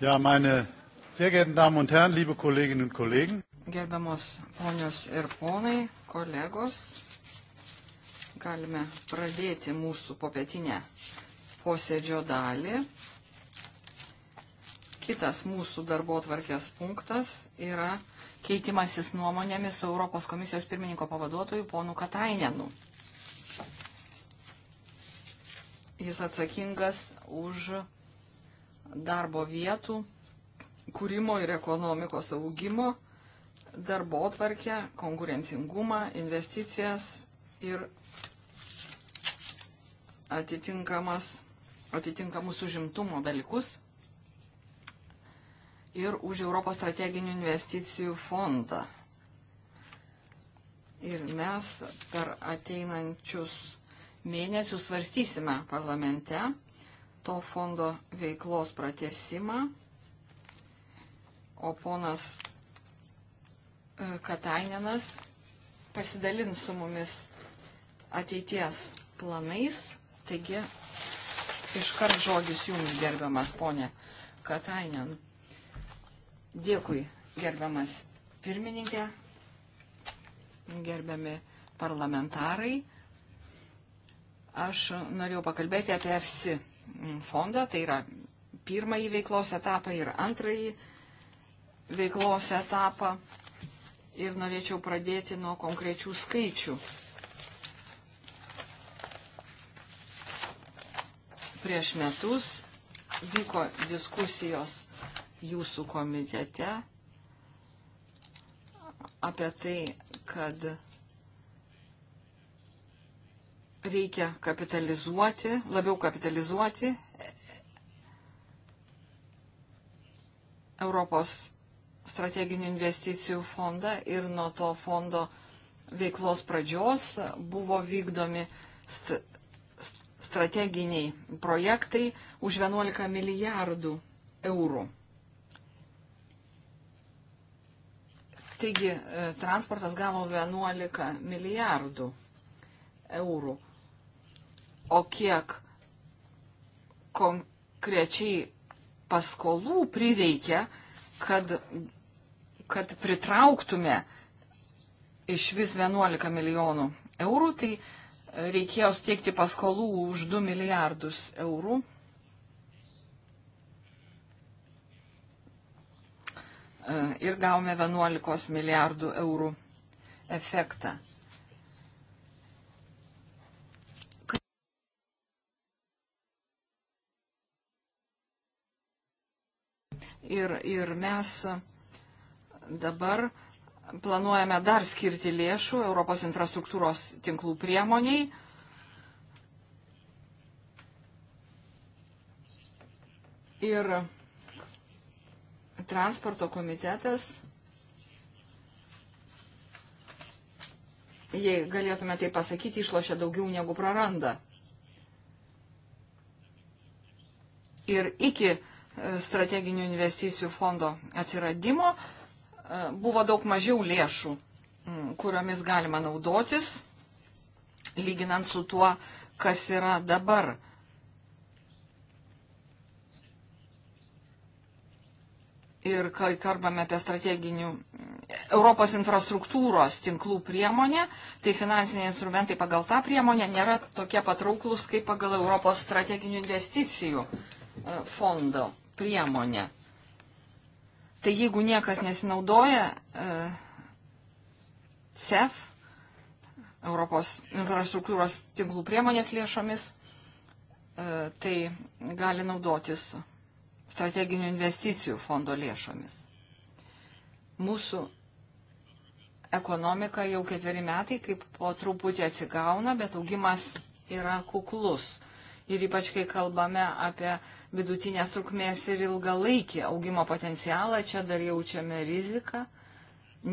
Ja, meine sehr geehrten Damen und Herren, liebe Kolleginnen und Kollegen. Gerbiamos ponios ir ponai, kolegos, galime pradėti mūsų popietinę posėdžio dalį. Kitas mūsų darbo tvarkės punktas yra keitimasis nuomonėmis su Europos komisijos pirmininko pavaduotoju ponu Katainenu. Jis atsakingas už darbo vietų kūrimo ir ekonomikos augimo, darbo atvarkę, konkurencingumą, investicijas ir atitinkamus užimtumo dalykus ir už Europos strateginių investicijų fondą. Ir mes per ateinančius mėnesius svarstysime parlamente to fondo veiklos pratesimą, o ponas e, Katainenas pasidalins su mumis ateities planais. Taigi, iškart žodis jums gerbiamas, ponė Katainen. Dėkui, gerbiamas pirmininkė, gerbiami parlamentarai. Aš norėjau pakalbėti apie EFSI fondą, tai yra pirmąjį veiklos etapą ir antrąjį veiklos etapą. Ir norėčiau pradėti nuo konkrečių skaičių. Prieš metus vyko diskusijos jūsų komitete apie tai, kad reikia kapitalizuoti, labiau kapitalizuoti Europos strateginių investicijų fondą ir nuo to fondo veiklos pradžios buvo vykdomi st st strateginiai projektai už 11 milijardų eurų. Taigi e, transportas gavo 11 milijardų eurų o kiek konkrečiai paskolų prireikia, kad, kad pritrauktume iš vis 11 milijonų eurų, tai reikėjo steigti paskolų už 2 milijardus eurų. E, ir gavome 11 milijardų eurų efektą. Ir, ir mes dabar planuojame dar skirti lėšų Europos infrastruktūros tinklų priemoniai. Ir transporto komitetas, jei galėtume tai pasakyti, išlošia daugiau negu praranda. Ir iki strateginių investicijų fondo atsiradimo e, buvo daug mažiau lėšų, kuriomis galima naudotis, lyginant su tuo, kas yra dabar. ir kai kalbame apie strateginių Europos infrastruktūros tinklų priemonę, tai finansiniai instrumentai pagal tą priemonę nėra tokie patrauklus kaip pagal Europos strateginių investicijų e, fondo, priemonė. Tai jeigu niekas nesinaudoja e, CEF, Europos infrastruktūros tinklų priemonės lėšomis, e, tai gali naudotis strateginių investicijų fondo lėšomis. Mūsų ekonomika jau ketveri metai kaip po truputį atsigauna, bet augimas yra kuklus ir ypač kai kalbame apie vidutinės trukmės ir ilgalaikį augimo potencialą, čia dar jaučiame riziką,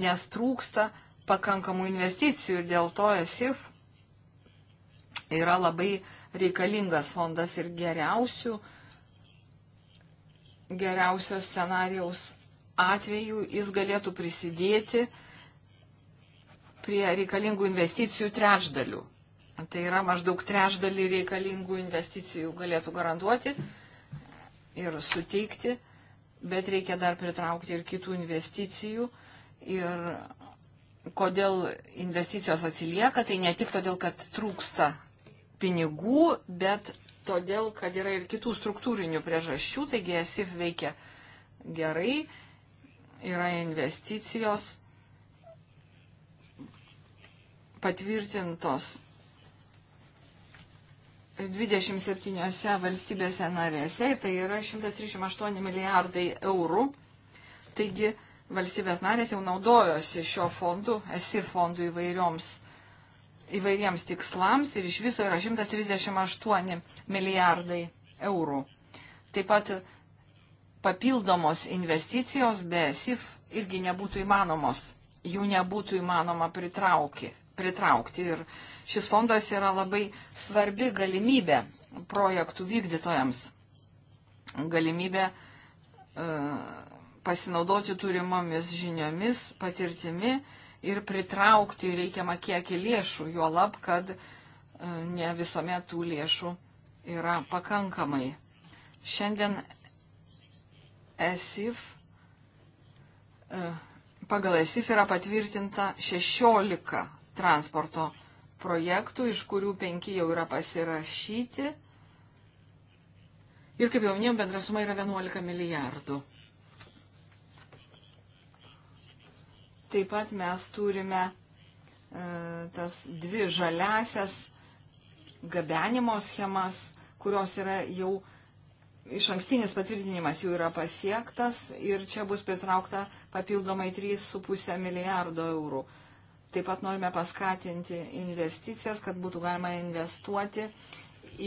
nes trūksta pakankamų investicijų ir dėl to ESIF yra labai reikalingas fondas ir geriausių, geriausios scenarijaus atveju jis galėtų prisidėti prie reikalingų investicijų trečdalių. Tai yra maždaug trešdalį reikalingų investicijų galėtų garantuoti ir suteikti, bet reikia dar pritraukti ir kitų investicijų. Ir kodėl investicijos atsilieka, tai ne tik todėl, kad trūksta pinigų, bet todėl, kad yra ir kitų struktūrinių priežasčių, taigi ESIF veikia gerai, yra investicijos patvirtintos 27 valstybėse narėse, tai yra 138 milijardai eurų. Taigi valstybės narės jau naudojosi šio fondu, esi fondu įvairioms, įvairiems tikslams ir iš viso yra 138 milijardai eurų. Taip pat papildomos investicijos be SIF irgi nebūtų įmanomos, jų nebūtų įmanoma pritraukti pritraukti. Ir šis fondas yra labai svarbi galimybė projektų vykdytojams, galimybė e, pasinaudoti turimomis žiniomis, patirtimi ir pritraukti reikiamą kiekį lėšų, juolab, kad e, ne visuomet tų lėšų yra pakankamai. Šiandien ESIF, e, pagal ESIF yra patvirtinta 16 transporto projektų, iš kurių penki jau yra pasirašyti. Ir kaip jau minėjau, bendra suma yra 11 milijardų. Taip pat mes turime e, tas dvi žaliasias gabenimo schemas, kurios yra jau iš ankstinis patvirtinimas jų yra pasiektas ir čia bus pritraukta papildomai 3,5 milijardo eurų. E, Taip pat norime paskatinti investicijas, kad būtų galima investuoti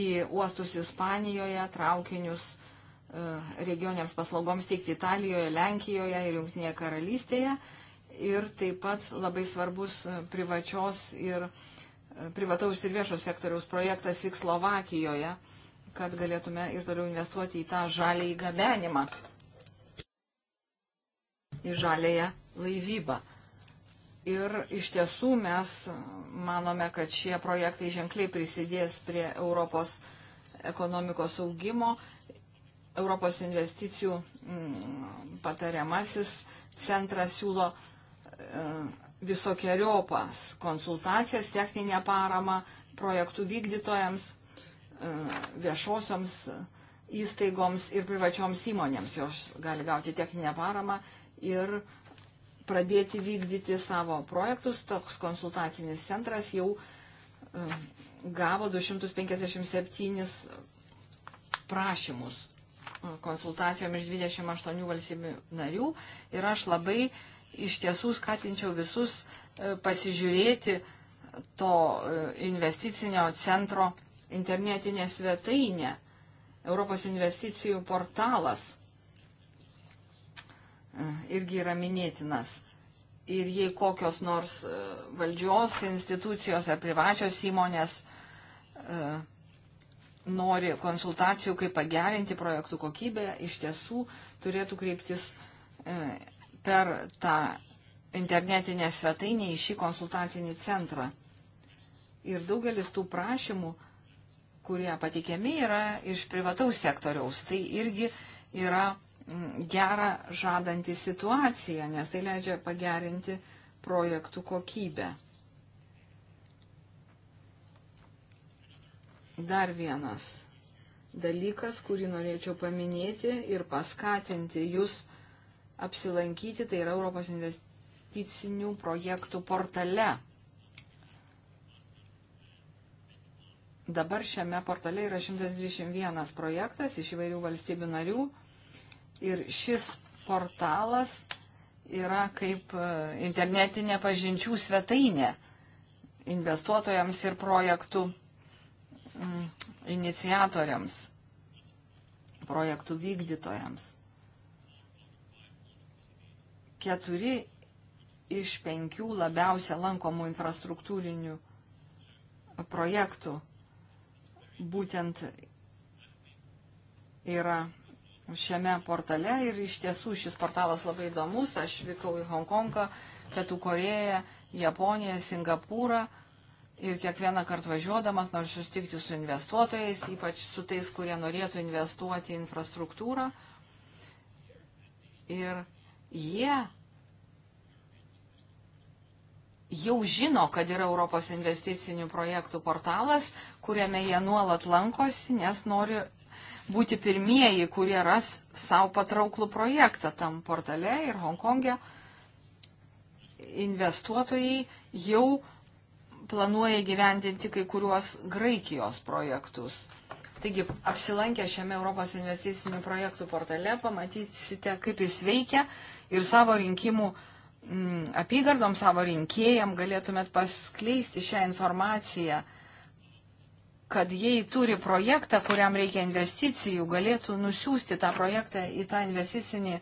į uostus Ispanijoje, traukinius e, regioniams paslaugoms teikti Italijoje, Lenkijoje ir Junktinėje karalystėje. Ir taip pat labai svarbus e, privačios ir e, privataus ir viešo sektoriaus projektas vyks Slovakijoje, kad galėtume ir toliau investuoti į tą žalį įgabenimą, į žalėją laivybą. Ir iš tiesų mes manome, kad šie projektai ženkliai prisidės prie Europos ekonomikos augimo. Europos investicijų mm, patariamasis centras siūlo e, visokiojopas konsultacijas, techninę paramą projektų vykdytojams, e, viešosioms įstaigoms ir privačioms įmonėms. Jos gali gauti techninę paramą ir pradėti vykdyti savo projektus. Toks konsultacinis centras jau e, gavo 257 prašymus e, konsultacijom iš 28 valstybių narių ir aš labai iš tiesų skatinčiau visus e, pasižiūrėti to investicinio centro internetinė svetainė, Europos investicijų portalas – E, irgi yra minėtinas. Ir jei kokios nors e, valdžios institucijos ar privačios įmonės e, nori konsultacijų, kaip pagerinti projektų kokybę, iš tiesų turėtų kreiptis per tą internetinę svetainę į šį konsultacinį centrą. Ir daugelis tų prašymų, kurie pateikiami, yra iš privataus sektoriaus. Tai irgi yra gerą žadantį situaciją, nes tai leidžia pagerinti projektų kokybę. Dar vienas dalykas, kurį norėčiau paminėti ir paskatinti jūs apsilankyti, tai yra Europos investicinių projektų portale. Dabar šiame portale yra 121 projektas iš įvairių valstybių narių. Ir šis portalas yra kaip e, internetinė pažinčių svetainė investuotojams ir projektų mm, iniciatoriams, projektų vykdytojams. Keturi iš penkių labiausia lankomų infrastruktūrinių projektų būtent yra šiame portale ir iš tiesų šis portalas labai įdomus. Aš vykau į Hongkongą, Pietų Koreją, Japoniją, Singapūrą ir kiekvieną kartą važiuodamas noriu susitikti su investuotojais, ypač su tais, kurie norėtų investuoti į infrastruktūrą. Ir jie jau žino, kad yra Europos investicinių projektų portalas, kuriame jie nuolat lankosi, nes nori būti pirmieji, kurie ras savo patrauklų projektą tam portale ir Hongkongė investuotojai jau planuoja gyventinti kai kuriuos Graikijos projektus. Taigi, apsilankę šiame Europos investicinių projektų portale, pamatysite, kaip jis veikia ir savo rinkimų m, mm, apygardom, savo rinkėjam galėtumėt paskleisti šią informaciją kad jei turi projektą, kuriam reikia investicijų, galėtų nusiųsti tą projektą į tą investicinį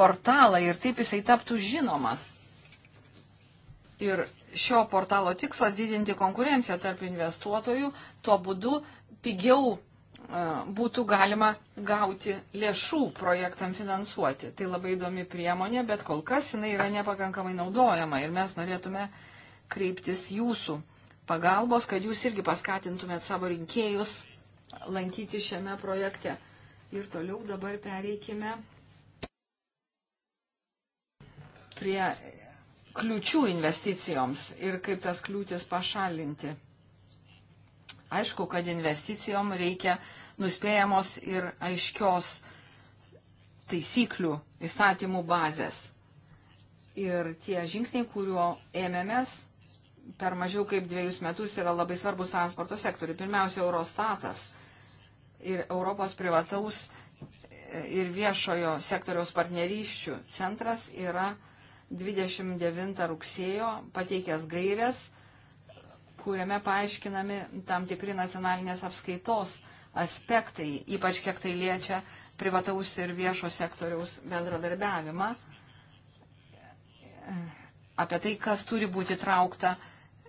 portalą ir taip jisai taptų žinomas. Ir šio portalo tikslas didinti konkurenciją tarp investuotojų, tuo būdu pigiau e, būtų galima gauti lėšų projektam finansuoti. Tai labai įdomi priemonė, bet kol kas jinai yra nepakankamai naudojama ir mes norėtume kreiptis jūsų pagalbos, kad jūs irgi paskatintumėt savo rinkėjus lankyti šiame projekte. Ir toliau dabar pereikime prie kliučių investicijoms ir kaip tas kliūtis pašalinti. Aišku, kad investicijom reikia nuspėjamos ir aiškios taisyklių įstatymų bazės. Ir tie žingsniai, kuriuo ėmėmės, per mažiau kaip dviejus metus yra labai svarbus transporto sektoriui. Pirmiausia, Eurostatas ir Europos privataus e, ir viešojo sektoriaus partnerysčių centras yra 29 rugsėjo pateikęs gairias, kuriame paaiškinami tam tikri nacionalinės apskaitos aspektai, ypač kiek tai liečia privataus ir viešo sektoriaus bendradarbiavimą, e, apie tai, kas turi būti traukta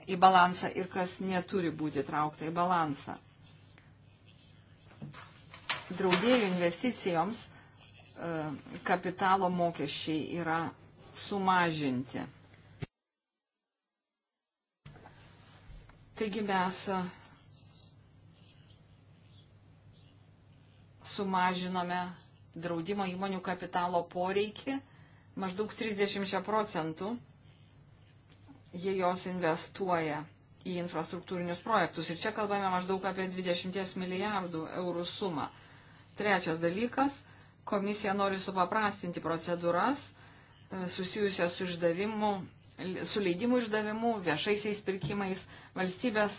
į balansą ir kas neturi būti traukta į balansą. Draudėjų investicijoms e, kapitalo mokesčiai yra sumažinti. Taigi mes e, sumažinome draudimo įmonių kapitalo poreikį maždaug 30 procentų jei jos investuoja į infrastruktūrinius projektus. Ir čia kalbame maždaug apie 20 milijardų eurų sumą. Trečias dalykas - komisija nori supaprastinti procedūras e, susijusias su išdavimu, su leidimu išdavimu, viešaisiais pirkimais, valstybės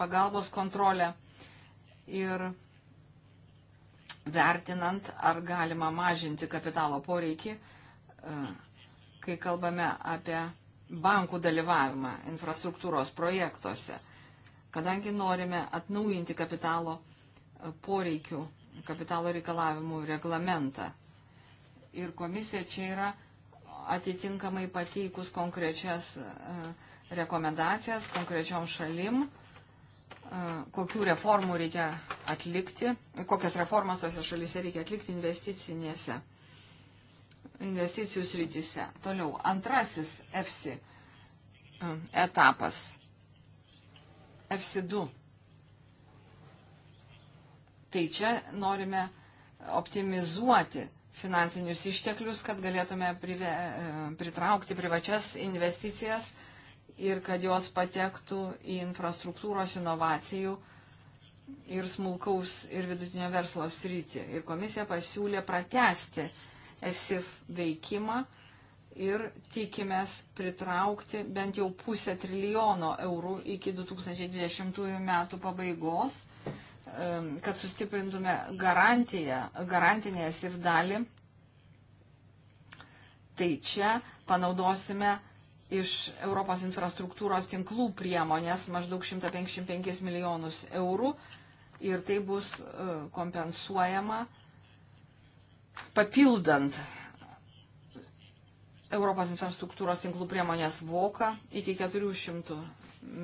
pagalbos kontrolė ir vertinant, ar galima mažinti kapitalo poreikį, e, kai kalbame apie bankų dalyvavimą infrastruktūros projektuose, kadangi norime atnaujinti kapitalo poreikių, kapitalo reikalavimų reglamentą. Ir komisija čia yra atitinkamai pateikus konkrečias e, rekomendacijas konkrečiom šalim, e, kokių reformų reikia atlikti, kokias reformas tose šalise reikia atlikti investicinėse investicijų srityse. Toliau, antrasis EFSI etapas. EFSI 2. Tai čia norime optimizuoti finansinius išteklius, kad galėtume prive, e, pritraukti privačias investicijas ir kad jos patektų į infrastruktūros inovacijų ir smulkaus ir vidutinio verslo sritį. Ir komisija pasiūlė pratesti uh, ESIF veikimą ir tikimės pritraukti bent jau pusę trilijono eurų iki 2020 metų pabaigos, kad sustiprintume garantiją, garantinės ir dalį. Tai čia panaudosime iš Europos infrastruktūros tinklų priemonės maždaug 155 milijonus eurų ir tai bus e, kompensuojama uh, papildant Europos infrastruktūros tinklų priemonės voką iki 400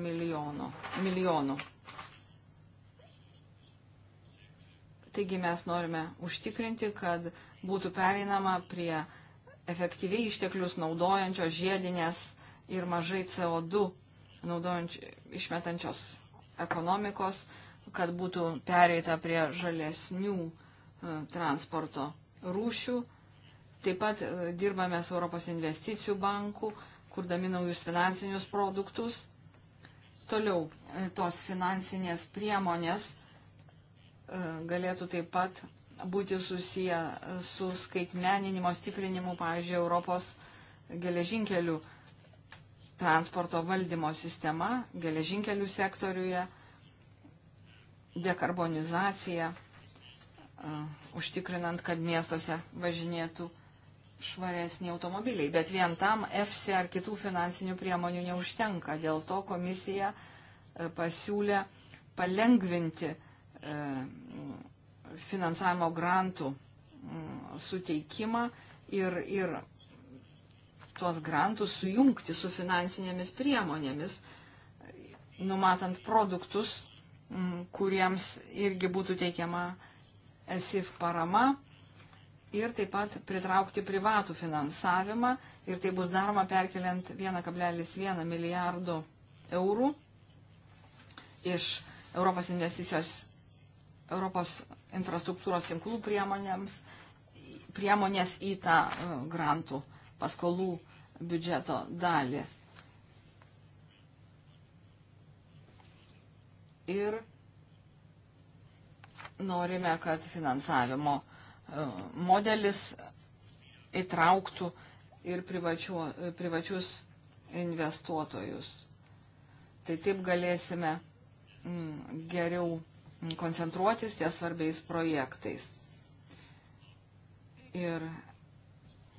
milijonų. milijonų. Taigi mes norime užtikrinti, kad būtų pereinama prie efektyviai išteklius naudojančios žiedinės ir mažai CO2 išmetančios ekonomikos, kad būtų pereita prie žalesnių e, transporto rūšių. Taip pat e, dirbame su Europos investicijų banku, kurdami naujus finansinius produktus. Toliau e, tos finansinės priemonės e, galėtų taip pat būti susiję su skaitmeninimo stiprinimu, pavyzdžiui, Europos geležinkelių transporto valdymo sistema geležinkelių sektoriuje, dekarbonizacija užtikrinant, kad miestuose važinėtų švaresni automobiliai. Bet vien tam EFSI ar kitų finansinių priemonių neužtenka. Dėl to komisija e, pasiūlė palengvinti e, finansavimo grantų suteikimą ir, ir tuos grantus sujungti su finansinėmis priemonėmis, numatant produktus, kuriems irgi būtų teikiama ESIF parama ir taip pat pritraukti privatų finansavimą ir tai bus daroma perkeliant 1,1 milijardų eurų iš Europos investicijos, Europos infrastruktūros tinklų priemonėms, priemonės į tą e, grantų paskolų biudžeto dalį. Ir norime, kad finansavimo e, modelis įtrauktų ir privačiu, e, privačius investuotojus. Tai taip galėsime mm, geriau mm, koncentruotis ties svarbiais projektais. Ir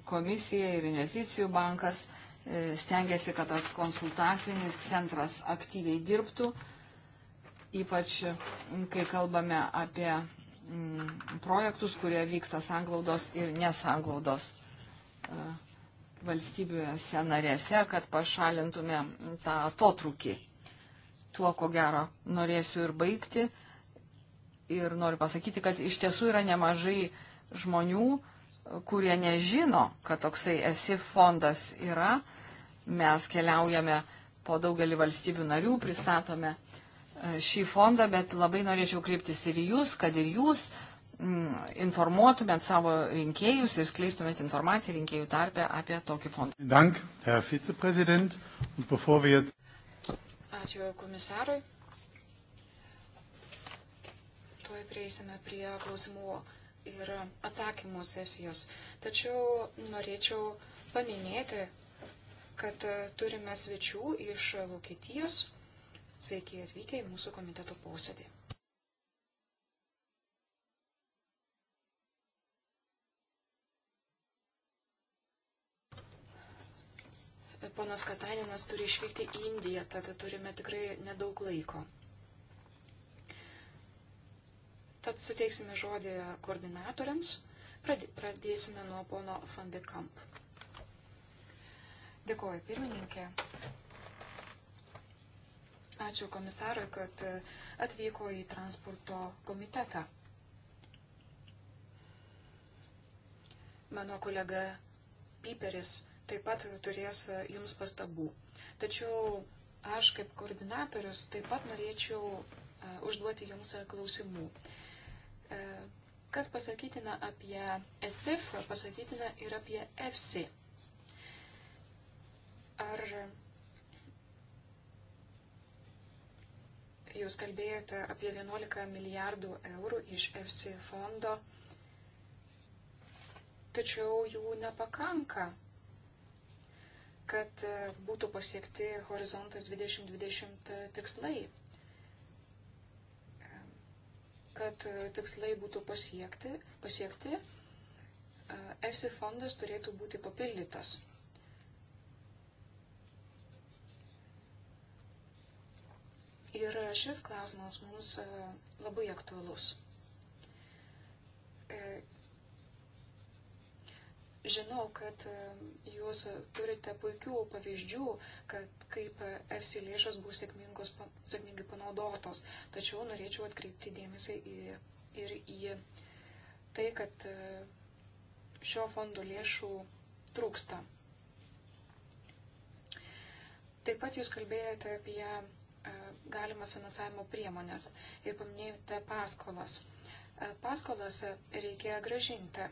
komisija ir investicijų bankas e, stengiasi, kad tas konsultacinis centras aktyviai dirbtų ypač mm, kai kalbame apie mm, projektus, kurie vyksta sanglaudos ir nesanglaudos e, valstybėse narėse, kad pašalintume tą atotrukį. Tuo, ko gero, norėsiu ir baigti. Ir noriu pasakyti, kad iš tiesų yra nemažai žmonių, kurie nežino, kad toksai esi fondas yra. Mes keliaujame po daugelį valstybių narių, pristatome E, šį fondą, bet labai norėčiau kreiptis ir jūs, kad ir jūs mm, informuotumėt savo rinkėjus ir skleistumėt informaciją rinkėjų tarpę apie tokį fondą. Dank, Herr Vizeprezident. Jetzt... Ačiū komisarui. Tuoj prieisime prie klausimų ir atsakymų sesijos. Tačiau norėčiau paminėti, kad turime svečių iš Vokietijos Sveiki atvykę į mūsų komiteto posėdį. Ponas Kataninas turi išvykti į Indiją, tad turime tikrai nedaug laiko. Tad suteiksime žodį koordinatoriams. Pradėsime nuo pono Van de Kamp. Dėkuoju, pirmininkė. Ačiū komisarui, kad e, atvyko į transporto komitetą. Mano kolega Piperis taip pat turės e, jums pastabų. Tačiau aš kaip koordinatorius taip pat norėčiau e, užduoti jums klausimų. Kas pasakytina apie ESIF, pasakytina ir apie EFSI. Ar jūs kalbėjote apie 11 milijardų eurų iš FC fondo, tačiau jų nepakanka, kad e, būtų pasiekti horizontas 2020 e, tikslai, e, kad tikslai būtų pasiekti, pasiekti ESI fondas turėtų būti papildytas. Ir šis klausimas mums e, labai aktualus. E, žinau, kad e, jūs turite puikių pavyzdžių, kad kaip EFSI lėšas bus sėkmingai panaudotos, tačiau norėčiau atkreipti dėmesį į, ir į tai, kad šio fondo lėšų trūksta. Taip pat jūs kalbėjote apie galimas finansavimo priemonės ir paminėjote paskolas. E, paskolas reikia gražinti.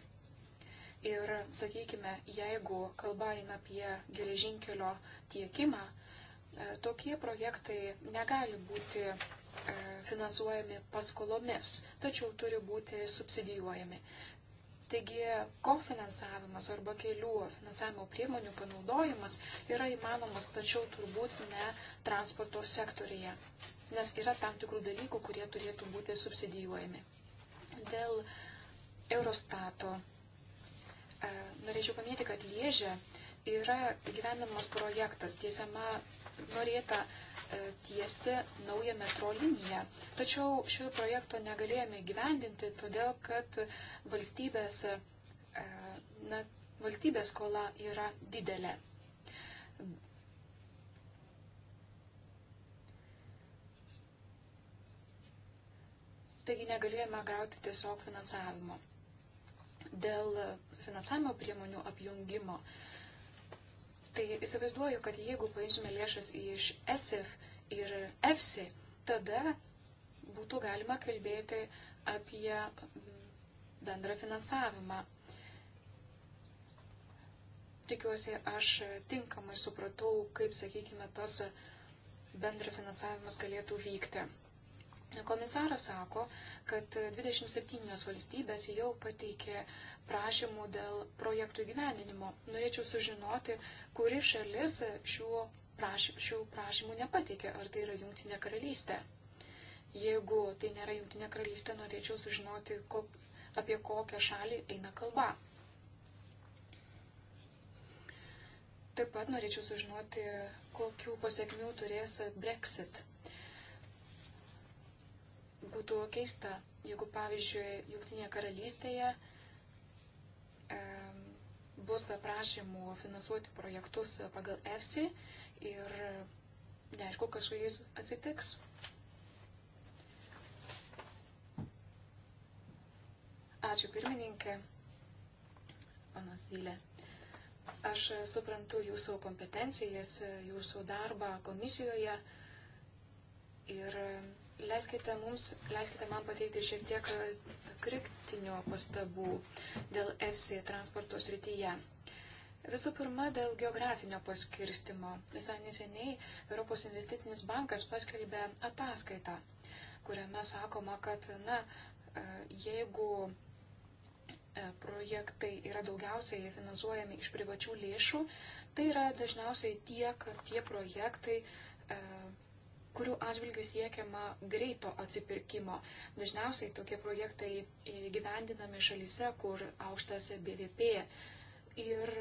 Ir, sakykime, jeigu kalba eina apie geležinkelio tiekimą, e, tokie projektai negali būti e, finansuojami paskolomis, tačiau turi būti subsidijuojami. Taigi kofinansavimas arba kelių finansavimo priemonių panaudojimas yra įmanomas, tačiau turbūt ne transporto sektorija, nes yra tam tikrų dalykų, kurie turėtų būti subsidijuojami. Dėl Eurostato e, norėčiau paminėti, kad Liežė yra gyvenamas projektas, tiesiama norėta E, tiesti naują metro liniją. Tačiau šio projekto negalėjome gyvendinti, todėl kad valstybės, e, na, valstybės skola yra didelė. Taigi negalėjome gauti tiesiog finansavimo. Dėl finansavimo priemonių apjungimo Tai įsivaizduoju, kad jeigu paimsime lėšas iš ESIF ir EFSI, tada būtų galima kalbėti apie mm, bendrą finansavimą. Tikiuosi, aš tinkamai supratau, kaip, sakykime, tas bendra finansavimas galėtų vykti. Komisaras sako, kad 27 valstybės jau pateikė prašymų dėl projektų įgyvendinimo. Norėčiau sužinoti, kuri šalis šių, praš, šių prašymų nepateikė, ar tai yra Junktinė karalystė. Jeigu tai nėra Junktinė karalystė, norėčiau sužinoti, kop, apie kokią šalį eina kalba. Taip pat norėčiau sužinoti, kokių pasiekmių turės Brexit būtų keista, jeigu, pavyzdžiui, Junktinėje karalystėje e, bus prašymų finansuoti projektus pagal EFSI ir neaišku, kas su jais atsitiks. Ačiū pirmininkė, panas Zylė. Aš suprantu jūsų kompetencijas, jūsų darbą komisijoje ir Leiskite, mums, leiskite man pateikti šiek tiek e, kriktinių pastabų dėl EFSI transporto srityje. Visų pirma, dėl geografinio paskirstimo. Visai neseniai Europos investicinis bankas paskelbė ataskaitą, kuriame sakoma, kad na, e, jeigu e, projektai yra daugiausiai finansuojami iš privačių lėšų, tai yra dažniausiai tie, kad tie projektai kurių atžvilgių siekiama greito atsipirkimo. Dažniausiai tokie projektai gyvendinami šalyse, kur aukštas BVP. Ir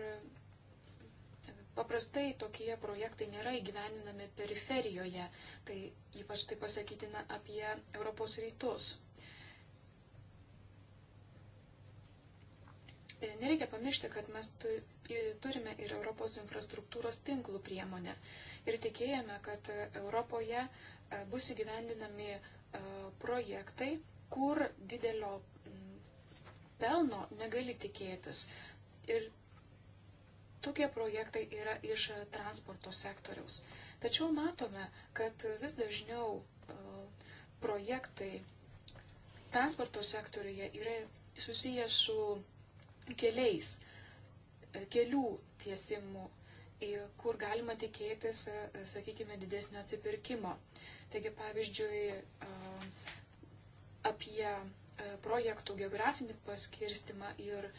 paprastai tokie projektai nėra įgyvendinami periferijoje. Tai ypač tai pasakytina apie Europos rytus. Nereikia pamiršti, kad mes turime turime ir Europos infrastruktūros tinklų priemonę. Ir tikėjame, kad Europoje e, bus įgyvendinami e, projektai, kur didelio mm, pelno negali tikėtis. Ir tokie projektai yra iš transporto sektoriaus. Tačiau matome, kad vis dažniau e, projektai transporto sektoriuje yra susijęs su keliais kelių tiesimų, kur galima tikėtis, e, sakykime, didesnio atsipirkimo. Taigi, pavyzdžiui, apie e, projektų geografinį paskirstimą ir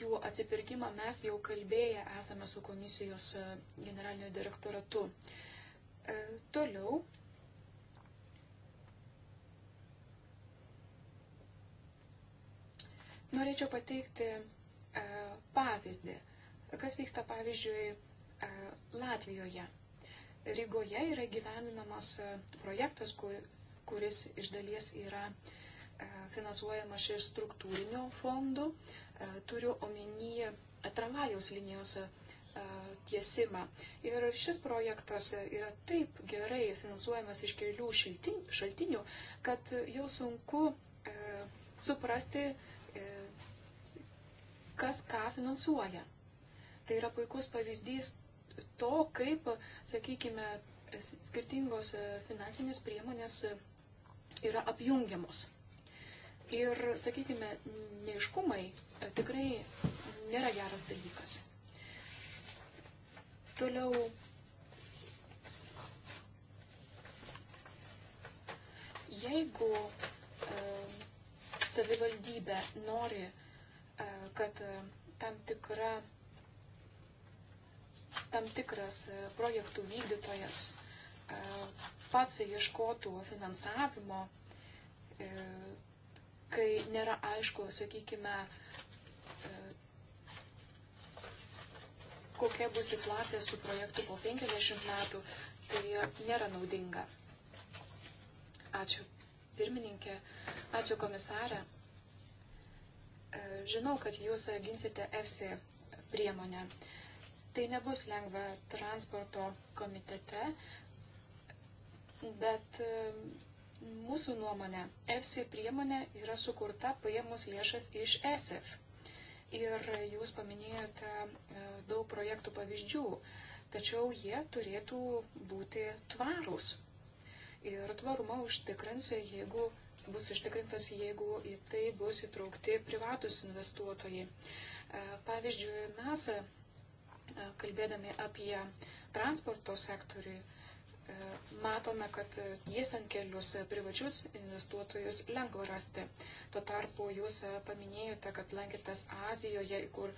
jų atsipirkimą mes jau kalbėję esame su komisijos e, generaliniu direktoratu. Toliau. Norėčiau pateikti pavyzdį. Kas vyksta, pavyzdžiui, e, Latvijoje. Rygoje yra gyveminamas e, projektas, kur, kuris iš dalies yra e, finansuojamas iš struktūrinio fondo. Turiu omenyje tramvajaus linijos tiesimą. Ir šis projektas yra taip gerai finansuojamas iš kelių šaltinių, kad jau sunku suprasti, kas ką finansuoja. Tai yra puikus pavyzdys to, kaip, sakykime, skirtingos e, finansinės priemonės e, yra apjungiamos. Ir, sakykime, neiškumai e, tikrai nėra geras dalykas. Toliau. Jeigu e, savivaldybė nori e, E, kad e, tam tikra tam tikras e, projektų vykdytojas pats ieškotų finansavimo, kai nėra aišku, sakykime, kokia bus situacija su projektu po 50 metų, tai nėra naudinga. Ačiū pirmininkė, ačiū komisarė. E, žinau, kad jūs ginsite EFSI priemonę. Tai nebus lengva transporto komitete, bet e, mūsų nuomonė, EFSI priemonė yra sukurta paėmus lėšas iš ESF. Ir jūs paminėjote e, daug projektų pavyzdžių, tačiau jie turėtų būti tvarūs. Ir tvarumą užtikrins, jeigu bus ištikrintas, jeigu į tai bus įtraukti privatus investuotojai. E, pavyzdžiui, mes, e, kalbėdami apie transporto sektorių, e, matome, kad jis ant kelius privačius investuotojus lengva rasti. Tuo tarpu jūs paminėjote, kad lankėtės Azijoje, kur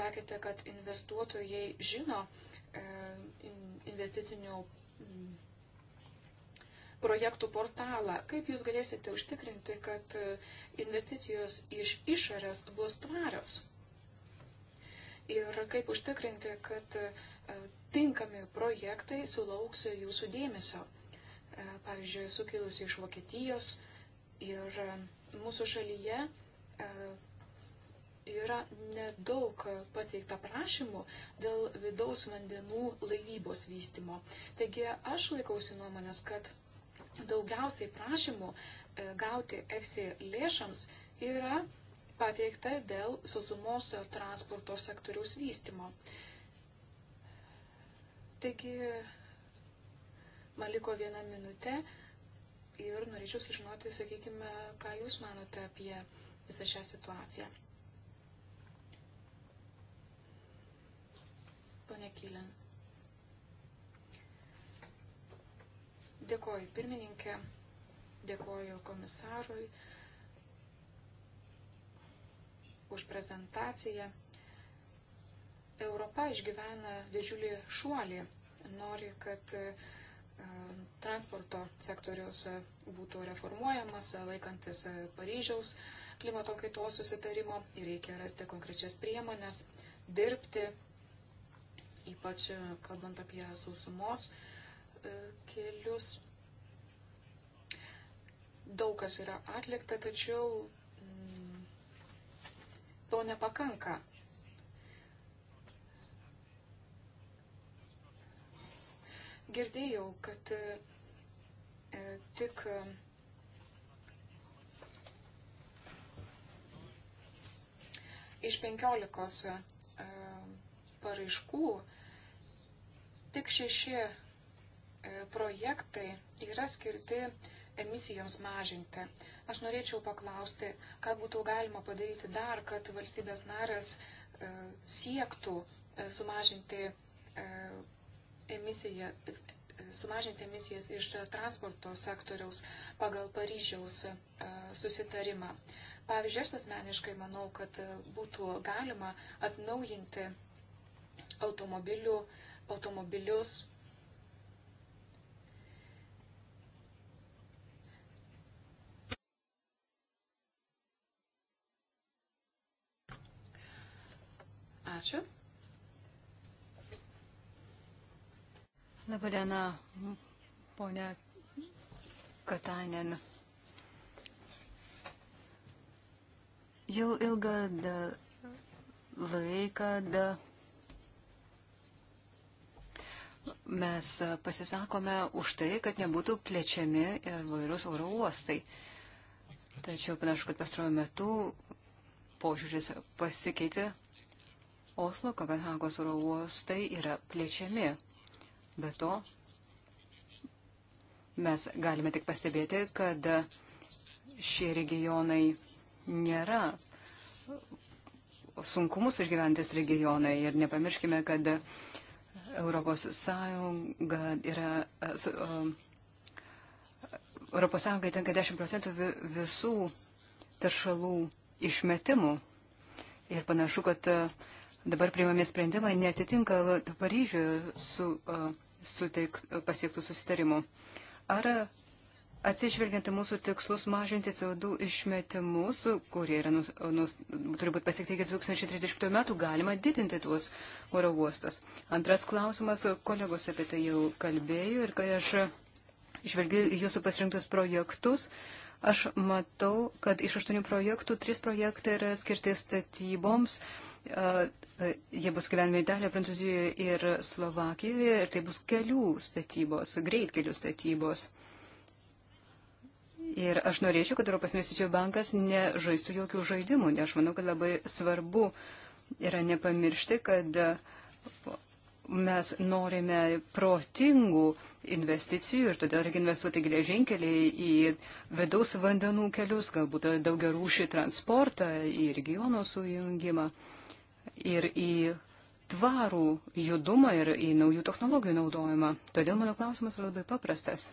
sakėte, kad investuotojai žino investicinių projektų portalą. Kaip jūs galėsite užtikrinti, kad e, investicijos iš išorės bus tvarios? Ir kaip užtikrinti, kad e, tinkami projektai sulauks jūsų dėmesio? E, pavyzdžiui, sukilusi iš Vokietijos ir mūsų šalyje yra nedaug pateikta prašymų dėl vidaus vandenų laivybos vystimo. Taigi aš laikausi nuomonės, kad daugiausiai prašymų e, gauti EFSI lėšams yra pateikta dėl sausumos transporto sektoriaus vystimo. Taigi, man liko vieną minutę ir norėčiau sužinoti, sakykime, ką Jūs manote apie visą šią situaciją. Pone Kylen. Dėkoju pirmininkė, dėkoju komisarui už prezentaciją. Europa išgyvena didžiulį šuolį. Nori, kad e, transporto sektorius būtų reformuojamas, laikantis e, Paryžiaus klimato kaitos susitarimo ir reikia rasti konkrečias priemonės, dirbti, ypač e, kalbant apie sausumos E, kelius. Daug kas yra atlikta, tačiau mm, to nepakanka. Girdėjau, kad e, tik e, iš penkiolikos paraiškų tik šeši E, projektai yra skirti emisijoms mažinti. Aš norėčiau paklausti, ką būtų galima padaryti dar, kad valstybės narės e, siektų e, sumažinti, emisiją, sumažinti emisijas iš transporto sektoriaus pagal Paryžiaus susitarimą. Pavyzdžiui, aš asmeniškai manau, kad būtų galima atnaujinti automobilių, automobilius Ačiū. Labadiena, ponia Katainen. Jau ilgą laiką mes pasisakome už tai, kad nebūtų plečiami įvairūs oro uostai. Tačiau panašu, kad pastaruoju metu požiūris pasikeitė Oslo, Kopenhagos oro uostai yra plėčiami. Be to, mes galime tik pastebėti, kad šie regionai nėra sunkumus išgyventis regionai ir nepamirškime, kad Europos Sąjunga yra. Su, Europos Sąjungai tenka 10 procentų visų taršalų išmetimų. Ir panašu, kad uh, dabar priimami sprendimai netitinka Paryžiuje su, suteik, pasiektų susitarimų. Ar atsižvelgiant į mūsų tikslus mažinti CO2 išmetimus, kurie yra, nus, nus, turi būti pasiekti iki 2030 metų, galima didinti tuos oro uostus? Antras klausimas, kolegos apie tai jau kalbėjo ir kai aš žvelgiu jūsų pasirinktus projektus, aš matau, kad iš aštuonių projektų trys projektai yra skirti statyboms Jie bus gyvenami Italijoje, Prancūzijoje ir Slovakijoje ir tai bus kelių statybos, greitkelių statybos. Ir aš norėčiau, kad Europos investicijų bankas nežaistų jokių žaidimų, nes aš manau, kad labai svarbu yra nepamiršti, kad mes norime protingų investicijų ir todėl reikia investuoti geležinkeliai į vidaus vandenų kelius, galbūt daugia rūšį transportą, į regiono sujungimą ir į tvarų judumą ir į naujų technologijų naudojimą. Todėl mano klausimas yra labai paprastas.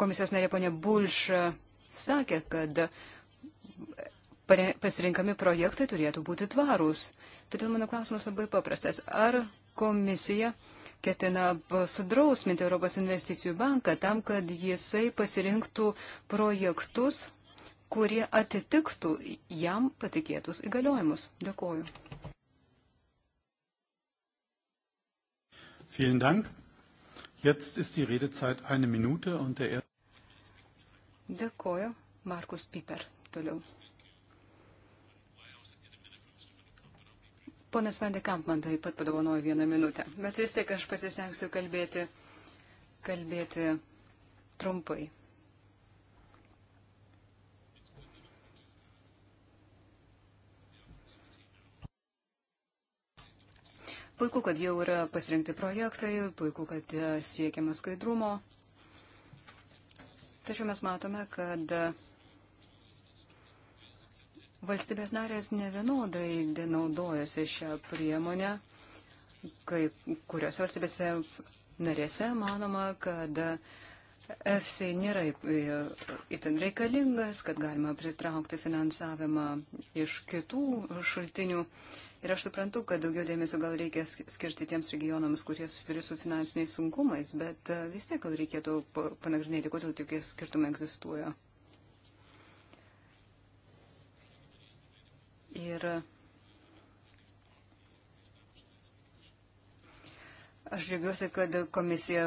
Komisijos narė ponė Bulš sakė, kad pasirinkami projektai turėtų būti tvarūs. Todėl mano klausimas labai paprastas. Ar komisija ketina sudrausminti Europos investicijų banką tam, kad jisai pasirinktų projektus, kurie atitiktų jam patikėtus įgaliojimus. Dėkoju. Vielen Dank. Jetzt ist die Redezeit eine Minute und der Dėkoju, Markus Piper. Toliau. Ponas Vandekamp man taip pat padovanojo vieną minutę, bet vis tiek aš pasistengsiu kalbėti, kalbėti trumpai. Puiku, kad jau yra pasirinkti projektai, puiku, kad e, siekiama skaidrumo. Tačiau mes matome, kad e, valstybės narės nevienodai naudojasi šią priemonę, kai kuriuose valstybėse narėse manoma, kad EFSI nėra e, itin reikalingas, kad galima pritraukti finansavimą iš kitų šaltinių. Uh, Ir aš suprantu, kad daugiau dėmesio gal reikia skirti tiems regionams, kurie susiduria su finansiniais sunkumais, bet e, vis tiek gal reikėtų panagrinėti, kodėl tokie skirtumai egzistuoja. Ir e, Aš džiaugiuosi, kad komisija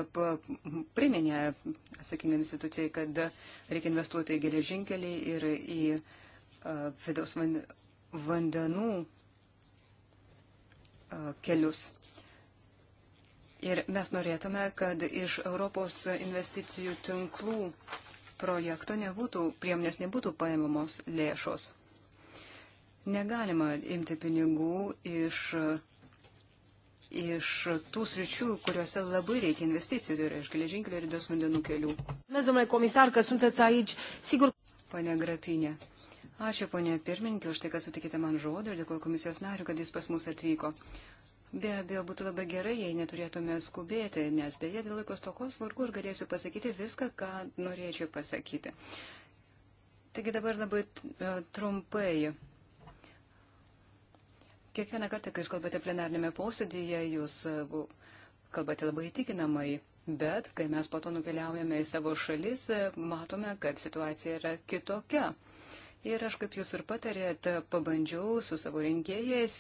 priminė atsakingai institucijai, kad reikia investuoti į geležinkelį ir į e, vidaus vandenų kelius. Ir mes norėtume, kad iš Europos investicijų tinklų projekto nebūtų, priemonės nebūtų paimamos lėšos. Negalima imti pinigų iš, iš tų sričių, kuriuose labai reikia investicijų, tai yra iš geležinkelio ir dėl vandenų kelių. Mes, domnule komisar, kad sunteți aici, sigur. Pane Grapinė, Ačiū, ponė pirmininkė, už tai, kad sutikite man žodį ir dėkuoju komisijos nariu, kad jis pas mus atvyko. Be abejo, būtų labai gerai, jei neturėtume skubėti, nes dėja dėl laiko stokos vargu ir galėsiu pasakyti viską, ką norėčiau pasakyti. Taigi dabar labai e, trumpai. Kiekvieną kartą, kai jūs kalbate plenarnėme posėdėje, jūs e, kalbate labai įtikinamai, bet kai mes po to nukeliaujame į savo šalis, e, matome, kad situacija yra kitokia. Ir aš, kaip jūs ir patarėt, pabandžiau su savo rinkėjais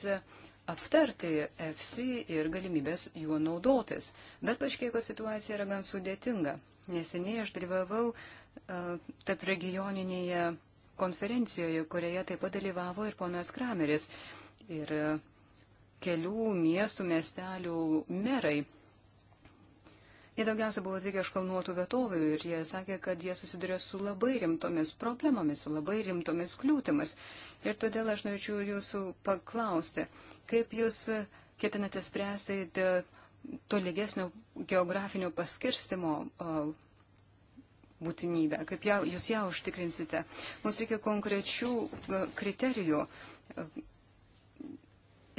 aptarti FC ir galimybės juo naudotis. Bet paaiškėjo, kad situacija yra gan sudėtinga. Neseniai aš dalyvavau uh, tarp regioninėje konferencijoje, kurioje taip pat dalyvavo ir ponas Krameris ir uh, kelių miestų miestelių merai. Jie daugiausia buvo atvykę iš kalnuotų vietovių ir jie sakė, kad jie susiduria su labai rimtomis problemomis, su labai rimtomis kliūtimis. Ir todėl aš norėčiau jūsų paklausti, kaip jūs ketinate spręsti tolygesnio geografinio paskirstimo būtinybę, kaip ją, jūs ją užtikrinsite. Mums reikia konkrečių e, kriterijų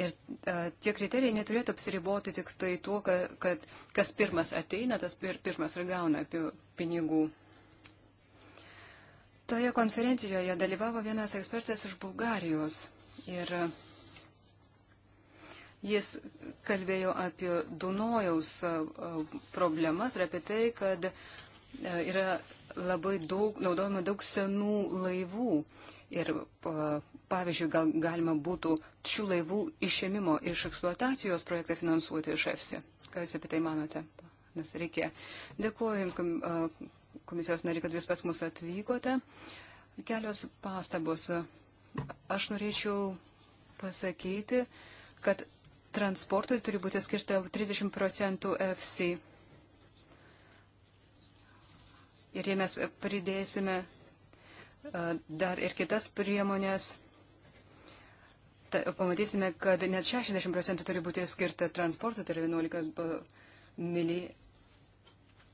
Ir a, e, tie kriterijai neturėtų apsiriboti tik tai tuo, kad, kad kas pirmas ateina, tas pir, pirmas ir gauna pinigų. Toje konferencijoje dalyvavo vienas ekspertas iš Bulgarijos ir jis kalbėjo apie Dunojaus e, problemas ir apie tai, kad e, yra labai daug, naudojama daug senų laivų Ir pavyzdžiui, gal galima būtų šių laivų išėmimo iš eksploatacijos projektą finansuoti iš EFSI. Ką Jūs apie tai manote? Nes reikia. Dėkuoju Jums, komisijos nariai, kad Jūs pas mus atvykote. Kelios pastabos. Aš norėčiau pasakyti, kad transportui turi būti skirta 30 procentų FC. Ir jei mes pridėsime dar ir kitas priemonės. Ta, pamatysime, kad net 60 procentų turi būti skirta transportui, tai yra 11 mili.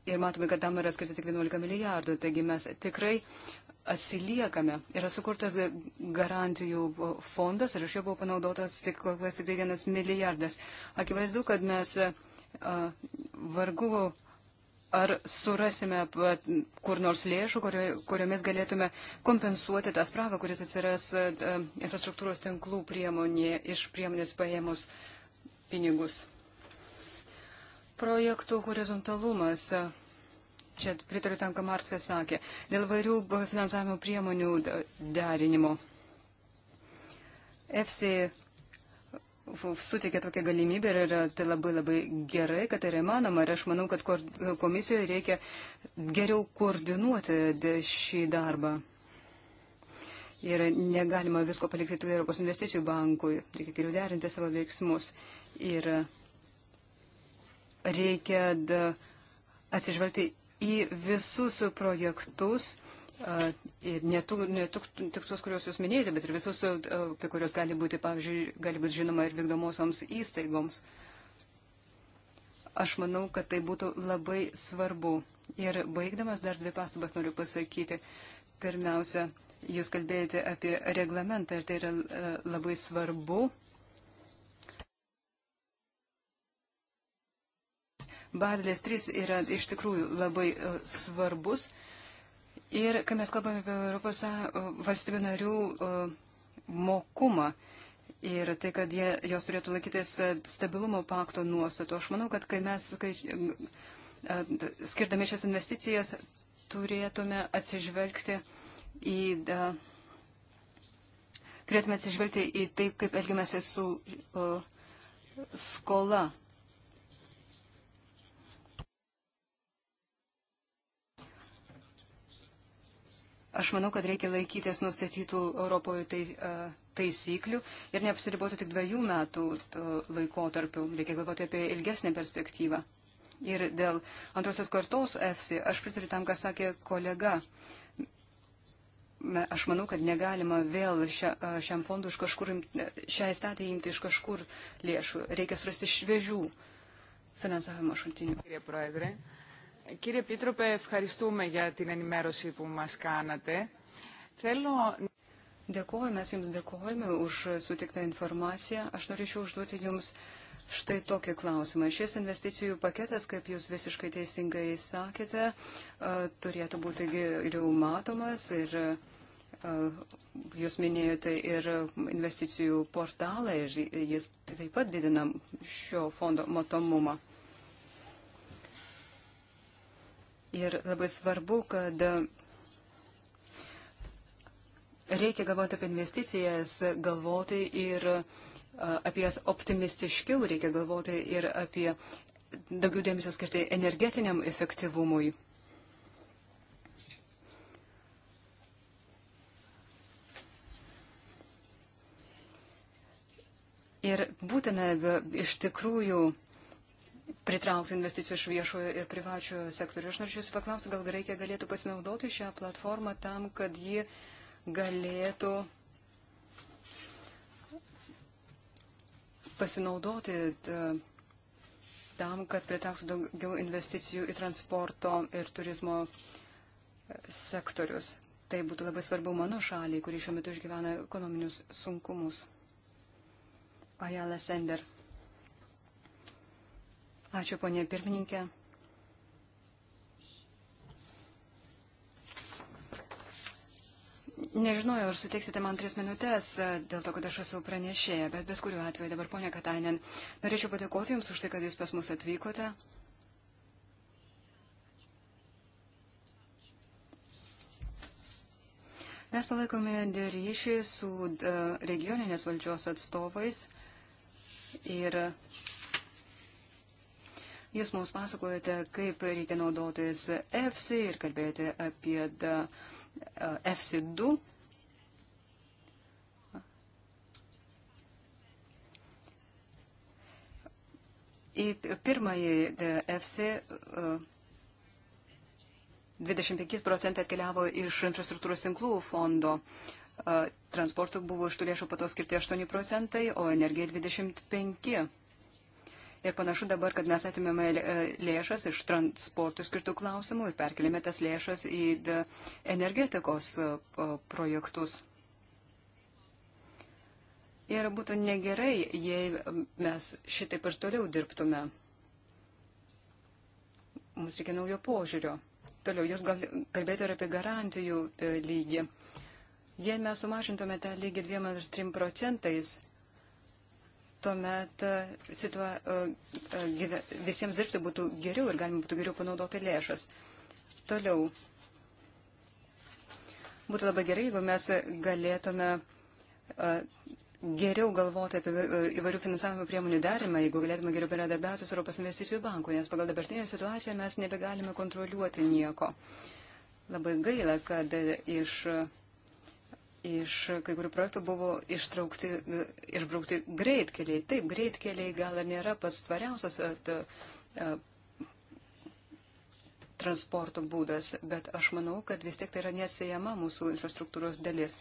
Ir matome, kad tam yra skirta tik 11 milijardų. Taigi mes tikrai atsiliekame. Yra sukurtas garantijų fondas ir iš jo buvo panaudotas tik kol kas tik tai vienas milijardas. Akivaizdu, kad mes vargu ar surasime kur nors lėšų, kuriomis galėtume kompensuoti tą spragą, kuris atsiras e, e, infrastruktūros tinklų priemonė iš priemonės paėmus pinigus. Projektų horizontalumas. Čia pritariu tam, ką Marksas sakė. Dėl vairių finansavimo priemonių derinimo. EFSI suteikia tokią galimybę ir tai labai labai gerai, kad tai yra įmanoma. Ir aš manau, kad komisijoje reikia geriau koordinuoti šį darbą. Ir negalima visko palikti tik Europos investicijų bankui. Reikia geriau derinti savo veiksmus. Ir reikia atsižvelgti į visus projektus ne, tų, ne tuk, tik tuos, kuriuos jūs minėjote, bet ir visus, apie kuriuos gali būti, pavyzdžiui, gali būti žinoma ir vykdomosioms įstaigoms. Aš manau, kad tai būtų labai svarbu. Ir baigdamas dar dvi pastabas noriu pasakyti. Pirmiausia, jūs kalbėjote apie reglamentą ir tai yra labai svarbu. Bazlės 3 yra iš tikrųjų labai svarbus Ir kai mes kalbame apie Europos valstybių narių mokumą ir tai, kad jie, jos turėtų laikytis stabilumo pakto nuostatų, aš manau, kad kai mes kai, skirdami šias investicijas turėtume atsižvelgti į. Da, turėtume atsižvelgti į tai, kaip elgiamasi su uh, skola. Aš manau, kad reikia laikytis nustatytų Europoje tai, e, taisyklių ir neapsiriboti tik dviejų metų e, laikotarpių. Reikia galvoti apie ilgesnę perspektyvą. Ir dėl antrosios kartos EFSI aš pritariu tam, ką sakė kolega. Aš manau, kad negalima vėl šia, e, šiam fondui iš kažkur, šią statį imti iš kažkur lėšų. Reikia surasti šviežių finansavimo šaltinių. Κύριε Επίτροπε, ευχαριστούμε για την ενημέρωση που μας κάνατε. Θέλω... Dėkuoju, mes Jums dėkuojame už sutiktą informaciją. Aš norėčiau užduoti Jums štai tokį klausimą. Šis investicijų paketas, kaip Jūs visiškai teisingai sakėte, turėtų būti geriau matomas ir Jūs minėjote ir investicijų portalą ir jis taip pat didina šio fondo matomumą. Ir labai svarbu, kad reikia galvoti apie investicijas, galvoti ir apie jas optimistiškiau, reikia galvoti ir apie daugiau dėmesio skirti energetiniam efektyvumui. Ir būtina iš tikrųjų pritraukti investicijų iš viešojo ir privačiojo sektorių. Aš norėčiau jūsų paklausti, gal Graikija galėtų pasinaudoti šią platformą tam, kad ji galėtų pasinaudoti tam, kad pritrauktų daugiau investicijų į transporto ir turizmo sektorius. Tai būtų labai svarbu mano šaliai, kuri šiuo metu išgyvena ekonominius sunkumus. Ajala Sender. Ačiū, ponė pirmininkė. Nežinojau, ar suteiksite man tris minutės, e, dėl to, kad aš esu pranešėja, bet bet kuriuo atveju dabar, ponė Katainen, norėčiau padėkoti Jums už tai, kad Jūs pas mus atvykote. Mes palaikome ryšį su e, regioninės valdžios atstovais ir Jūs mums pasakojate, kaip reikia naudotis EFSI ir kalbėjote apie EFSI 2. Į pirmąjį EFSI 25 procentai atkeliavo iš infrastruktūros tinklų fondo. E, Transportų buvo iš tų lėšų patos skirti 8 procentai, o energija 25. Ir panašu dabar, kad mes atimėme e, lėšas iš transportų skirtų klausimų ir perkelėme tas lėšas į energetikos e, projektus. Ir būtų negerai, jei mes šitaip ir toliau dirbtume. Mums reikia naujo požiūrio. Toliau jūs kalbėjote ir apie garantijų e, lygį. Jei mes sumažintume tą lygį 2 ar 3 procentais, tuomet e, situa, e, e, gyve, visiems dirbti būtų geriau ir galima būtų geriau panaudoti lėšas. Toliau. Būtų labai gerai, jeigu mes galėtume geriau galvoti apie įvairių finansavimo priemonių darimą, jeigu galėtume geriau bendradarbiauti su Europos investicijų banku, nes pagal dabartinę situaciją mes nebegalime kontroliuoti nieko. Labai gaila, kad iš iš kai kurių projektų buvo ištraukti, e, išbraukti greitkeliai. Taip, greitkeliai gal ir nėra pats tvariausias at, e, at, e, transporto būdas, bet aš manau, kad vis tiek tai yra neatsiejama mūsų infrastruktūros dalis.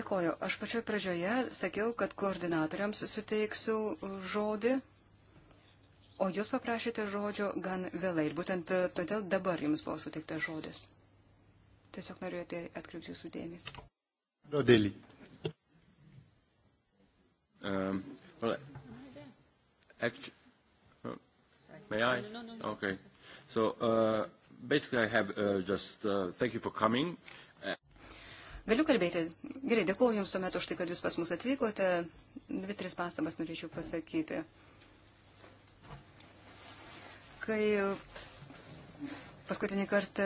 Dėkoju. Aš pačioje pradžioje sakiau, kad koordinatoriams suteiksiu žodį, o jūs paprašėte žodžio gan vėlai. Ir būtent todėl dabar jums buvo suteiktas žodis. Tiesiog noriu tai atkreipti jūsų dėmesį. Rodėlį. Um, well, actually, uh, may I? Okay. So uh, basically, I have uh, just uh, thank you for coming. Galiu kalbėti. Gerai, dėkuoju Jums tuomet už tai, kad Jūs pas mus atvykote. Dvi, tris pastabas norėčiau pasakyti. Kai paskutinį kartą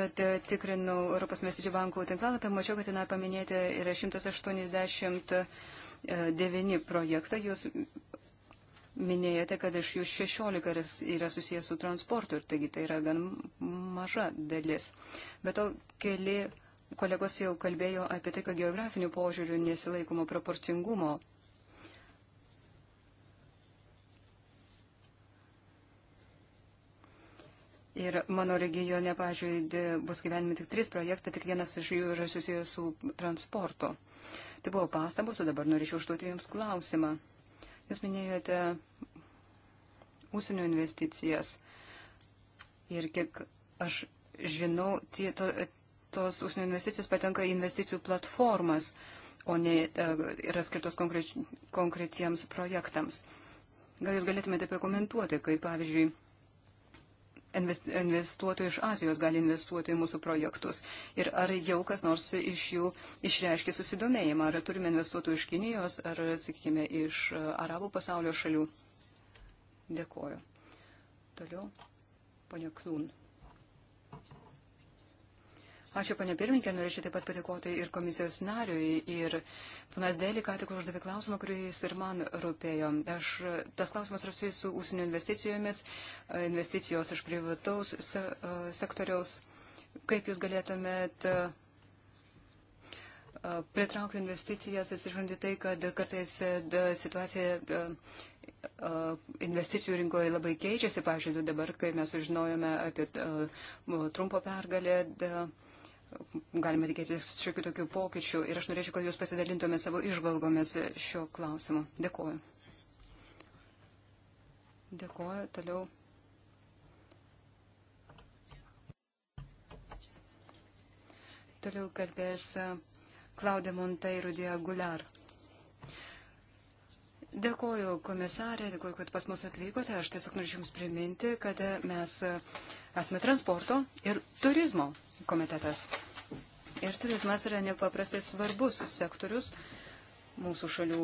tikrinau Europos investicijų bankų tinklalapį, mačiau, kad ten paminėti yra 189 projektai. Jūs minėjote, kad iš jų 16 yra susijęs su transportu ir taigi tai yra gan maža dalis. Bet to keli kolegos jau kalbėjo apie tai, kad geografinių požiūrių nesilaikoma proporcingumo Ir mano regione, pažiūrėjau, bus gyvenime tik trys projektai, tik vienas iš jų yra susijęs su transportu. Tai buvo pastabos, o dabar norėčiau užduoti Jums klausimą. Jūs minėjote ūsinių investicijas. Ir kiek aš žinau, tie, to, tos ūsinių investicijos patenka į investicijų platformas, o ne e, yra skirtos konkreč, konkretiems projektams. Gal Jūs galėtumėte pakomentuoti, kaip pavyzdžiui, investuotojų iš Azijos gali investuoti į mūsų projektus. Ir ar jau kas nors iš jų išreiškia susidomėjimą, ar turime investuotojų iš Kinijos, ar, sakykime, iš e, arabų pasaulio šalių. Dėkoju. Toliau, ponia Klūn. Ačiū, ponė pirmininkė, norėčiau taip pat patikoti ir komisijos nariui. Ir panas Dėlį ką tik uždavė klausimą, kuris ir man rūpėjo. Aš, tas klausimas yra susijęs su ūsinių investicijomis, investicijos iš privataus se, e, sektoriaus. Kaip jūs galėtumėt e, e, pritraukti investicijas, atsižvelgiant tai, kad kartais situacija investicijų rinkoje labai keičiasi. Pavyzdžiui, dabar, kai mes sužinojome apie Trumpo pergalę, galima tikėtis šiokių tokių pokyčių ir aš norėčiau, kad jūs pasidalintumėte savo išvalgomis šio klausimu. Dėkuoju. Dėkuoju. Toliau. Toliau kalbės Klaudė Montai Rudija Guliar. Dėkuoju komisarė, dėkuoju, kad pas mus atvykote. Aš tiesiog noriu Jums priminti, kad mes. Uh, Esame transporto ir turizmo komitetas. Ir turizmas yra nepaprastai svarbus sektorius mūsų šalių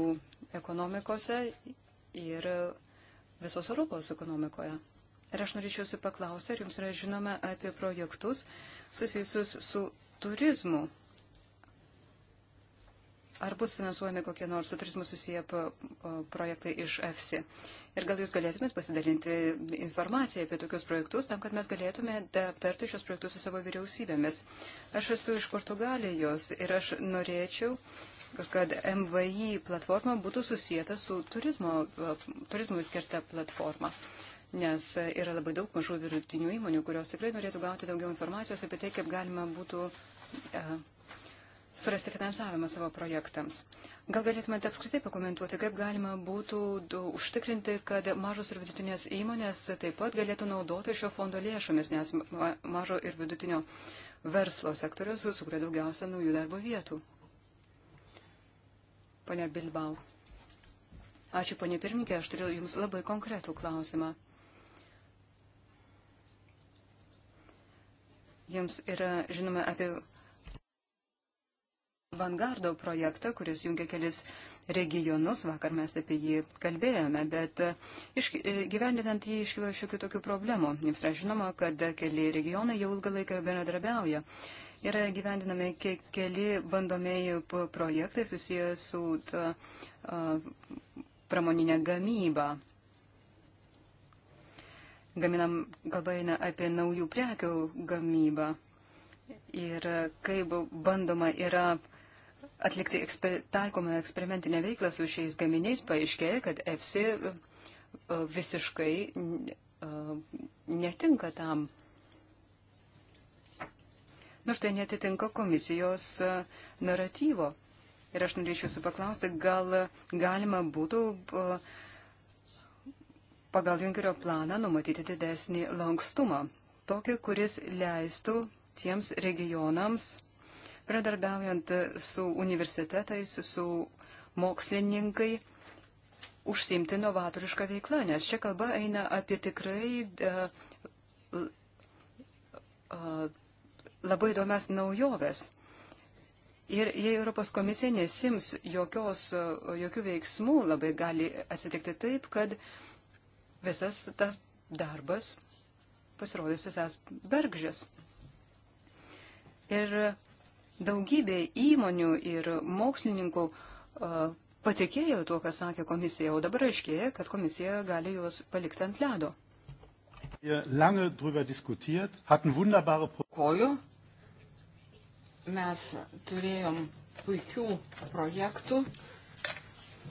ekonomikose ir visos Europos ekonomikoje. Ir aš norėčiau jūsų paklausti, ar jums yra žinoma apie projektus susijusius su turizmu. Ar bus finansuojami kokie nors su turizmu susiję projektai iš EFSI? Uh, Ir gal jūs galėtumėt pasidalinti informaciją apie tokius projektus, tam, kad mes galėtume aptarti šios projektus su savo vyriausybėmis. Aš esu iš Portugalijos ir aš norėčiau, kad MVI platforma būtų susijęta su turizmo, turizmui skirta platforma nes yra labai daug mažų virutinių įmonių, kurios tikrai norėtų gauti daugiau informacijos apie tai, kaip galima būtų e, surasti finansavimą savo projektams. Gal galėtumėte apskritai pakomentuoti, kaip galima būtų užtikrinti, kad mažos ir vidutinės įmonės taip pat galėtų naudoti šio fondo lėšomis, nes mažo ir vidutinio verslo sektorius sukuria daugiausia naujų darbo vietų. Pane Bilbao. Ačiū, ponė pirmininkė, aš turiu Jums labai konkretų klausimą. Jums yra žinoma apie Vangardo projektą, kuris jungia kelis regionus, vakar mes apie jį kalbėjome, bet e, e, gyvendinant jį iškilo šiokių tokių problemų. Jums yra žinoma, kad keli regionai jau ilgą laiką bendradarbiauja. Yra gyvendinami ke keli bandomieji projektai susiję su ta, a, pramoninė gamyba. Gaminam, kalba eina apie naujų prekių gamybą. Ir kaip bandoma yra atlikti eksper, taikomą eksperimentinę veiklą su šiais gaminiais, paaiškėjo, kad EFSI visiškai e, netinka tam. Nors nu, tai netitinka komisijos e, naratyvo. Ir aš norėčiau jūsų paklausti, gal galima būtų e, pagal Junkerio planą numatyti didesnį lankstumą, tokį, kuris leistų tiems regionams pradarbiaujant su universitetais, su mokslininkai, užsimti novatorišką veiklą, nes čia kalba eina apie tikrai a, e, a, e, labai įdomias naujoves. Ir jei Europos komisija nesims jokios, e, jokių veiksmų, labai gali atsitikti taip, kad visas tas darbas pasirodys visas bergžės. Ir Daugybė įmonių ir mokslininkų patikėjo tuo, ką sakė komisija, o dabar aiškėja, kad komisija gali juos palikti ant ledo. Koju, mes turėjom puikių projektų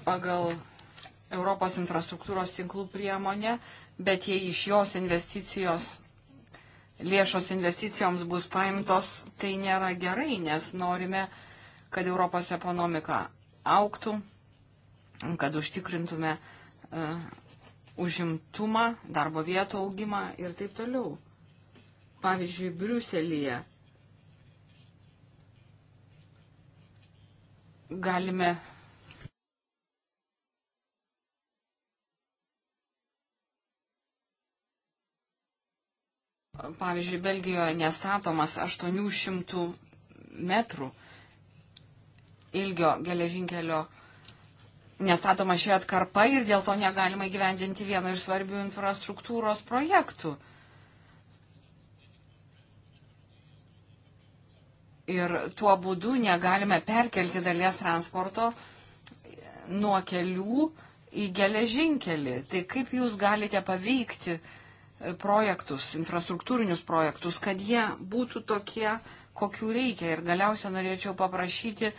pagal Europos infrastruktūros tinklų priemonę, bet jei iš jos investicijos lėšos investicijoms bus paimtos, tai nėra gerai, nes norime, kad Europos ekonomika auktų, kad užtikrintume uh, užimtumą, darbo vietų augimą ir taip toliau. Pavyzdžiui, Briuselėje galime pavyzdžiui, Belgijoje nestatomas 800 metrų ilgio geležinkelio nestatoma ši atkarpa ir dėl to negalima įgyvendinti vieno iš svarbių infrastruktūros projektų. Ir tuo būdu negalime perkelti dalies transporto nuo kelių į geležinkelį. Tai kaip jūs galite paveikti uh, projektus, infrastruktūrinius projektus, kad jie būtų tokie, kokių reikia. Ir galiausia norėčiau paprašyti e,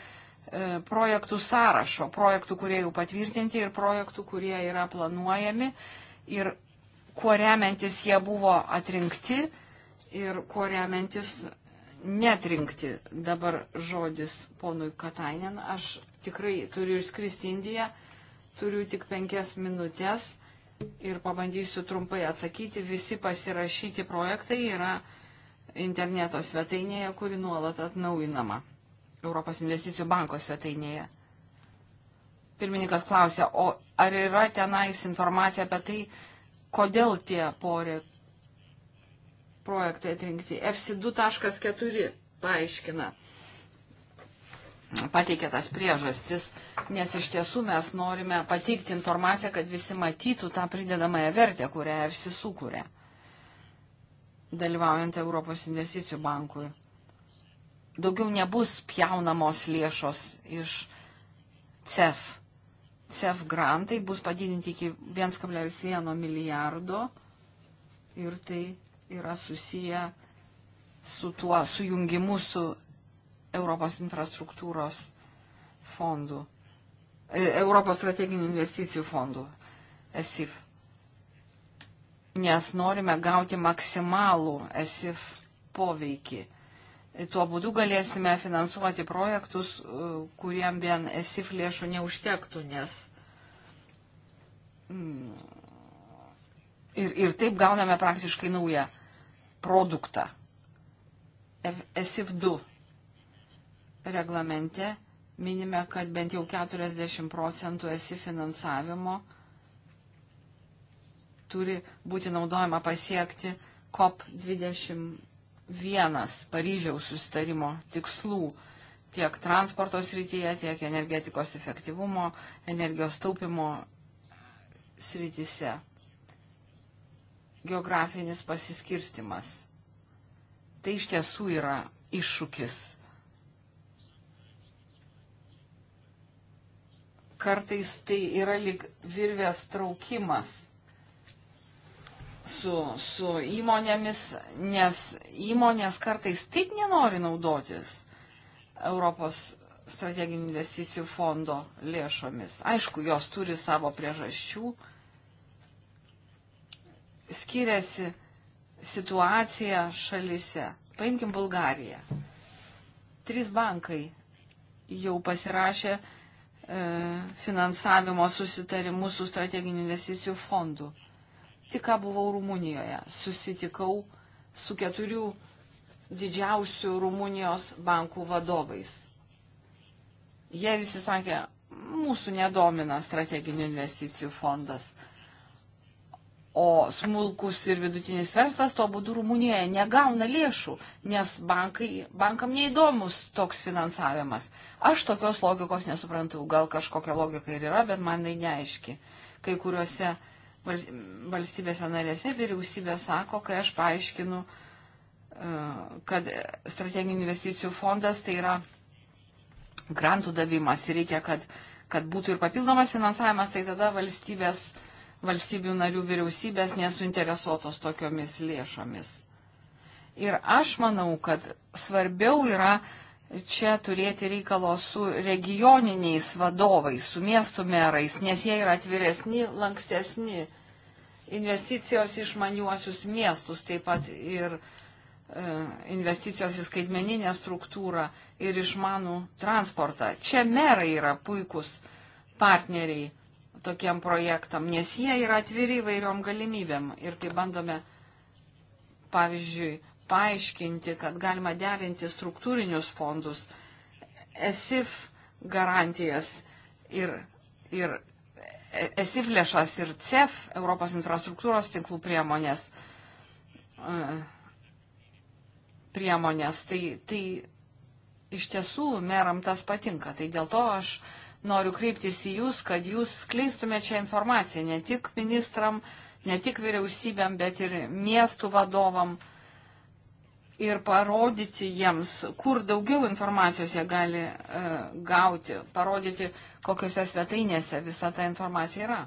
projektų sąrašo, projektų, kurie jau patvirtinti ir projektų, kurie yra planuojami ir kuo remiantis jie buvo atrinkti ir kuo remiantis netrinkti. Dabar žodis ponui Katainen. Aš tikrai turiu išskristi Indiją, turiu tik penkias minutės ir pabandysiu trumpai atsakyti. Visi pasirašyti projektai yra interneto svetainėje, kuri nuolat atnaujinama. Europos investicijų banko svetainėje. Pirmininkas klausė, o ar yra tenais informacija apie tai, kodėl tie porė projektai atrinkti? FC2.4 paaiškina pateikė tas priežastis, nes iš tiesų mes norime pateikti informaciją, kad visi matytų tą pridedamąją vertę, kurią EFSI sukūrė, dalyvaujant Europos investicijų bankui. Daugiau nebus pjaunamos lėšos iš CEF. CEF grantai bus padidinti iki 1,1 milijardo ir tai yra susiję su tuo sujungimu su Europos infrastruktūros fondų, e, Europos strateginių investicijų fondų, ESIF. Nes norime gauti maksimalų ESIF poveikį. E, tuo būdu galėsime finansuoti projektus, e, kuriem vien ESIF lėšų neužtektų, nes mm, ir, ir taip gauname praktiškai naują produktą. ESIF 2 reglamente minime, kad bent jau 40 procentų esi finansavimo turi būti naudojama pasiekti COP21 Paryžiaus sustarimo tikslų tiek transporto srityje, tiek energetikos efektyvumo, energijos taupimo srityse. Geografinis pasiskirstimas. Tai iš tiesų yra iššūkis kartais tai yra lyg virvės traukimas su, su įmonėmis, nes įmonės kartais taip nenori naudotis Europos strateginių investicijų fondo lėšomis. Aišku, jos turi savo priežasčių. Skiriasi situacija šalise. Paimkim Bulgariją. Trys bankai jau pasirašė E, finansavimo susitarimus su strateginių investicijų fondu. Tik ką buvau Rumunijoje, susitikau su keturių didžiausių Rumunijos bankų vadovais. Jie visi sakė, mūsų nedomina strateginių investicijų fondas. O smulkus ir vidutinis verslas tuo būdu Rumunijoje negauna lėšų, nes bankai, bankam neįdomus toks finansavimas. Aš tokios logikos nesuprantu, gal kažkokia logika ir yra, bet man tai neaiški. Kai kuriuose valstybėse narėse vyriausybė sako, kai aš paaiškinu, e, kad strateginių investicijų fondas tai yra grantų davimas ir reikia, kad, kad būtų ir papildomas finansavimas, tai tada valstybės valstybių narių vyriausybės nesuinteresuotos tokiomis lėšomis. Ir aš manau, kad svarbiau yra čia turėti reikalo su regioniniais vadovais, su miestų merais, nes jie yra atviresni, lankstesni. Investicijos išmaniuosius miestus taip pat ir e, investicijos į skaitmeninę struktūrą ir išmanų transportą. Čia merai yra puikus partneriai tokiem projektam, nes jie yra atviri įvairiom galimybėm. Ir kai bandome, pavyzdžiui, paaiškinti, kad galima derinti struktūrinius fondus, ESIF garantijas ir, ir ESIF lėšas ir CEF, Europos infrastruktūros tinklų priemonės, e, priemonės tai, tai iš tiesų meram tas patinka. Tai dėl to aš uh, noriu kreiptis į Jūs, kad Jūs skleistumėte čia informaciją ne tik ministram, ne tik vyriausybėm, bet ir miestų vadovam ir parodyti jiems, kur daugiau informacijos jie gali e, gauti, parodyti, kokiuose svetainėse visa ta informacija yra.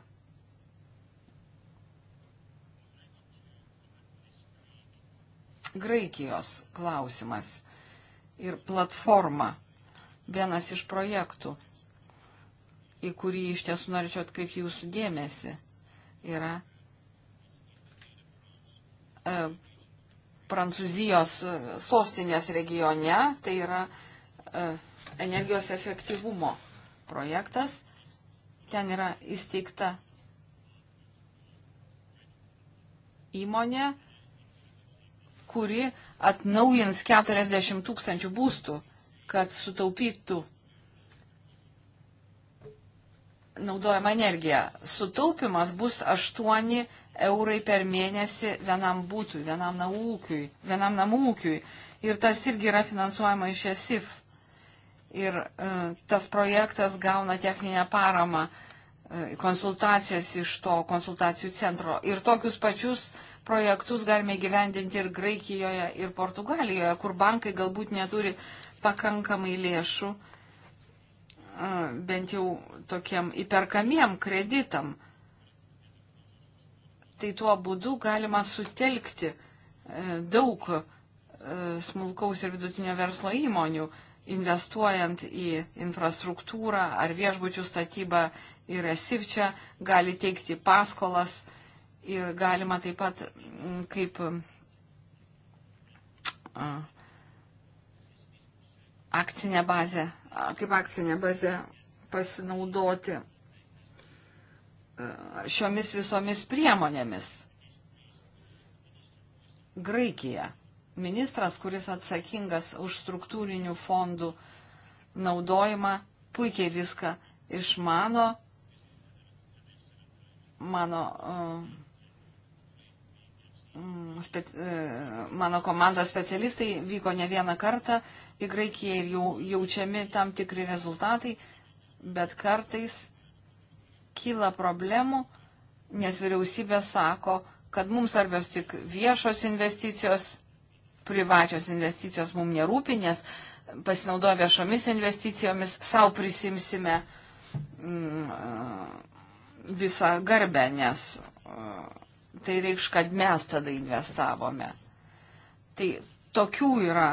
Graikijos klausimas ir platforma. Vienas iš projektų į kurį iš tiesų norėčiau atkreipti jūsų dėmesį, yra e, Prancūzijos sostinės regione, tai yra e, energijos efektyvumo projektas. Ten yra įsteigta įmonė, kuri atnaujins 40 tūkstančių būstų, kad sutaupytų naudojama energija. Sutaupimas bus 8 eurai per mėnesį vienam būtui, vienam namų ūkiui. Vienam namų ūkiui. Ir tas irgi yra finansuojama iš ESIF. Ir e, tas projektas gauna techninę paramą, e, konsultacijas iš to konsultacijų centro. Ir tokius pačius projektus galime gyvendinti ir Graikijoje, ir Portugalijoje, kur bankai galbūt neturi pakankamai lėšų. E, bent jau tokiem įperkamiem kreditam. Tai tuo būdu galima sutelkti e, daug e, smulkaus ir vidutinio verslo įmonių, investuojant į infrastruktūrą ar viešbučių statybą ir esif čia gali teikti paskolas ir galima taip pat kaip akcinė bazė kaip akcinė bazė pasinaudoti e, šiomis visomis priemonėmis. Graikija. Ministras, kuris atsakingas už struktūrinių fondų naudojimą, puikiai viską išmano. Mano uh, Mm, e, mano komandos specialistai vyko ne vieną kartą į Graikiją ir jau jaučiami tam tikri rezultatai, bet kartais kyla problemų, nes vyriausybė sako, kad mums svarbios tik viešos investicijos, privačios investicijos mums nerūpi, nes pasinaudoję viešomis investicijomis savo prisimsime mm, visą garbę, nes mm, tai reikš, kad mes tada investavome. Tai tokių yra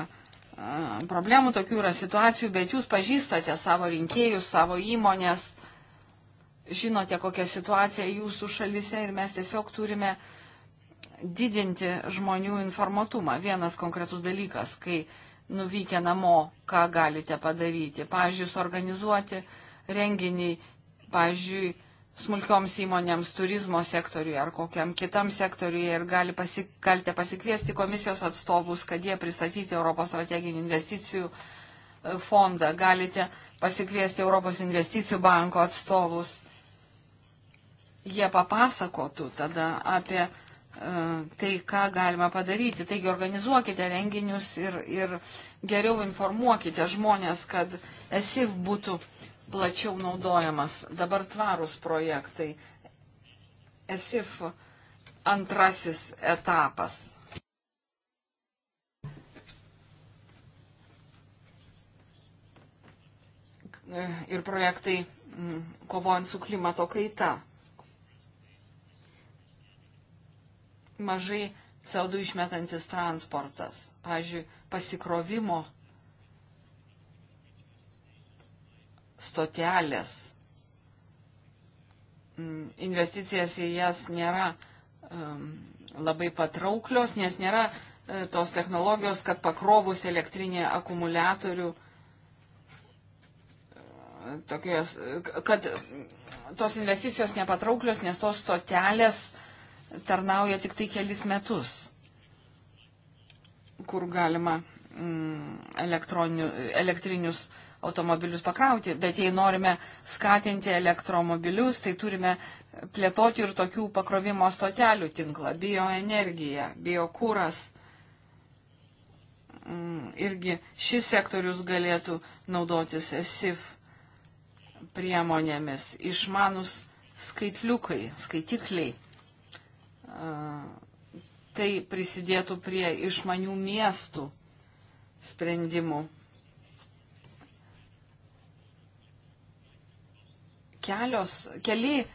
problemų, tokių yra situacijų, bet jūs pažįstate savo rinkėjus, savo įmonės, žinote, kokia situacija jūsų šalise ir mes tiesiog turime didinti žmonių informatumą. Vienas konkretus dalykas, kai nuvykę namo, ką galite padaryti. Pavyzdžiui, suorganizuoti renginį, pavyzdžiui, smulkioms įmonėms, turizmo sektoriui ar kokiam kitam sektoriui ir gali pasi, galite pasikviesti komisijos atstovus, kad jie pristatyti Europos strateginių investicijų e, fondą. Galite pasikviesti Europos investicijų banko atstovus. Jie papasakotų tada apie uh, tai, ką galima padaryti. Taigi organizuokite renginius ir, ir geriau informuokite žmonės, kad esi būtų uh, plačiau naudojamas. Dabar tvarūs projektai. ESIF antrasis etapas. Ir projektai mm, kovojant su klimato kaita. Mažai CO2 išmetantis transportas, pavyzdžiui, pasikrovimo stotelės. Mm, Investicijas į jas nėra um, labai patrauklios, nes nėra e, tos technologijos, kad pakrovus elektrinį akumuliatorių, e, tokios, e, kad tos investicijos nepatrauklios, nes tos stotelės tarnauja tik tai kelis metus, kur galima mm, elektrinius automobilius pakrauti, bet jei norime skatinti elektromobilius, tai turime plėtoti ir tokių pakrovimo stotelių tinklą, bioenergija, biokūras. Mm, irgi šis sektorius galėtų naudotis SIF priemonėmis, išmanus skaitliukai, skaitikliai. Tai prisidėtų prie išmanių miestų sprendimų. kelios, keli e,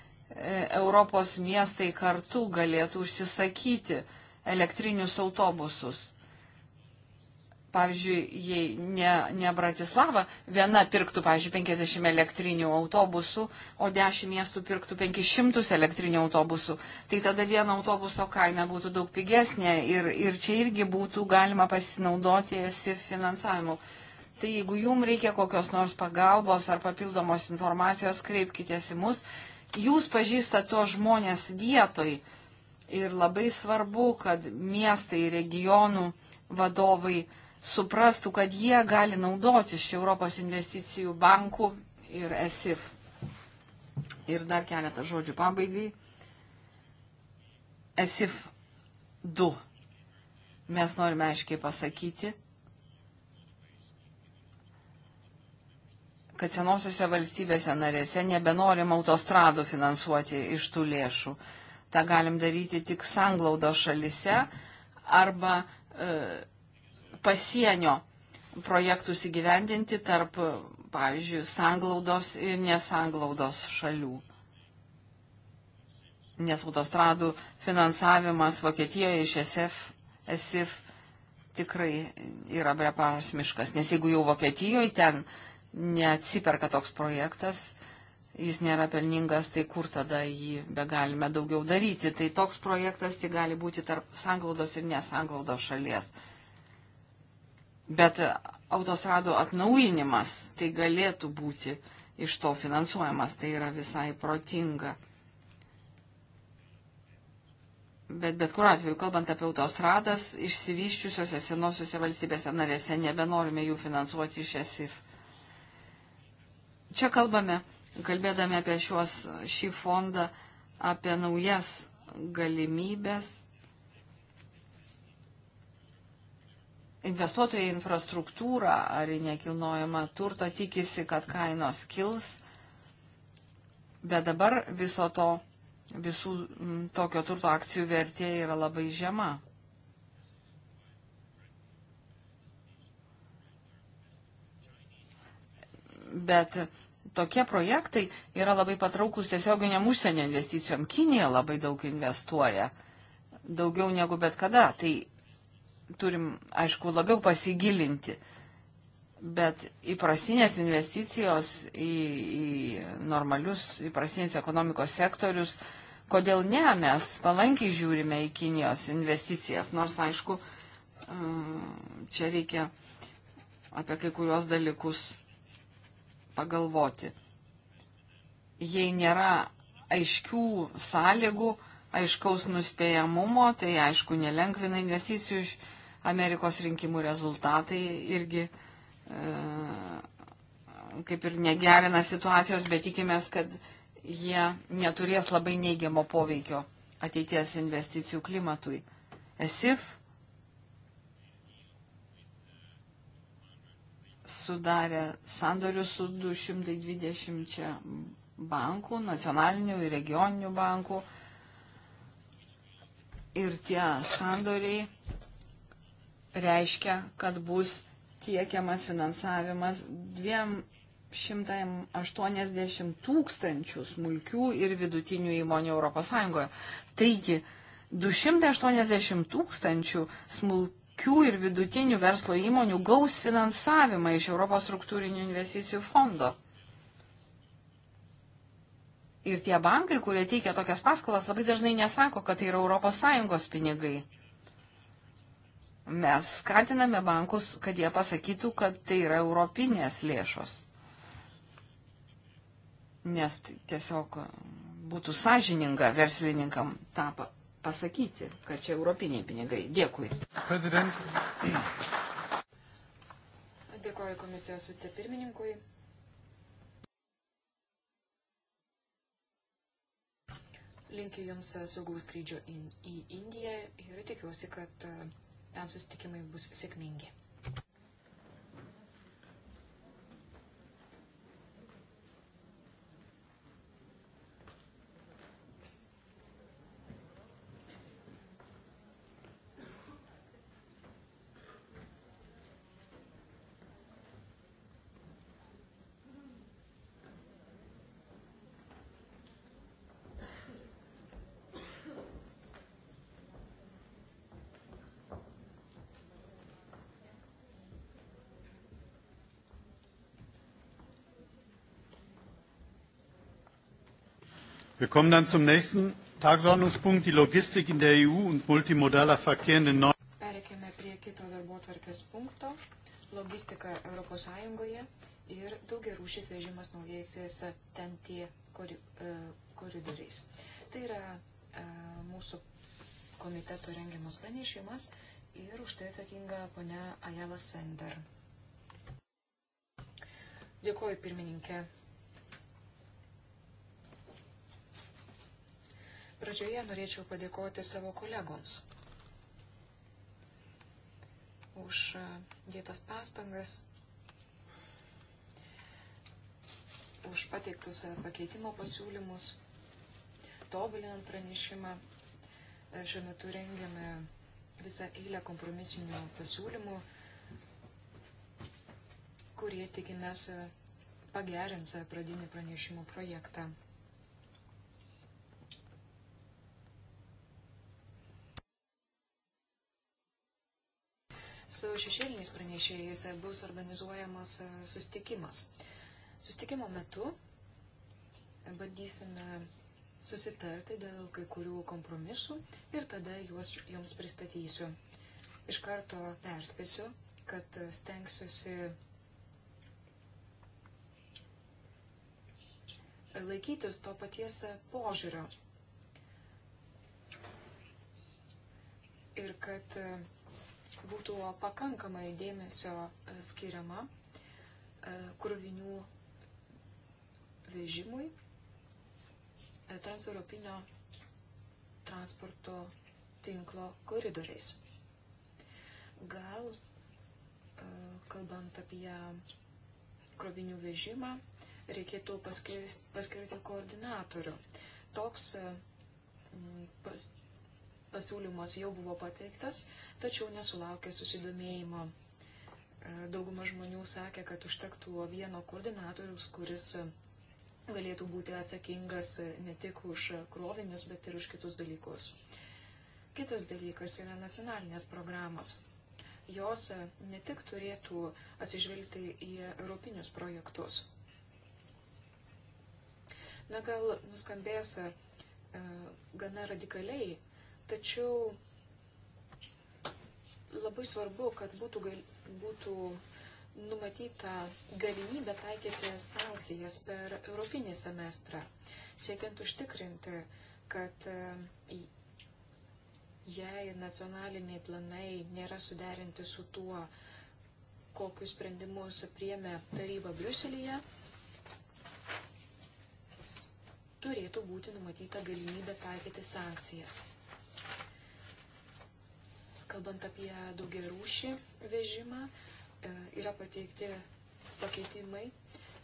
Europos miestai kartu galėtų užsisakyti elektrinius autobusus. Pavyzdžiui, jei ne, ne Bratislava, viena pirktų, pavyzdžiui, 50 elektrinių autobusų, o 10 miestų pirktų 500 elektrinių autobusų, tai tada vieno autobuso kaina būtų daug pigesnė ir, ir čia irgi būtų galima pasinaudoti esi finansavimu. Uh, Tai jeigu jums reikia kokios nors pagalbos ar papildomos informacijos, kreipkitės į mus. Jūs pažįstate tuos žmonės vietoj ir labai svarbu, kad miestai, regionų vadovai suprastų, kad jie gali naudotis šį Europos investicijų bankų ir ESIF. Ir dar keletą žodžių pabaigai. ESIF 2. Mes norime aiškiai pasakyti, kad senosiuose valstybėse narėse nebenorim autostradų finansuoti iš tų lėšų. Ta galim daryti tik sanglaudo šalise arba e, pasienio projektus įgyvendinti tarp, pavyzdžiui, sanglaudos ir nesanglaudos šalių. Nes autostradų finansavimas Vokietijoje iš SF, SIF tikrai yra beprasmiškas, nes jeigu jau Vokietijoje ten neatsiperka toks projektas, jis nėra pelningas, tai kur tada jį be galime daugiau daryti. Tai toks projektas tai gali būti tarp sanglaudos ir nesanglaudos šalies. Bet autostrado atnaujinimas tai galėtų būti iš to finansuojamas, tai yra visai protinga. Bet bet kuriuo atveju, kalbant apie autostradas, išsivyščiusiuose senosiuose valstybėse narėse nebenorime jų finansuoti iš esif. Čia kalbame, kalbėdami apie šios, šį fondą, apie naujas galimybės investuotojai į infrastruktūrą ar į nekilnojamą turtą tikisi, kad kainos kils, bet dabar viso to, visų m, tokio turto akcijų vertė yra labai žema. bet tokie projektai yra labai patrauklus tiesioginiam užsienio investicijom. Kinija labai daug investuoja, daugiau negu bet kada. Tai turim, aišku, labiau pasigilinti. Bet įprastinės investicijos į, į normalius, įprastinės ekonomikos sektorius, kodėl ne, mes palankiai žiūrime į Kinijos investicijas, nors aišku, mm, čia reikia apie kai kurios dalykus pagalvoti. Jei nėra aiškių sąlygų, aiškaus nuspėjamumo, tai aišku, nelengvina investicijų iš Amerikos rinkimų rezultatai irgi e, kaip ir negerina situacijos, bet tikimės, kad jie neturės labai neigiamo poveikio ateities investicijų klimatui. ESIF sudarė sandorius su 220 bankų, nacionalinių ir regioninių bankų. Ir tie sandoriai reiškia, kad bus tiekiamas finansavimas 280 tūkstančių smulkių ir vidutinių įmonių ES. Taigi, 280 tūkstančių smulkių smulkių ir vidutinių verslo įmonių gaus finansavimą iš Europos struktūrinių investicijų fondo. Ir tie bankai, kurie teikia tokias paskolas, labai dažnai nesako, kad tai yra ES pinigai. Mes skatiname bankus, kad jie pasakytų, kad tai yra europinės lėšos. Nes tiesiog būtų sąžininga verslininkam tą pasakyti, kad čia europiniai pinigai. Dėkui. President. Dėkoju komisijos vicepirmininkui. Linkiu Jums saugaus skrydžio į Indiją ir tikiuosi, kad e, ten susitikimai bus sėkmingi. Wir kommen dann zum nächsten Tagesordnungspunkt, die Logistik in der EU und multimodaler Verkehr in den Norden. Perkime prie kito darbo tvarkės punkto - logistika ES ir daugiarūšis vežimas naujaisiais TNT e, koridoriais. Tai yra e, mūsų komiteto rengiamas pranešimas ir už tai atsakinga ponia Ajala Sender. Dėkuoju pirmininkė. Pradžioje norėčiau padėkoti savo kolegoms už e, dėtas pastangas, už pateiktus e, pakeitimo pasiūlymus, tobulinant pranešimą. E, šiuo metu rengiame visą eilę kompromisinių pasiūlymų, kurie tikimės pagerins pradinį pranešimo projektą. su šešėliniais pranešėjais bus organizuojamas e, sustikimas. Sustikimo metu bandysime susitarti dėl kai kurių kompromisų ir tada juos jums pristatysiu. Iš karto perspėsiu, kad stengsiuosi laikytis to paties požiūrio. Ir kad būtų pakankamai dėmesio e, skiriama e, krovinių vežimui e, transeuropinio transporto tinklo koridoriais. Gal kalbant apie krovinių vežimą, reikėtų paskirti, paskirti koordinatorių. Toks pas, pasiūlymas jau buvo pateiktas, tačiau nesulaukė susidomėjimo. E, dauguma žmonių sakė, kad užtektų vieno koordinatoriaus, kuris e, galėtų būti atsakingas e, ne tik už krovinius, bet ir už kitus dalykus. Kitas dalykas yra nacionalinės programos. Jos ne tik turėtų atsižvelgti į europinius projektus. Na gal nuskambės gana radikaliai, tačiau labai svarbu, kad būtų, gal, būtų numatyta galimybė taikyti sankcijas per Europinį semestrą, siekiant užtikrinti, kad e, jei nacionaliniai planai nėra suderinti su tuo, kokius sprendimus priemė taryba Briuselyje, turėtų būti numatyta galimybė taikyti sankcijas. Kalbant apie daugia rūšį vežimą, e, yra pateikti pakeitimai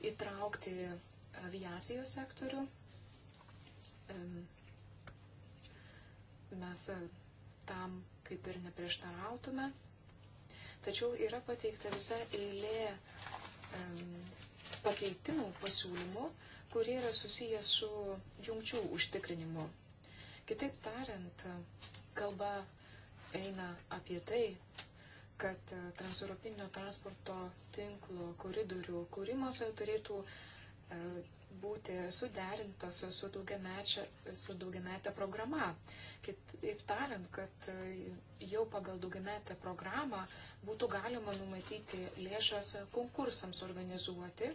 įtraukti aviacijos sektorių. Mes e, tam kaip ir neprieštarautume. Tačiau yra pateikta visa eilė um, pakeitimų pasiūlymų, kurie yra susiję su jungčių užtikrinimu. Kitaip tariant, kalba eina apie tai, kad e, transeuropinio transporto tinklo koridorių kūrimas turėtų e, būti suderintas su daugiamečia, su daugiametė programa. Kitaip tariant, kad e, jau pagal daugiametę programą būtų galima numatyti lėšas konkursams organizuoti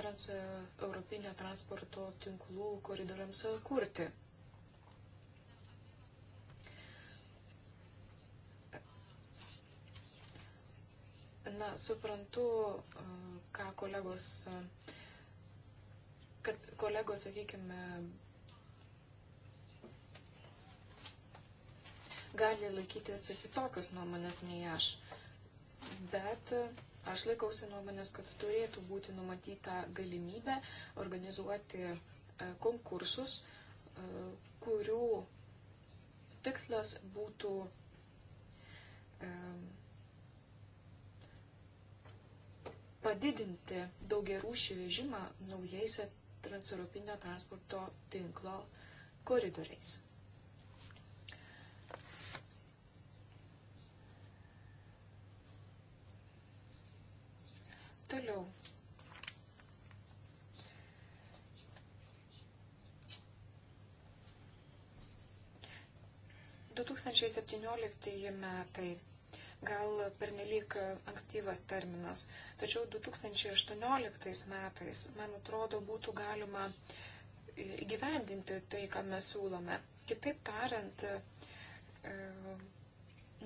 transeuropinio transporto tinklų koridoriams kurti. Na, suprantu, ką kolegos, kad kolegos, sakykime, gali laikytis kitokios nuomonės nei aš. Bet aš laikausi nuomonės, kad turėtų būti numatyta galimybė organizuoti konkursus, kurių tikslas būtų padidinti daugiarūšį vežimą naujais transeuropinio transporto tinklo koridoriais. Toliau. Du tūkstančiai septynioliktieji metai gal pernelyg ankstyvas terminas. Tačiau 2018 metais, man atrodo, būtų galima įgyvendinti tai, ką mes siūlome. Kitaip tariant, e,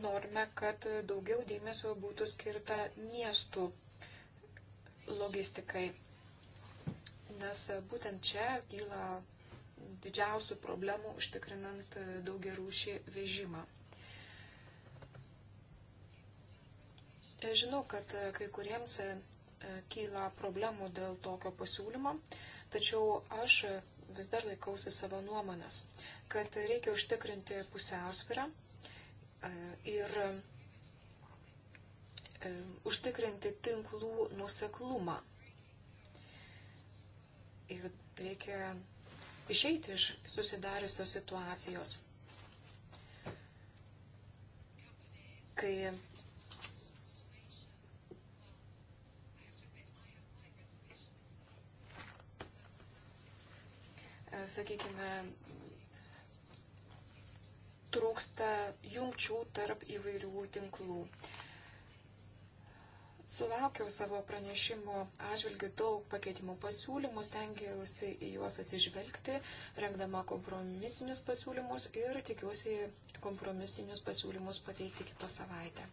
norime, kad daugiau dėmesio būtų skirta miestų logistikai, nes būtent čia kyla didžiausių problemų užtikrinant daugiarūšį vežimą. Žinau, kad e, kai kuriems e, e, kyla problemų dėl tokio pasiūlymo, tačiau aš vis dar laikausi savo nuomonės, kad reikia užtikrinti pusiausvyrą ir užtikrinti tinklų nuseklumą. Ir reikia išeiti iš susidariusios situacijos, kai E, sakykime, trūksta jungčių tarp įvairių tinklų. Sulaukiau savo pranešimo atžvilgių daug pakeitimų pasiūlymų, stengiausi į juos atsižvelgti, rengdama kompromisinius pasiūlymus ir tikiuosi kompromisinius pasiūlymus pateikti kitą savaitę.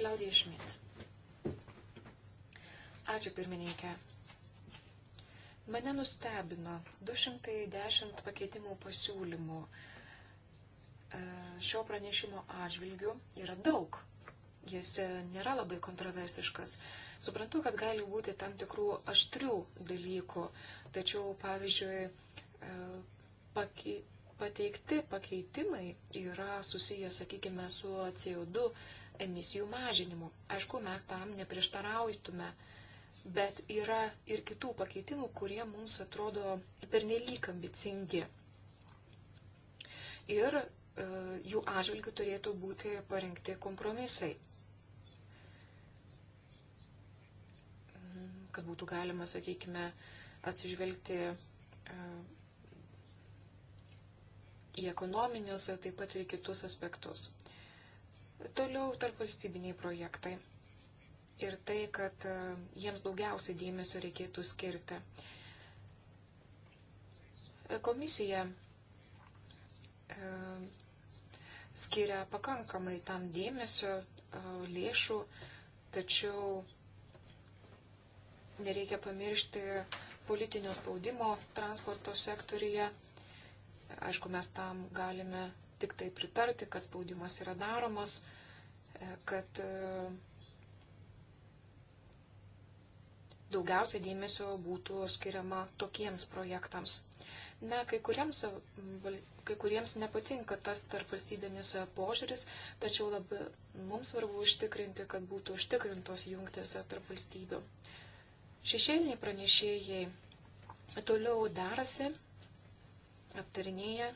Klaudija Šmit. Ačiū pirmininkė. Mane nustebino 210 pakeitimų pasiūlymų e, šio pranešimo atžvilgių yra daug. Jis e, nėra labai kontroversiškas. Suprantu, kad gali būti tam tikrų aštrių dalykų, tačiau, pavyzdžiui, e, pake, pateikti pakeitimai yra susiję, sakykime, su CO2 emisijų mažinimu. Aišku, mes tam neprieštarautume bet yra ir kitų pakeitimų, kurie mums atrodo pernelyg ambicingi. Ir e, jų atžvilgių turėtų būti parengti kompromisai, kad būtų galima, sakykime, atsižvelgti e, į ekonominius, taip pat ir kitus aspektus. Toliau tarp valstybiniai projektai ir tai, kad e, jiems daugiausiai dėmesio reikėtų skirti. Komisija e, skiria pakankamai tam dėmesio e, lėšų, tačiau nereikia pamiršti politinio spaudimo transporto sektorija. Aišku, mes tam galime tik tai pritarti, kad spaudimas yra daromas, kad daugiausia dėmesio būtų skiriama tokiems projektams. Na, kai kuriems, kai kuriems nepatinka tas tarpvalstybinis požiūris, tačiau labai, mums svarbu užtikrinti, kad būtų užtikrintos jungtis tarp valstybių. Šešėliniai pranešėjai toliau darasi, aptarinėja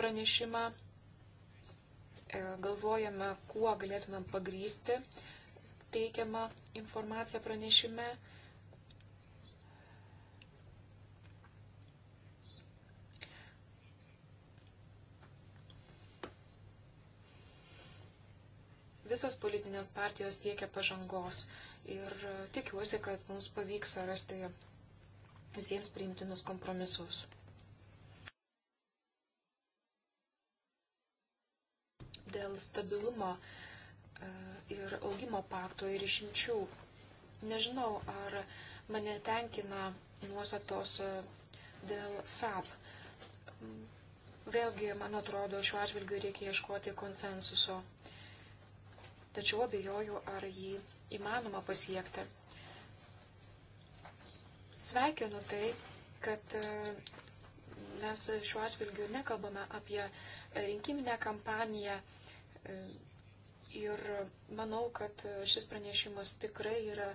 pranešimą, e, galvojame, kuo galėtume pagrysti teikiama informacija pranešime. Visos politinės partijos siekia pažangos ir e, tikiuosi, kad mums pavyks rasti visiems priimtinus kompromisus. Dėl stabilumo E, ir augimo pakto ir išimčių. Nežinau, ar mane tenkina nuostatos e, dėl SAP. Vėlgi, man atrodo, šiuo atžvilgiu reikia ieškoti konsensuso. Tačiau abejoju, ar jį įmanoma pasiekti. Sveikinu tai, kad e, mes šiuo atžvilgiu nekalbame apie rinkiminę kampaniją Ir manau, kad šis pranešimas tikrai yra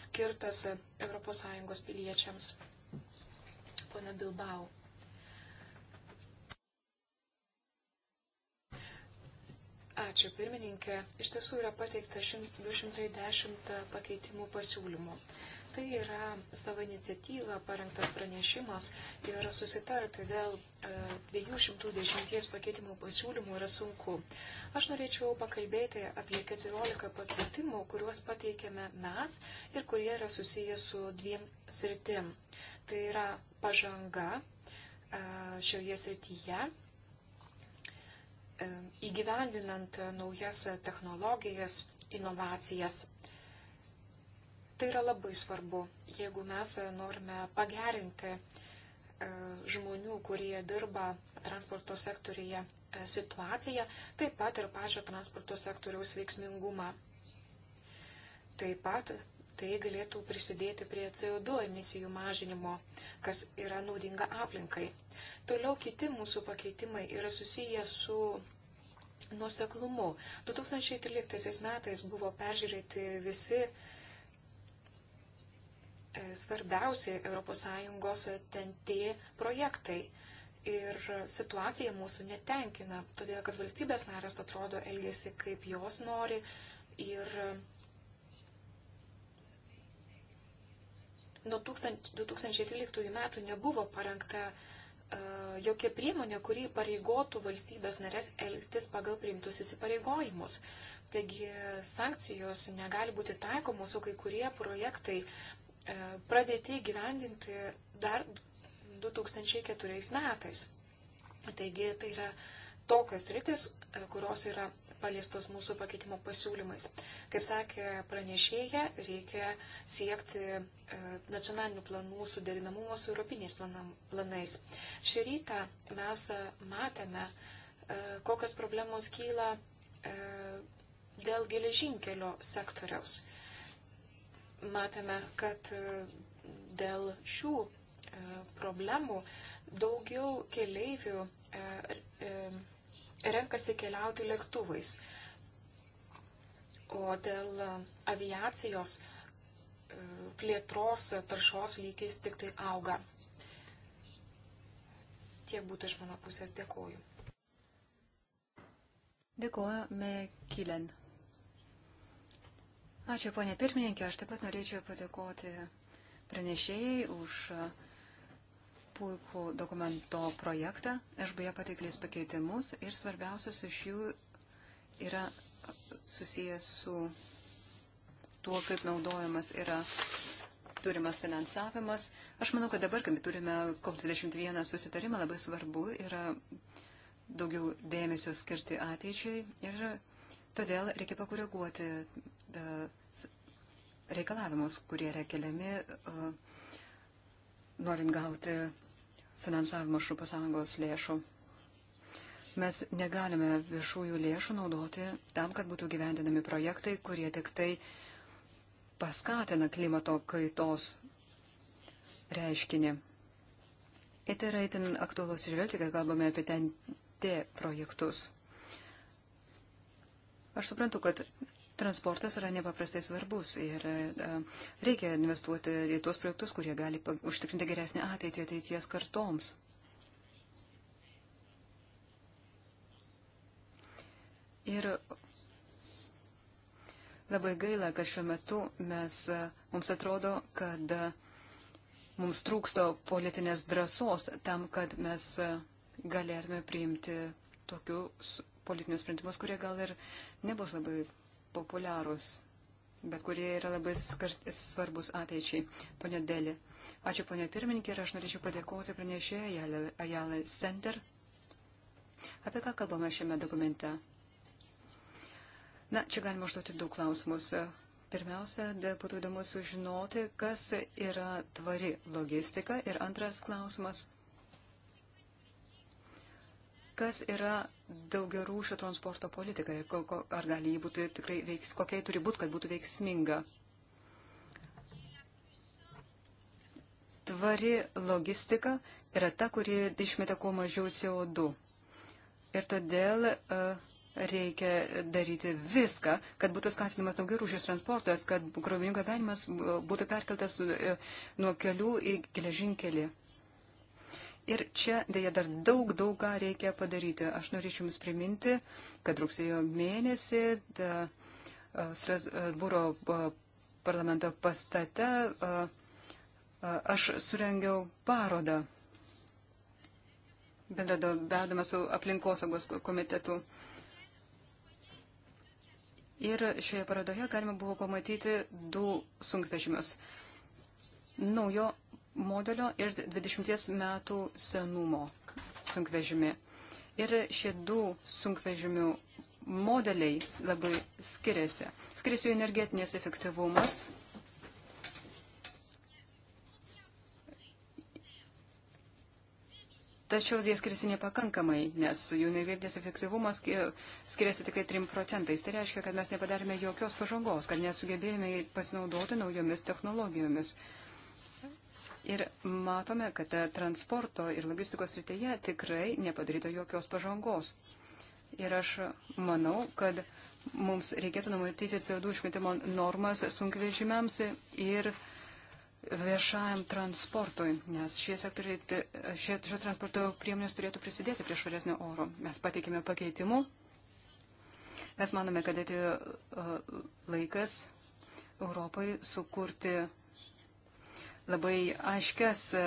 skirtas ES piliečiams. Pone Bilbao. Ačiū, pirmininkė. Iš tiesų yra pateikta 210 pakeitimų pasiūlymų. Tai yra savo iniciatyva parengtas pranešimas ir susitarti dėl 210 e, pakeitimų pasiūlymų yra sunku. Aš norėčiau pakalbėti apie 14 pakeitimų, kuriuos pateikėme mes ir kurie yra susiję su dviem sritim. Tai yra pažanga e, šioje srityje e, įgyvendinant naujas technologijas, inovacijas. Tai yra labai svarbu, jeigu mes norime pagerinti e, žmonių, kurie dirba transporto sektorija e, situaciją, taip pat ir pačio transporto sektoriaus veiksmingumą. Taip pat tai galėtų prisidėti prie CO2 emisijų mažinimo, kas yra naudinga aplinkai. Toliau kiti mūsų pakeitimai yra susiję su nuoseklumu. 2013 metais buvo peržiūrėti visi uh, svarbiausi ES TNT projektai. Ir situacija mūsų netenkina, todėl kad valstybės narės atrodo elgesi kaip jos nori ir nuo 2013 metų nebuvo parengta uh, jokia priemonė, kuri pareigotų valstybės narės elgtis pagal priimtus įsipareigojimus. Taigi sankcijos negali būti taikomos, o kai kurie projektai E, pradėti gyvendinti dar 2004 metais. Taigi tai yra tokios rytis, e, kurios yra paliestos mūsų pakeitimo pasiūlymais. Kaip sakė pranešėja, reikia siekti e, nacionalinių planų suderinamumo su europiniais planais. Šį rytą mes matėme, kokios problemos kyla dėl geležinkelio sektoriaus matome, kad e, dėl šių e, problemų daugiau keleivių e, renkasi keliauti lėktuvais. O dėl aviacijos plėtros taršos lygis tik tai auga. Tiek būtų iš mano pusės. Dėkuoju. Dėkuojame Kilen. Ačiū, ponė pirmininkė. Aš taip pat norėčiau padėkoti pranešėjai už puikų dokumento projektą. Aš beje pateiklis pakeitimus ir svarbiausias iš jų yra susijęs su tuo, kaip naudojamas yra turimas finansavimas. Aš manau, kad dabar, kai turime COP21 susitarimą, labai svarbu yra daugiau dėmesio skirti ateičiai ir Todėl reikia pakoreguoti e, reikalavimus, kurie yra keliami e, norint gauti finansavimo iš Europos Sąjungos lėšų. Mes negalime viešųjų lėšų naudoti tam, kad būtų gyvendinami projektai, kurie tik tai paskatina klimato kaitos reiškinį. Ir tai yra itin aktuolus ir vėl tik, kai kalbame apie TNT projektus. Aš suprantu, kad transportas yra nepaprastai svarbus ir e, reikia investuoti į tuos projektus, kurie gali užtikrinti geresnį ateitį ateities kartoms. Ir labai gaila, kad šiuo metu mes, e, mums atrodo, kad e, mums trūksto politinės drąsos tam, kad mes galėtume priimti tokius politinius sprendimus, kurie gal ir nebus labai populiarūs, bet kurie yra labai svarbus ateičiai. Pone Deli. Ačiū, ponė pirmininkė, ir aš norėčiau padėkoti pranešėjai Ajala Center. Apie ką kalbame šiame dokumente? Na, čia galima užduoti daug klausimus. Pirmiausia, būtų įdomu sužinoti, kas yra tvari logistika. Ir antras klausimas, kas yra daugia rūšio transporto politika ir ko, ko, ar gali jį būti tikrai veiks, kokia turi būti, kad būtų veiksminga. Tvari logistika yra ta, kuri išmeta kuo mažiau CO2. Ir todėl uh, reikia daryti viską, kad būtų skatinimas daugiau rūšės transportas, kad krovinių gabenimas būtų perkeltas e, nuo kelių į geležinkelį. Ir čia dėja dar daug, daug ką reikia padaryti. Aš norėčiau Jums priminti, kad rugsėjo mėnesį Strasbūro parlamento pastate aš surengiau parodą bendradarbiavimą su aplinkosaugos komitetu. Ir šioje parodoje galima buvo pamatyti du sunkvežimius. Naujo modelio ir 20 metų senumo sunkvežimi. Ir šie du sunkvežimių modeliai labai skiriasi. Skiriasi jų energetinės efektyvumas. Tačiau jie skiriasi nepakankamai, nes jų energetinės efektyvumas skiriasi tik 3 tai procentais. Tai reiškia, kad mes nepadarėme jokios pažangos, kad nesugebėjome pasinaudoti naujomis technologijomis. Uh, Ir matome, kad transporto ir logistikos rytėje tikrai nepadaryta jokios pažangos. Ir aš manau, kad mums reikėtų numatyti CO2 išmetimo normas sunkvežimiams ir viešajam transportui, nes šie sektoriai, šie, šio transporto priemonės turėtų prisidėti prie švaresnio oro. Mes pateikėme pakeitimų. Mes manome, kad atėjo laikas Europai sukurti labai aiškias e,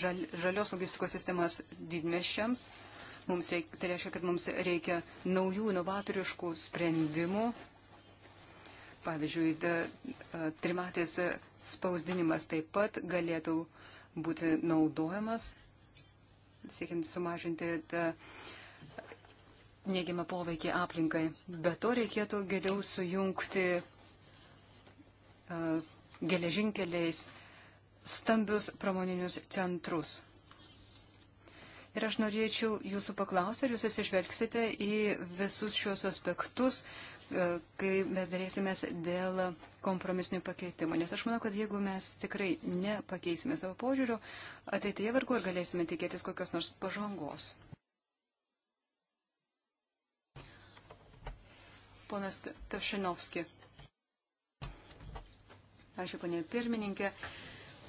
žal, žalios logistikos sistemas didmešiams. Mums reikia, tai reiškia, kad mums reikia naujų inovatoriškų sprendimų. Pavyzdžiui, da, e, trimatės spausdinimas taip pat galėtų būti naudojamas, siekiant sumažinti da, neigiamą poveikį aplinkai. Be to reikėtų geriau sujungti uh, geležinkeliais uh, stambius pramoninius centrus. Ir aš norėčiau jūsų paklausti, ar jūs atsižvelgsite į visus šios aspektus, e, kai mes darėsimės dėl kompromisinių pakeitimų. Nes aš manau, kad jeigu mes tikrai nepakeisime savo požiūrio, ateityje vargu ar galėsime tikėtis kokios nors pažangos. Ponas Tošinovski. Ačiū, ponė pirmininkė. Uh,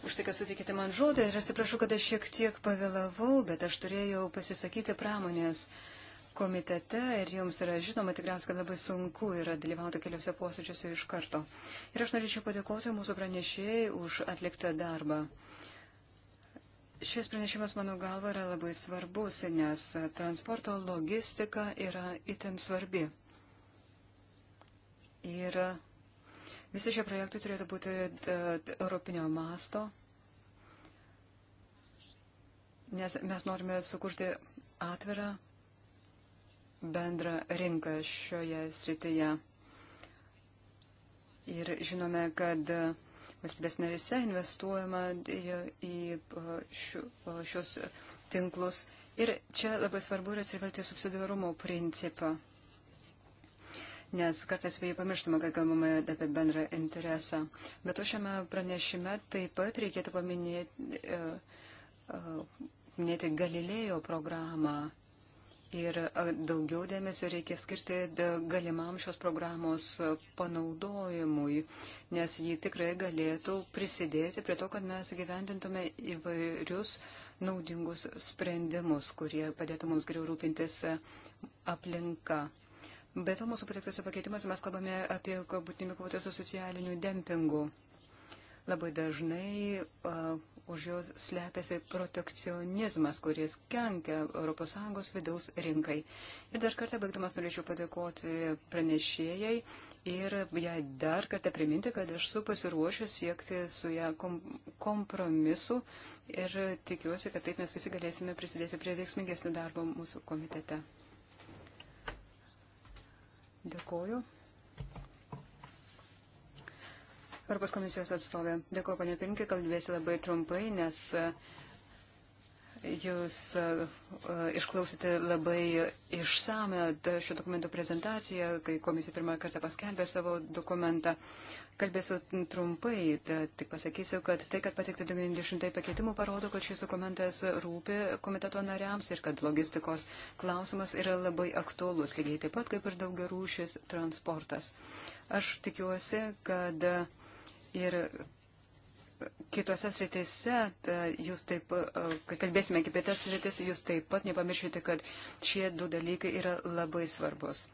už tai, kad sutikite man žodį ir atsiprašau, kad aš šiek tiek pavėlavau, bet aš turėjau pasisakyti pramonės komitete ir jums yra žinoma tikriausiai, kad labai sunku yra dalyvauti keliuose posėdžiuose iš karto. Ir aš norėčiau padėkoti mūsų pranešėjai už atliktą darbą. Šis pranešimas, mano galva, yra labai svarbus, nes transporto logistika yra itin svarbi. Ir Visi šie projektai turėtų būti e, europinio masto, nes mes norime sukurti atvirą bendrą rinką šioje srityje. Ir žinome, kad valstybės narise investuojama į e, e, šios tinklus. Ir čia labai svarbu yra atsižvelgti subsidiarumo principą nes kartais jie pamirštama, kad kalbame apie bendrą interesą. Bet o šiame pranešime taip pat reikėtų paminėti, e, e, paminėti Galilėjo programą. Ir e, daugiau dėmesio reikia skirti galimam šios programos panaudojimui, nes ji tikrai galėtų prisidėti prie to, kad mes gyvendintume įvairius naudingus sprendimus, kurie padėtų mums geriau rūpintis aplinka. Be to, mūsų patektose pakeitimuose mes kalbame apie būtinimį kovoti su socialiniu dempingu. Labai dažnai uh, už jos slepiasi protekcionizmas, kuris kenkia ES vidaus rinkai. Ir dar kartą baigdamas norėčiau padėkoti pranešėjai ir jai dar kartą priminti, kad aš su pasiruošiu siekti su ją kom kompromisu ir tikiuosi, kad taip mes visi galėsime prisidėti prie veiksmingesnio darbo mūsų komitete. Dėkoju. Europos komisijos atstovė, dėkoju, panė Pirinkė, kalbėsiu labai trumpai, nes e, jūs e, e, išklausėte labai išsame šio dokumento prezentaciją, kai komisija pirmą kartą paskelbė savo dokumentą. Kalbėsiu trumpai, tik pasakysiu, kad tai, kad patikti 90 pakeitimų, parodo, kad šis dokumentas rūpi komiteto nariams ir kad logistikos klausimas yra labai aktuolus, lygiai taip pat kaip ir daugia rūšis transportas. Aš tikiuosi, kad ir kitose sritise, jūs taip, kai kalbėsime apie tas sritis, jūs taip pat nepamiršite, kad šie du dalykai yra labai svarbus.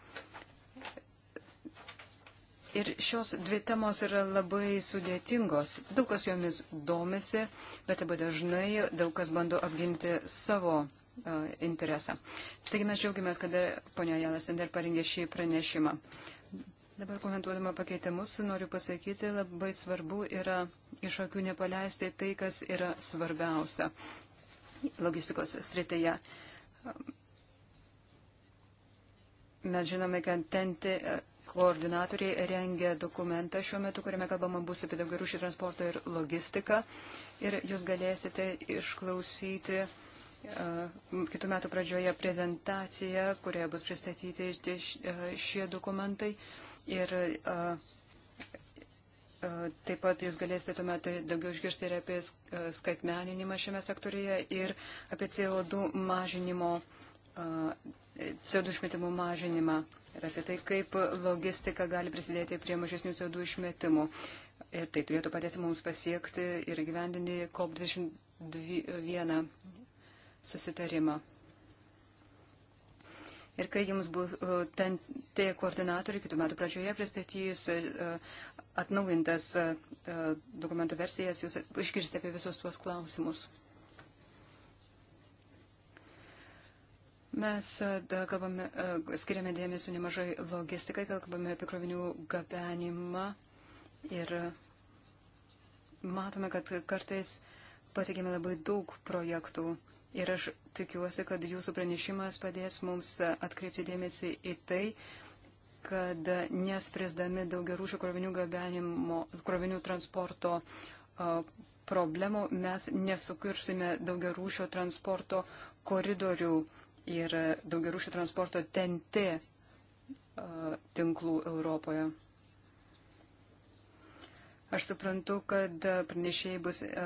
Ir šios dvi temos yra labai sudėtingos. Daug kas jomis domisi, bet labai dažnai daug kas bando apginti savo e, interesą. Taigi mes džiaugiamės, kad ponia Jalasender parengė šį pranešimą. Dabar komentuodama pakeitimus, noriu pasakyti, labai svarbu yra iš akių nepaleisti tai, kas yra svarbiausia logistikos srityje. Mes žinome, kad ten koordinatoriai rengia dokumentą šiuo metu, kuriame kalbama bus apie daugiau rūšį transportą ir logistiką. Ir jūs galėsite išklausyti kitų metų pradžioje prezentaciją, kurioje bus pristatyti šie dokumentai. Ir Taip pat jūs galėsite tuomet daugiau išgirsti ir apie skaitmeninimą šiame sektorėje ir apie CO2 mažinimo CO2 išmetimų mažinimą ir apie tai, kaip logistika gali prisidėti prie mažesnių CO2 išmetimų. Ir tai turėtų padėti mums pasiekti ir gyvendinti COP21 susitarimą. Ir kai jums bus ten tie koordinatoriai kitų metų pradžioje pristatys e, atnaujintas e, e, dokumentų versijas, jūs išgirsite apie visus tuos klausimus. Mes e, kalbame, e, skiriame dėmesio nemažai logistikai, kalbame apie krovinių gabenimą ir matome, kad kartais patikėme labai daug projektų. Ir aš tikiuosi, kad jūsų pranešimas padės mums atkreipti dėmesį į tai, kad nespręsdami daugiarūšių krovinių gabenimo, krovinių transporto problemų mes nesukirsime daugiarūšio transporto koridorių ir daugiarūšių transporto TNT e, tinklų Europoje. Aš suprantu, kad pranešėjai bus e,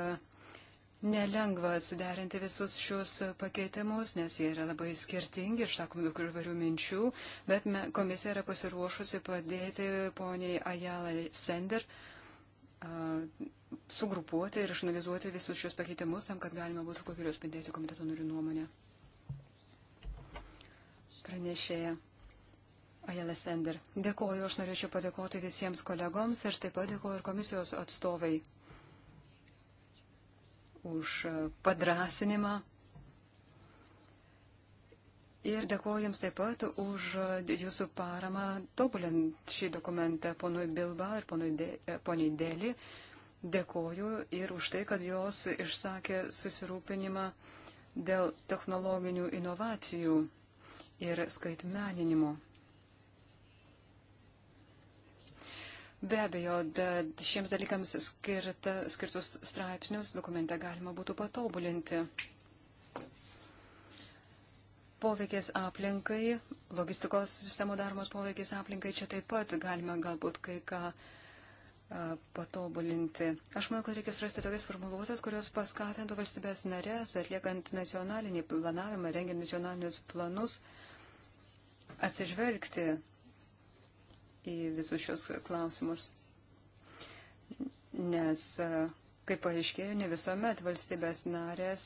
nelengva suderinti visus šios pakeitimus, nes jie yra labai skirtingi, išsakom daug įvairių minčių, bet me, komisija yra pasiruošusi padėti poniai Ajalai Sender e, sugrupuoti ir išanalizuoti visus šios pakeitimus tam, kad galima būtų kokiu spindėti komiteto narių nuomonę pranešėja Ajala Sender. Dėkoju, aš norėčiau padėkoti visiems kolegoms ir taip pat dėkoju ir komisijos atstovai už padrasinimą. Ir dėkoju Jums taip pat už Jūsų paramą tobulint šį dokumentą ponui Bilba ir poniai Dėlį. Dėkoju ir už tai, kad jos išsakė susirūpinimą dėl technologinių inovacijų ir skaitmeninimu. Be abejo, šiems dalykams skirta, skirtus straipsnius dokumente galima būtų patobulinti. Poveikis aplinkai, logistikos sistemų daromas poveikis aplinkai, čia taip pat galima galbūt kai ką patobulinti. Aš manau, kad reikia surasti tokias formuluotės, kurios paskatintų valstybės narės, atliekant nacionalinį planavimą, rengiant nacionalinius planus, uh, atsižvelgti į visus šios klausimus, nes, kaip paaiškėjo, ne visuomet valstybės narės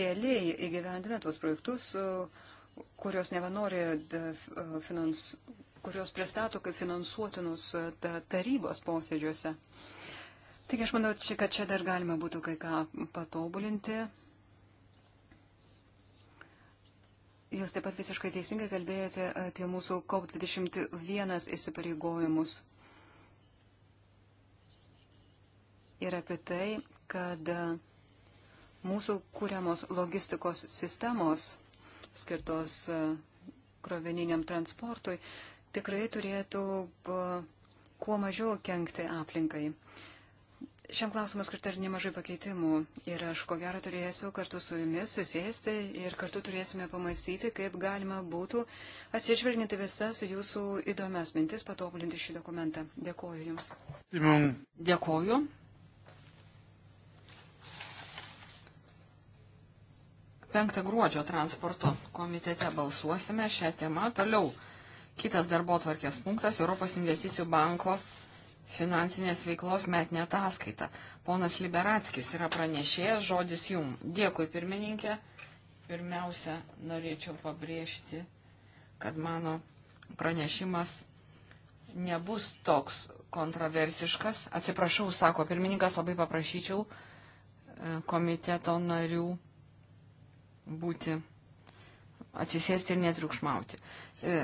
realiai įgyvendina tuos projektus, kurios nevanori finans, kurios pristato kaip finansuotinus tarybos posėdžiuose. Taigi aš manau, kad čia dar galima būtų kai ką patobulinti Jūs taip pat visiškai teisingai kalbėjote apie mūsų COP21 įsipareigojimus ir apie tai, kad mūsų kūriamos logistikos sistemos skirtos e, krovininiam transportui tikrai turėtų e, kuo mažiau kenkti aplinkai. Šiam klausimui skirta ir nemažai pakeitimų. Ir aš ko gero turėsiu kartu su jumis susėsti ir kartu turėsime pamastyti, kaip galima būtų atsižvelginti visas jūsų įdomias mintis patobulinti šį dokumentą. Dėkoju Jums. Dėkoju. Penktą gruodžio transporto komitete balsuosime šią temą. Toliau kitas darbo tvarkės punktas Europos investicijų banko finansinės veiklos metinė ataskaita. Ponas Liberatskis yra pranešėjas, žodis jum. Dėkui, pirmininkė. Pirmiausia, norėčiau pabrėžti, kad mano pranešimas nebus toks kontroversiškas. Atsiprašau, sako pirmininkas, labai paprašyčiau e, komiteto narių būti atsisėsti ir netriukšmauti. E,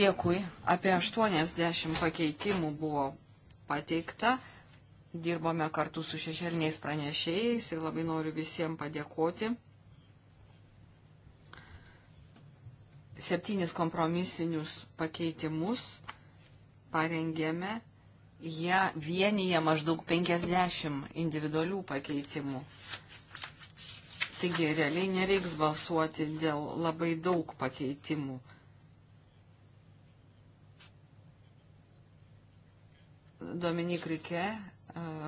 Dėkui. Apie 80 pakeitimų buvo pateikta. Dirbome kartu su šešelniais pranešėjais ir labai noriu visiems padėkoti. Septynis kompromisinius pakeitimus parengėme. Jie vienyje maždaug 50 individualių pakeitimų. Taigi realiai nereiks balsuoti dėl labai daug pakeitimų. Dominik Rike,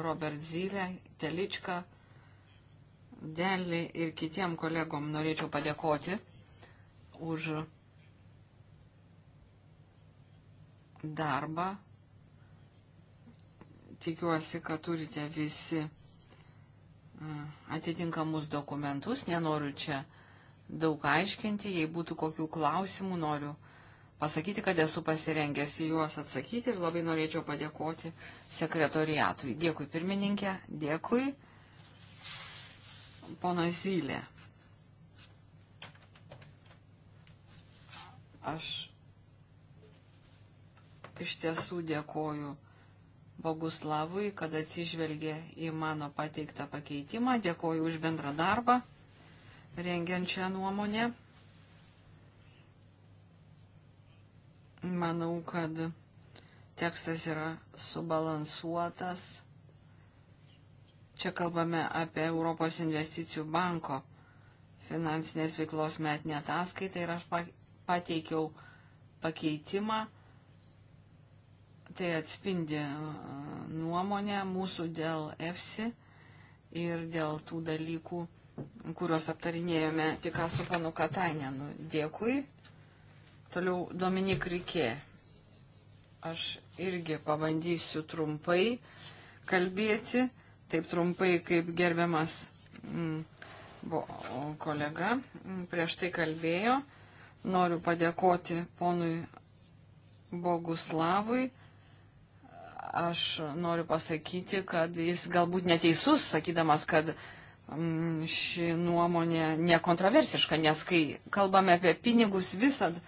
Robert Zylė, Telička, Delį ir kitiem kolegom norėčiau padėkoti už darbą. Tikiuosi, kad turite visi atitinkamus dokumentus, nenoriu čia daug aiškinti, jei būtų kokių klausimų, noriu pasakyti, kad esu pasirengęs į juos atsakyti ir labai norėčiau padėkoti sekretoriatui. Dėkui pirmininkė, dėkui pono Zylė. Aš iš tiesų dėkoju Boguslavui, kad atsižvelgė į mano pateiktą pakeitimą. Dėkoju už bendrą darbą, rengiant šią nuomonę. Manau, kad tekstas yra subalansuotas. Čia kalbame apie Europos investicijų banko finansinės veiklos metinę ataskaitą ir aš pateikiau pakeitimą Tai atspindi nuomonę mūsų dėl EFSI ir dėl tų dalykų, kuriuos aptarinėjome tik su panu Katainenu. Dėkui. Toliau Dominik Rikė. Aš irgi pabandysiu trumpai kalbėti, taip trumpai kaip gerbiamas m, mm, bo, kolega m, mm, prieš tai kalbėjo. Noriu padėkoti ponui Boguslavui aš noriu pasakyti, kad jis galbūt neteisus, sakydamas, kad mm, ši nuomonė nekontroversiška, nes kai kalbame apie pinigus, visad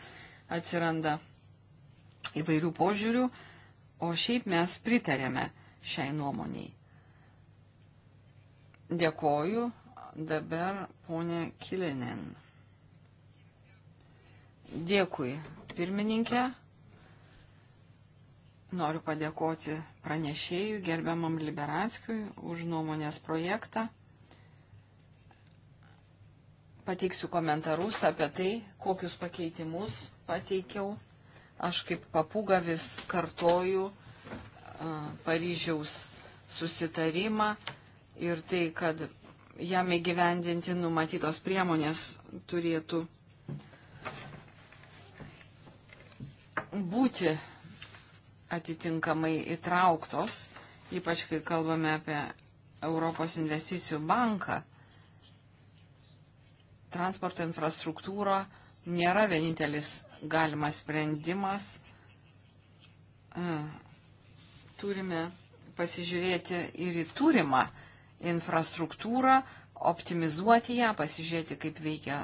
atsiranda įvairių požiūrių, o šiaip mes pritarėme šiai nuomoniai. Dėkoju. Dabar ponė Kilinen. Dėkui, pirmininkė. Noriu padėkoti pranešėjui, gerbiamam Liberatskijui, už nuomonės projektą. Pateiksiu komentarus apie tai, kokius pakeitimus pateikiau. Aš kaip papūga vis kartoju uh, Paryžiaus susitarimą ir tai, kad jam įgyvendinti numatytos priemonės turėtų būti atitinkamai įtrauktos, ypač kai kalbame apie Europos investicijų banką. Transporto infrastruktūra nėra vienintelis galimas sprendimas. Turime pasižiūrėti ir į turimą infrastruktūrą, optimizuoti ją, pasižiūrėti, kaip veikia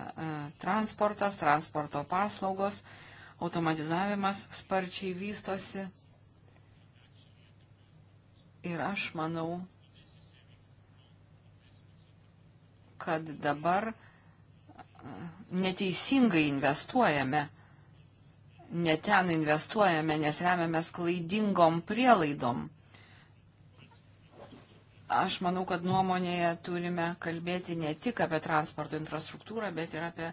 transportas, transporto paslaugos, automatizavimas sparčiai vystosi. Ir aš manau, kad dabar neteisingai investuojame, ne ten investuojame, nes remiamės klaidingom prielaidom. Aš manau, kad nuomonėje turime kalbėti ne tik apie transporto infrastruktūrą, bet ir apie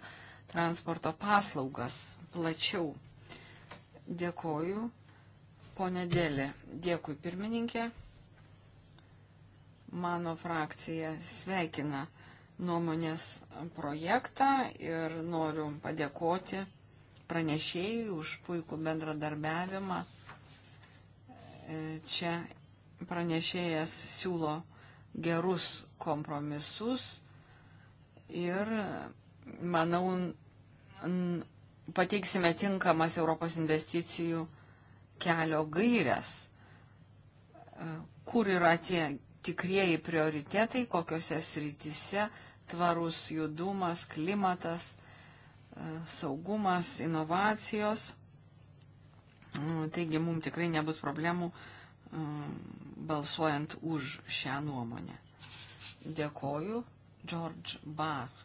transporto paslaugas plačiau. Dėkoju, ponė Dėlė. Dėkui, pirmininkė. Mano frakcija sveikina nuomonės projektą ir noriu padėkoti pranešėjui už puikų bendradarbiavimą. E, čia pranešėjas siūlo gerus kompromisus ir, manau, pateiksime tinkamas Europos investicijų kelio gairias, e, kur yra tie tikrieji prioritetai, kokiuose srityse tvarus judumas, klimatas, e, saugumas, inovacijos. Nu, taigi mums tikrai nebus problemų e, balsuojant už šią nuomonę. Dėkoju, George Bach.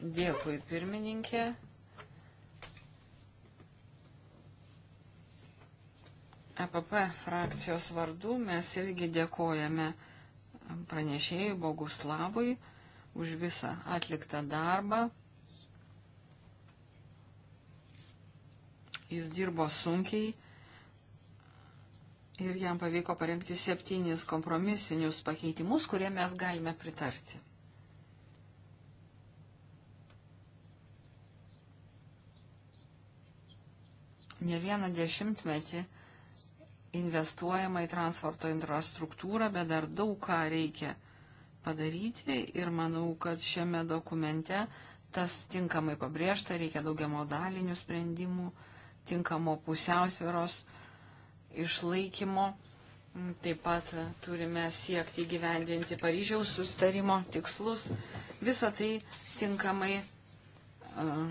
Dėkui, pirmininkė. EPP frakcijos vardu mes irgi dėkojame pranešėjai Boguslavui už visą atliktą darbą. Jis dirbo sunkiai ir jam pavyko parengti septynis kompromisinius pakeitimus, kurie mes galime pritarti. Ne vieną dešimtmetį investuojama į transporto infrastruktūrą, bet dar daug ką reikia padaryti ir manau, kad šiame dokumente tas tinkamai pabrėžta, reikia daugia modalinių sprendimų, tinkamo pusiausviros išlaikymo. Taip pat turime siekti gyvendinti Paryžiaus sustarimo tikslus. Visą tai tinkamai uh,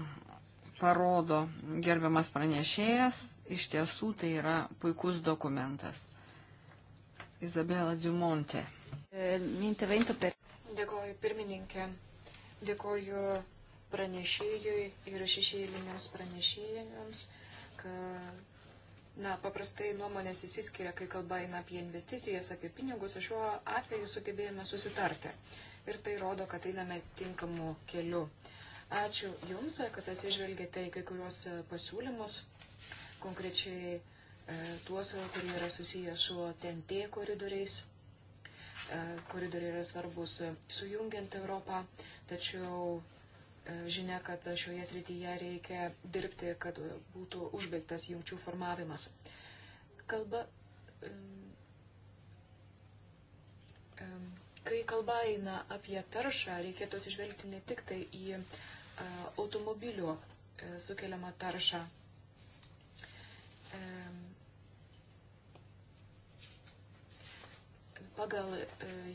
parodo gerbiamas pranešėjas, iš tiesų tai yra puikus dokumentas. Izabela Diumonte. Dėkoju pirmininkė, dėkoju pranešėjui ir šešėliniams pranešėjams, kad Na, paprastai nuomonės įsiskiria, kai kalba eina apie investicijas, apie pinigus, o šiuo atveju sugebėjome susitarti. Ir tai rodo, kad einame tinkamu keliu. Ačiū Jums, kad atsižvelgėte į kai kurios pasiūlymus konkrečiai e, tuos, kurie yra susiję su TNT koridoriais. E, koridoriai yra svarbus sujungiant Europą, tačiau e, žinia, kad šioje srityje reikia dirbti, kad būtų užbaigtas jungčių formavimas. Kalba, kai kalba eina apie taršą, reikėtų atsižvelgti ne tik tai į automobilių sukeliamą taršą, pagal e,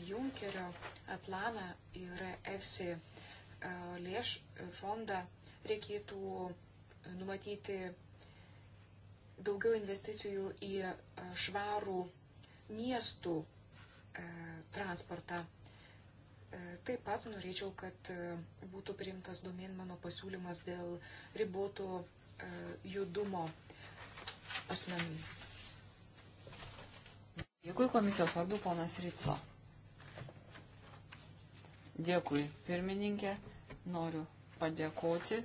Junkerio planą ir EFSI lėš e, fondą reikėtų numatyti daugiau investicijų į e, švarų miestų transportą. Taip pat norėčiau, kad būtų priimtas domin mano pasiūlymas dėl ribotų judumo asmenų. Dėkui komisijos vardu, ponas Rico. Dėkui, pirmininkė. Noriu padėkoti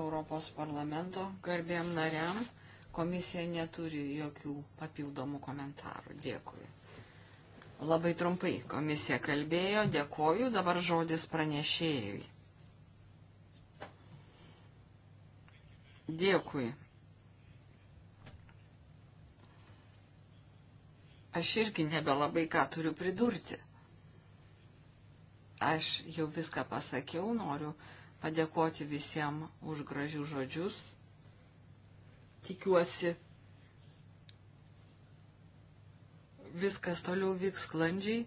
Europos parlamento garbėm nariam. Komisija neturi jokių papildomų komentarų. Dėkui. Labai trumpai komisija kalbėjo. Dėkoju. Dabar žodis pranešėjui. Dėkui. Aš irgi nebelabai ką turiu pridurti. Aš jau viską pasakiau, noriu padėkoti visiems už gražių žodžius. Tikiuosi, viskas toliau vyks sklandžiai.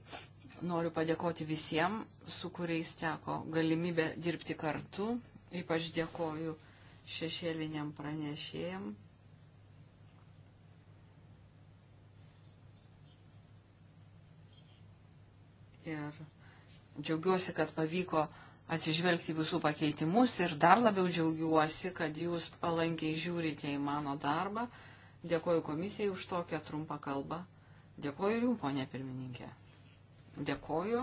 Noriu padėkoti visiems, su kuriais teko galimybė dirbti kartu. Ypač dėkoju šešėliniam pranešėjam Ir džiaugiuosi, kad pavyko atsižvelgti visų pakeitimus ir dar labiau džiaugiuosi, kad jūs palankiai žiūrite į mano darbą. Dėkoju komisijai už tokią trumpą kalbą. Dėkoju ir jums, ponė pirmininkė. Dėkoju.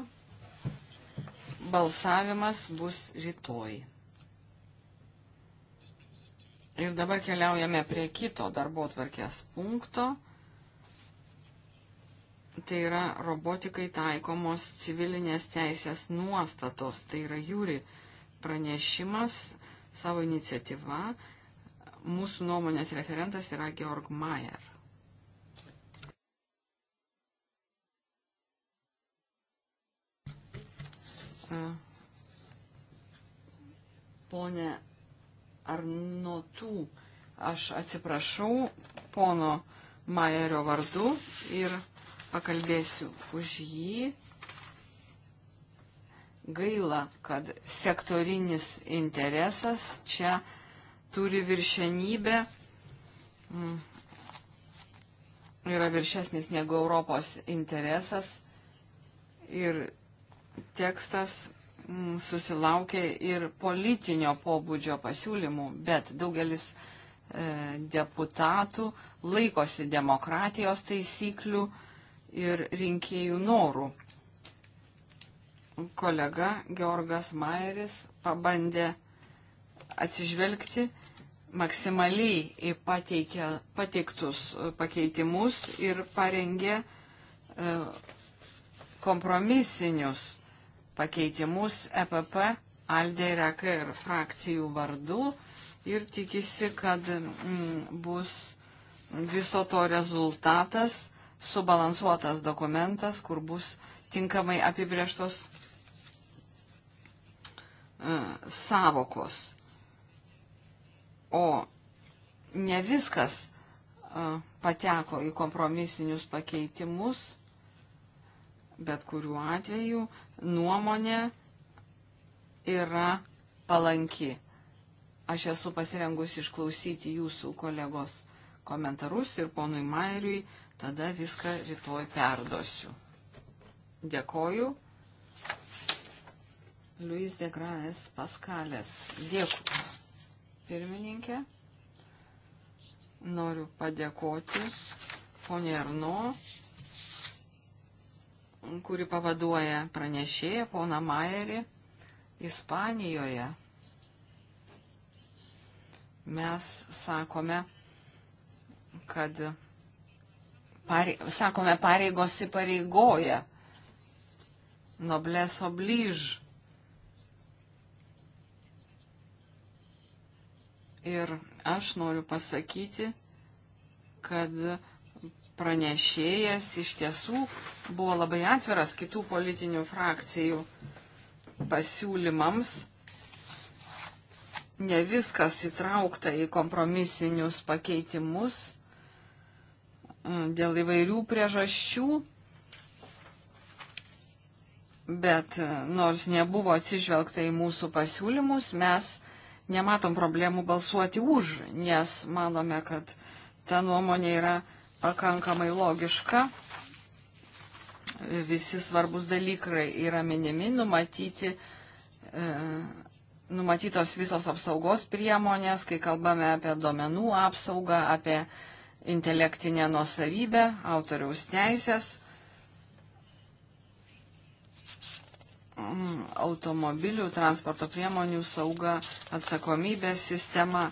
Balsavimas bus rytoj. Ir dabar keliaujame prie kito darbo tvarkės punkto tai yra robotikai taikomos civilinės teisės nuostatos, tai yra jūri pranešimas savo iniciatyva. Mūsų nuomonės referentas yra Georg Mayer. E, pone Arnotų, aš atsiprašau pono Mayerio vardu ir pakalbėsiu už jį. Gaila, kad sektorinis interesas čia turi viršenybę, mm. yra viršesnis negu Europos interesas ir tekstas mm, susilaukė ir politinio pobūdžio pasiūlymų, bet daugelis e, deputatų laikosi demokratijos taisyklių, e, ir rinkėjų norų. Kolega Georgas Maeris pabandė atsižvelgti maksimaliai į pateikę, pateiktus pakeitimus ir parengė e, kompromisinius pakeitimus EPP, Aldė ir AKR frakcijų vardu ir tikisi, kad mm, bus viso to rezultatas subalansuotas dokumentas, kur bus tinkamai apibrieštos e, savokos. O ne viskas e, pateko į kompromisinius pakeitimus, bet kuriuo atveju nuomonė yra palanki. Aš esu pasirengusi išklausyti jūsų kolegos komentarus ir ponui Mairiui tada viską rytoj perdosiu. Dėkoju. Luis de Granes Paskalės. Dėkui. Pirmininkė, noriu padėkoti ponė Arno, kuri pavaduoja pranešėją poną Maerį Ispanijoje. Mes sakome, kad pare, sakome, pareigos įpareigoja. Nobles oblige. Ir aš noriu pasakyti, kad pranešėjas iš tiesų buvo labai atviras kitų politinių frakcijų pasiūlymams. Ne viskas įtraukta į kompromisinius pakeitimus dėl įvairių priežasčių, bet e, nors nebuvo atsižvelgta į mūsų pasiūlymus, mes nematom problemų balsuoti už, nes manome, kad ta nuomonė yra pakankamai logiška. Visi svarbus dalykai yra minimi, numatyti, e, numatytos visos apsaugos priemonės, kai kalbame apie domenų apsaugą, apie intelektinę nuosavybę, autoriaus teisės, mm, automobilių, transporto priemonių saugą, atsakomybės sistemą,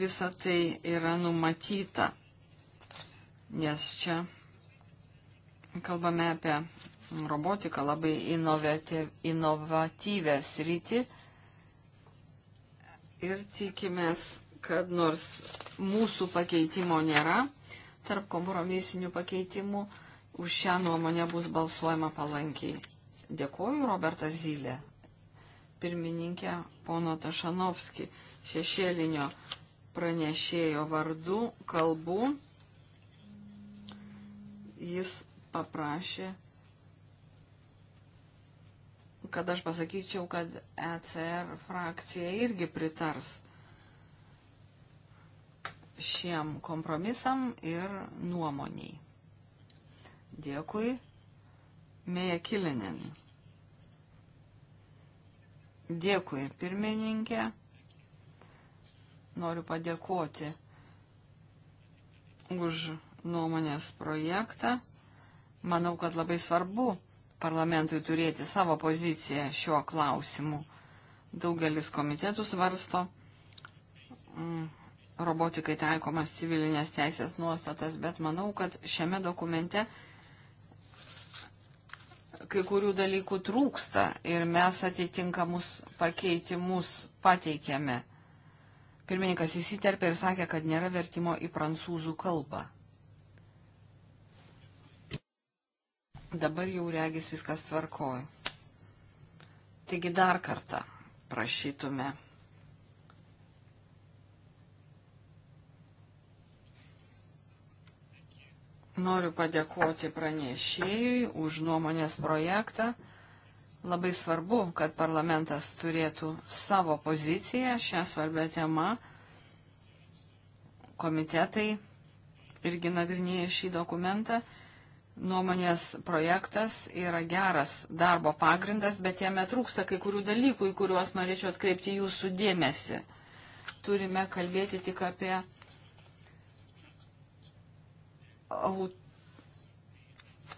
visa tai yra numatyta. Nes čia kalbame apie robotiką, labai inovatyvę sritį ir tikimės, kad nors mūsų pakeitimo nėra. Tarp kompromisinių pakeitimų už šią nuomonę bus balsuojama palankiai. Dėkoju, Robertas Zylė, pirmininkė pono Tašanovski, šešėlinio pranešėjo vardu, kalbu. Jis paprašė kad aš pasakyčiau, kad ECR frakcija irgi pritars šiem kompromisam ir nuomoniai. Dėkui, Meja Kilinin. Dėkui, pirmininkė. Noriu padėkoti už nuomonės projektą. Manau, kad labai svarbu parlamentui turėti savo poziciją šiuo klausimu. Daugelis komitetų svarsto mm, robotikai taikomas civilinės teisės nuostatas, bet manau, kad šiame dokumente kai kurių dalykų trūksta ir mes atitinkamus pakeitimus pateikėme. Pirmininkas įsiterpė ir sakė, kad nėra vertimo į prancūzų kalbą. Dabar jau regis viskas tvarkoju. Taigi dar kartą prašytume Noriu padėkoti pranešėjui už nuomonės projektą. Labai svarbu, kad parlamentas turėtų savo poziciją šią svarbę temą. Komitetai irgi nagrinėja šį dokumentą. Nuomonės projektas yra geras darbo pagrindas, bet jame trūksta kai kurių dalykų, į kuriuos norėčiau atkreipti jūsų dėmesį. Turime kalbėti tik apie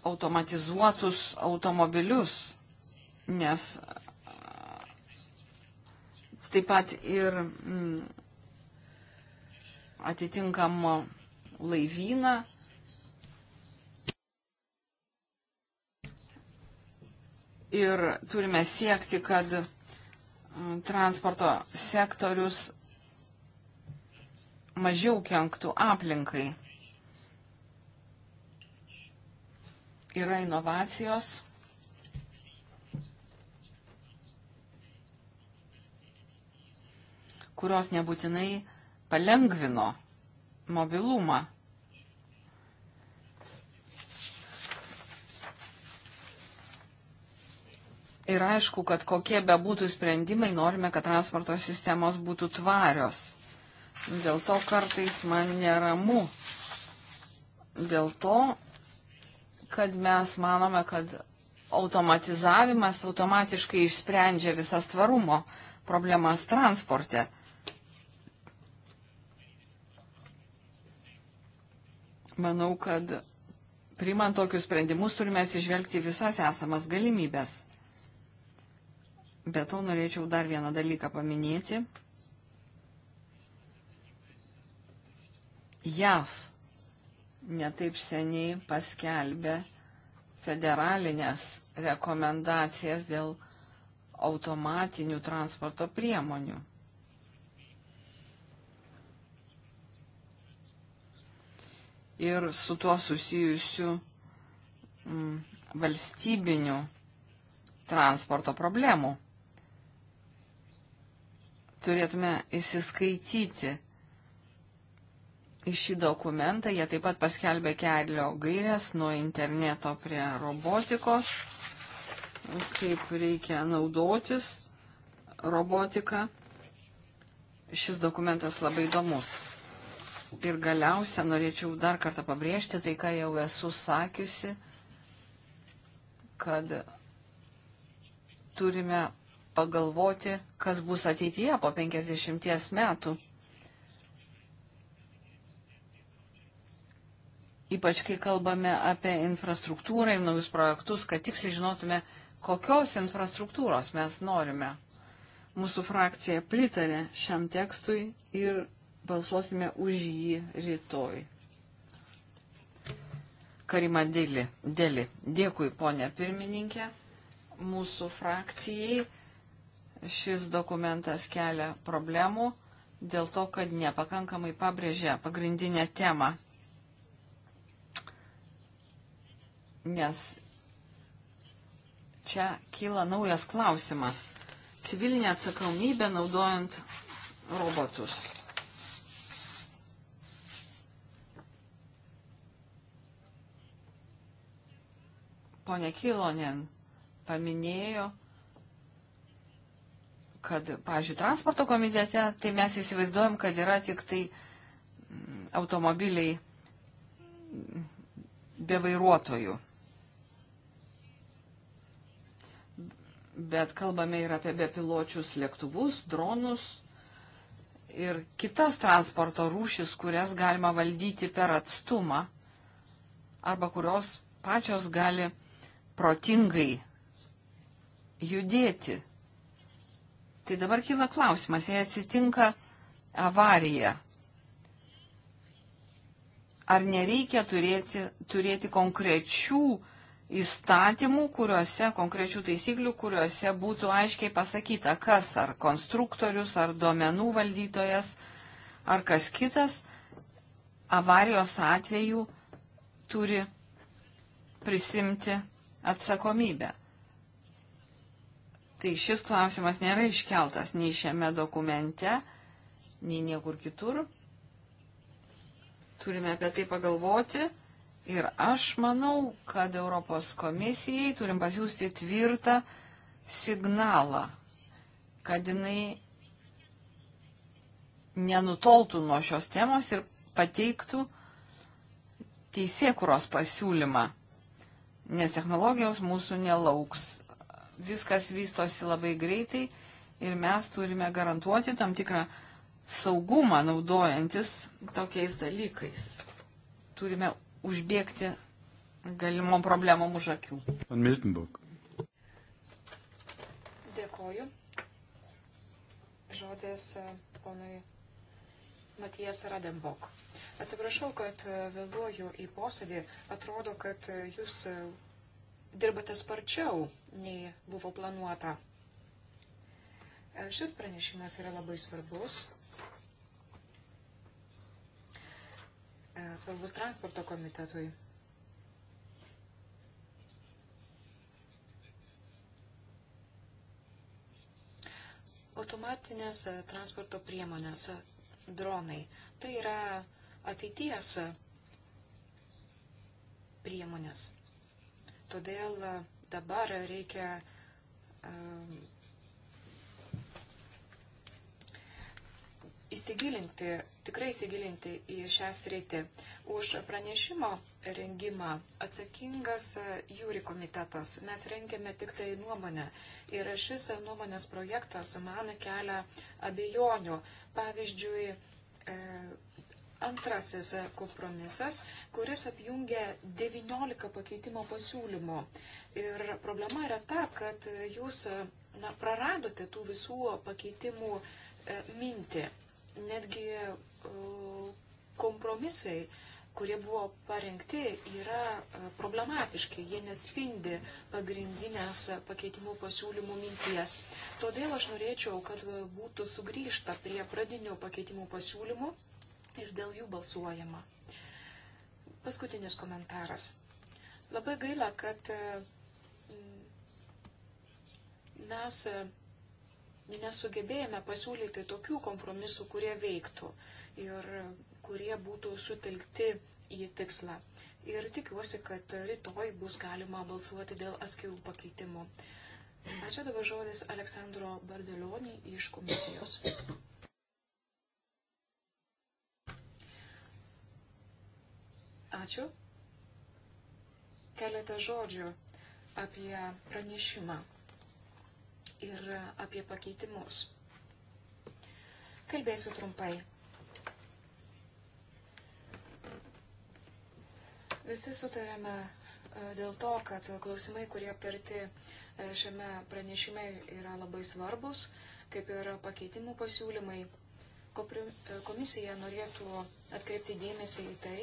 automatizuotus automobilius, nes taip pat ir mm, atitinkamą laivyną. Ir turime siekti, kad transporto sektorius mažiau kenktų aplinkai. yra inovacijos. kurios nebūtinai palengvino mobilumą. Ir aišku, kad kokie be būtų sprendimai, norime, kad transporto sistemos būtų tvarios. Dėl to kartais man neramu. Dėl to, kad mes manome, kad automatizavimas automatiškai išsprendžia visas tvarumo problemas transporte. Manau, kad priimant tokius sprendimus turime atsižvelgti visas esamas galimybės. Be to norėčiau dar vieną dalyką paminėti. JAV netaip seniai paskelbė federalinės rekomendacijas dėl automatinių transporto priemonių. Ir su tuo susijusių mm, valstybinių transporto problemų. Turėtume įsiskaityti į šį dokumentą. Jie taip pat paskelbė kelio gairias nuo interneto prie robotikos, kaip reikia naudotis robotiką. Šis dokumentas labai įdomus. Ir galiausia norėčiau dar kartą pabrėžti tai, ką jau esu sakiusi, kad turime pagalvoti, kas bus ateityje po 50 metų ypač kai kalbame apie infrastruktūrą ir naujus projektus, kad tiksliai žinotume, kokios infrastruktūros mes norime. Mūsų frakcija pritarė šiam tekstui ir balsuosime už jį rytoj. Karima Dėlį. Dėlį. Dėkui, ponė pirmininkė. Mūsų frakcijai šis dokumentas kelia problemų dėl to, kad nepakankamai pabrėžia pagrindinę temą nes čia kyla naujas klausimas. Civilinė atsakomybė naudojant robotus. Pone Kilonen paminėjo, kad, pažiūrėjau, transporto komitete, tai mes įsivaizduojam, kad yra tik tai mm, automobiliai be vairuotojų. bet kalbame ir apie bepiločius lėktuvus, dronus ir kitas transporto rūšis, kurias galima valdyti per atstumą arba kurios pačios gali protingai judėti. Tai dabar kyla klausimas, jei atsitinka avarija, ar nereikia turėti, turėti konkrečių įstatymų, kuriuose, konkrečių taisyklių, kuriuose būtų aiškiai pasakyta, kas ar konstruktorius, ar duomenų valdytojas, ar kas kitas avarijos atveju turi prisimti atsakomybę. Tai šis klausimas nėra iškeltas nei šiame dokumente, nei niekur kitur. Turime apie tai pagalvoti Ir aš manau, kad Europos komisijai turim pasiūsti tvirtą signalą, kad jinai nenutoltų nuo šios temos ir pateiktų teisėkuros pasiūlymą, nes technologijos mūsų nelauks. Viskas vystosi labai greitai ir mes turime garantuoti tam tikrą saugumą naudojantis tokiais dalykais. Turime užbėgti galimom problemom už akių. Van Miltenburg. Dėkoju. Žodis e, ponui Matijas Radembok. Atsiprašau, kad e, vėluoju į posėdį. Atrodo, kad e, jūs dirbate sparčiau, nei buvo planuota. Šis pranešimas yra labai svarbus. E, svarbus transporto komitetui. Automatinės e, transporto priemonės, e, dronai, tai yra ateities priemonės. Todėl dabar reikia įsigilinti, tikrai įsigilinti į šią sritį. Už pranešimo rengimą atsakingas jūri komitetas. Mes rengėme tik tai nuomonę. Ir šis nuomonės projektas man kelia abejonių. Pavyzdžiui, e, antrasis kompromisas, kuris apjungia 19 pakeitimo pasiūlymų. Ir problema yra ta, kad jūs na, praradote tų visų pakeitimų e, mintį netgi e, kompromisai, kurie buvo parengti, yra e, problematiški, jie neatspindi pagrindinės pakeitimų pasiūlymų minties. Todėl aš norėčiau, kad būtų sugrįžta prie pradinių pakeitimų pasiūlymų ir dėl jų balsuojama. Paskutinis komentaras. Labai gaila, kad e, mes nesugebėjome pasiūlyti tokių kompromisų, kurie veiktų ir kurie būtų sutelkti į tikslą. Ir tikiuosi, kad rytoj bus galima balsuoti dėl atskirų pakeitimų. Ačiū dabar žodis Aleksandro Bardelionį iš komisijos. Ačiū. Keletą žodžių apie pranešimą ir apie pakeitimus. Kalbėsiu trumpai. Visi sutarėme e, dėl to, kad klausimai, kurie aptarti e, šiame pranešime, yra labai svarbus, kaip ir pakeitimų pasiūlymai. E, komisija norėtų atkreipti dėmesį į tai,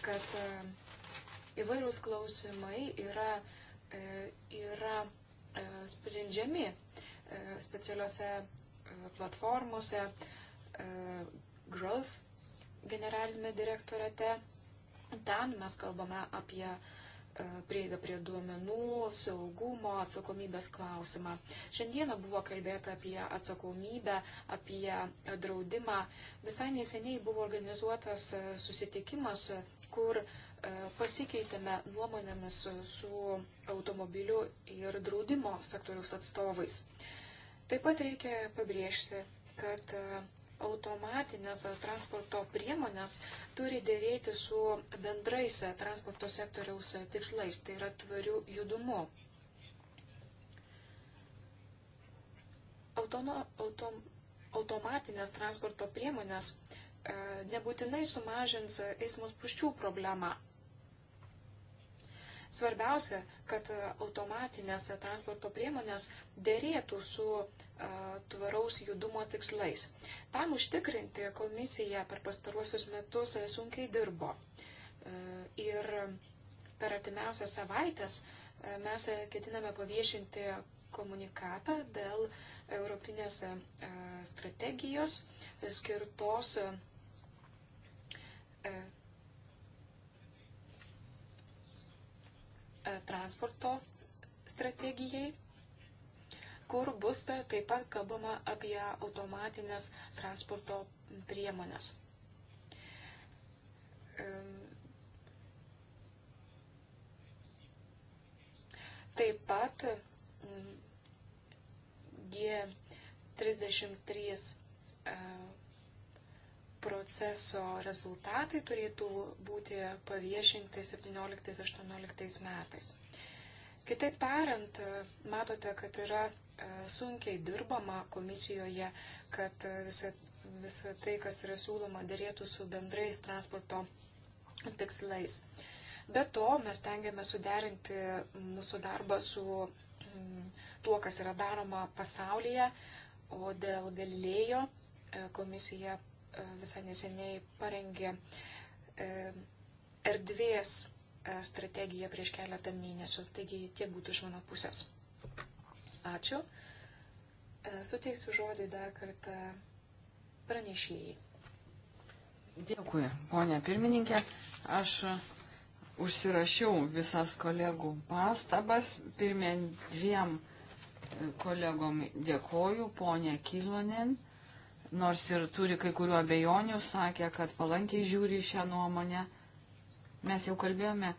kad įvairūs klausimai yra, yra E, sprendžiami e, specialiuose e, platformose, Growth generalinėme direktorate. Ten mes kalbame apie prieigą prie duomenų, saugumo, atsakomybės klausimą. Šiandieną buvo kalbėta apie atsakomybę, apie draudimą. Visai neseniai buvo organizuotas susitikimas, kur E, pasikeitėme nuomonėmis su, su automobilių ir draudimo sektoriaus atstovais. Taip pat reikia pabrėžti, kad e, automatinės transporto priemonės turi dėrėti su bendrais transporto sektoriaus tikslais, tai yra tvariu judumu. Autono, autom, automatinės transporto priemonės uh, E, nebūtinai sumažins eismo spuščių problemą. Svarbiausia, kad automatinės transporto priemonės dėrėtų su e, tvaraus judumo tikslais. Tam užtikrinti komisija per pastaruosius metus sunkiai dirbo. E, ir per artimiausias savaitės mes ketiname paviešinti komunikatą dėl Europinės strategijos skirtos E, e, transporto strategijai, kur bus taip pat kalbama apie automatinės transporto priemonės. E, taip pat mm, G33 proceso rezultatai turėtų būti paviešinti 17-18 metais. Kitaip tariant, matote, kad yra e, sunkiai dirbama komisijoje, kad e, visa, visa tai, kas yra siūloma, dėrėtų su bendrais transporto tikslais. Be to, mes tengiame suderinti mūsų darbą su mm, tuo, kas yra daroma pasaulyje, o dėl Galilėjo e, komisija E, visai neseniai parengė e, erdvės e, strategiją prieš keletą mėnesių. Taigi tiek būtų iš mano pusės. Ačiū. Suteiksiu žodį dar kartą pranešėjai. Dėkui, ponė pirmininkė. Aš užsirašiau visas kolegų pastabas. Pirmien dviem kolegom dėkoju, ponė Kilonen nors ir turi kai kuriuo abejonių, sakė, kad palankiai žiūri šią nuomonę. Mes jau kalbėjome,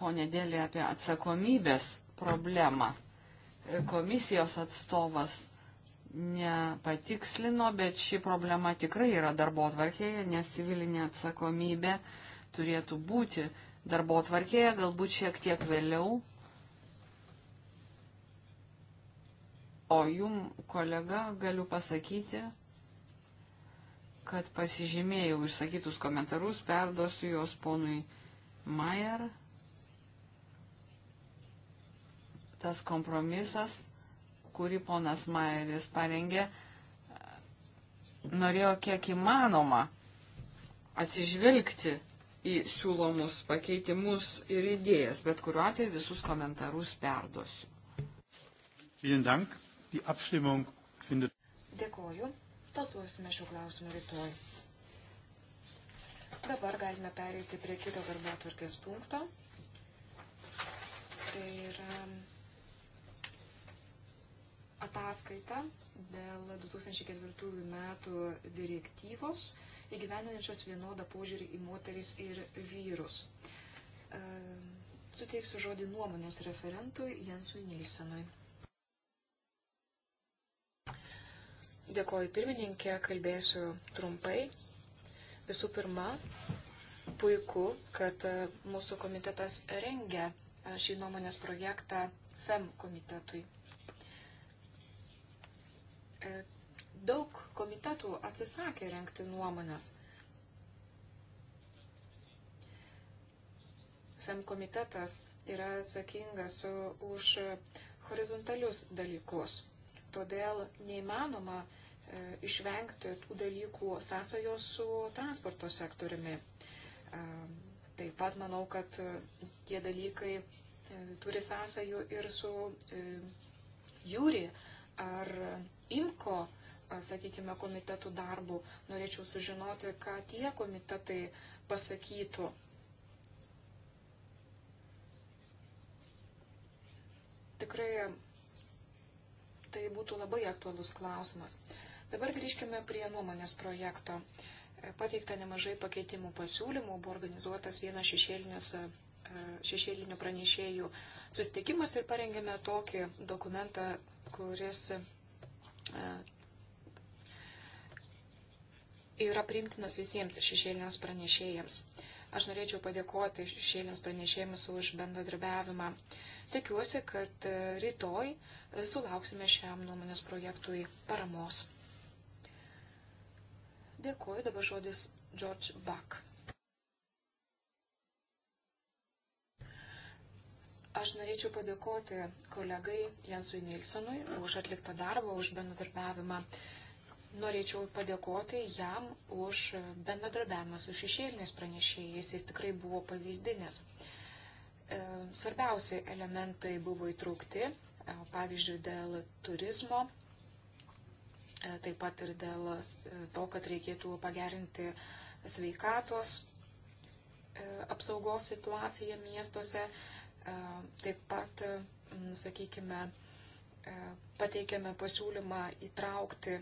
ponė Dėlė, apie atsakomybės problemą. Komisijos atstovas nepatikslino, bet ši problema tikrai yra darbo tvarkėje, nes civilinė atsakomybė turėtų būti darbo tvarkėje, galbūt šiek tiek vėliau, O jum, kolega, galiu pasakyti, kad pasižymėjau išsakytus komentarus, perduosiu juos ponui Mayer. Tas kompromisas, kurį ponas Mayeris parengė, norėjo kiek įmanoma atsižvelgti į siūlomus pakeitimus ir idėjas, bet kuriuo atveju visus komentarus perduosiu. Vielen Dank. Die Abstimmung findet. Dėkoju. Balsuosime šiuo klausimu rytoj. Dabar galime pereiti prie kito darbo atvarkės punkto. Tai yra um, ataskaita dėl 2004 metų direktyvos įgyveninančios vienodą požiūrį į moteris ir vyrus. Um, suteiksiu žodį nuomonės referentui Jensui Nilsenui. Dėkoju pirmininkė, kalbėsiu trumpai. Visų pirma, puiku, kad e, mūsų komitetas rengia e, šį nuomonės projektą FEM komitetui. E, daug komitetų atsisakė renkti nuomonės. FEM komitetas yra atsakingas už horizontalius dalykus todėl neįmanoma e, išvengti tų dalykų sąsajos su transporto sektoriumi. E, taip pat manau, kad e, tie dalykai turi sąsajų ir su jūri ar imko, sakykime, komitetų darbu. Norėčiau sužinoti, ką tie komitetai pasakytų. Tikrai tai būtų labai aktualus klausimas. Dabar grįžkime prie nuomonės projekto. Pateikta nemažai pakeitimų pasiūlymų, buvo organizuotas vienas šešėlinės e, šešėlinių pranešėjų susitikimas ir parengėme tokį dokumentą, kuris e, yra priimtinas visiems šešėliniams pranešėjams. Aš norėčiau padėkoti šėlėms pranešėjams už bendradarbiavimą. Tikiuosi, kad e, rytoj e, sulauksime šiam nuomonės projektui paramos. Dėkuoju, dabar žodis George Buck. Aš norėčiau padėkoti kolegai Jensui Nilsonui už atliktą darbą, už bendradarbiavimą. Uh, Norėčiau padėkoti jam už bendradarbiavimą su šešėlinės pranešėjais, jis tikrai buvo pavyzdinis. E, svarbiausi elementai buvo įtraukti, e, pavyzdžiui, dėl turizmo, e, taip pat ir dėl to, kad reikėtų pagerinti sveikatos apsaugos situaciją miestuose, taip pat, sakykime, pateikėme pasiūlymą įtraukti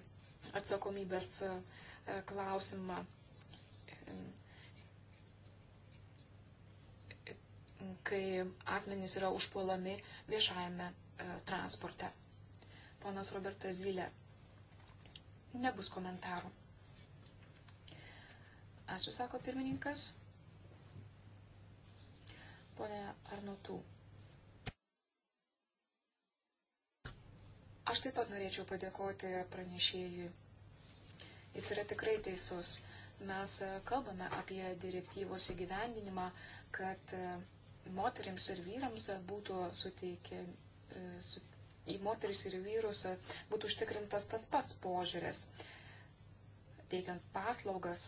atsakomybės e, e, klausimą. kai asmenys yra užpuolami viešajame e, transporte. Ponas Robertas Zylė. Nebus komentarų. Ačiū, sako pirmininkas. Pone Arnotų. Aš taip pat norėčiau padėkoti pranešėjui. Jis yra tikrai teisus. Mes e, kalbame apie direktyvos įgyvendinimą, kad e, moteriams ir vyrams būtų suteikia, e, su, į moteris ir vyrus būtų užtikrintas tas pats požiūris, teikiant paslaugas,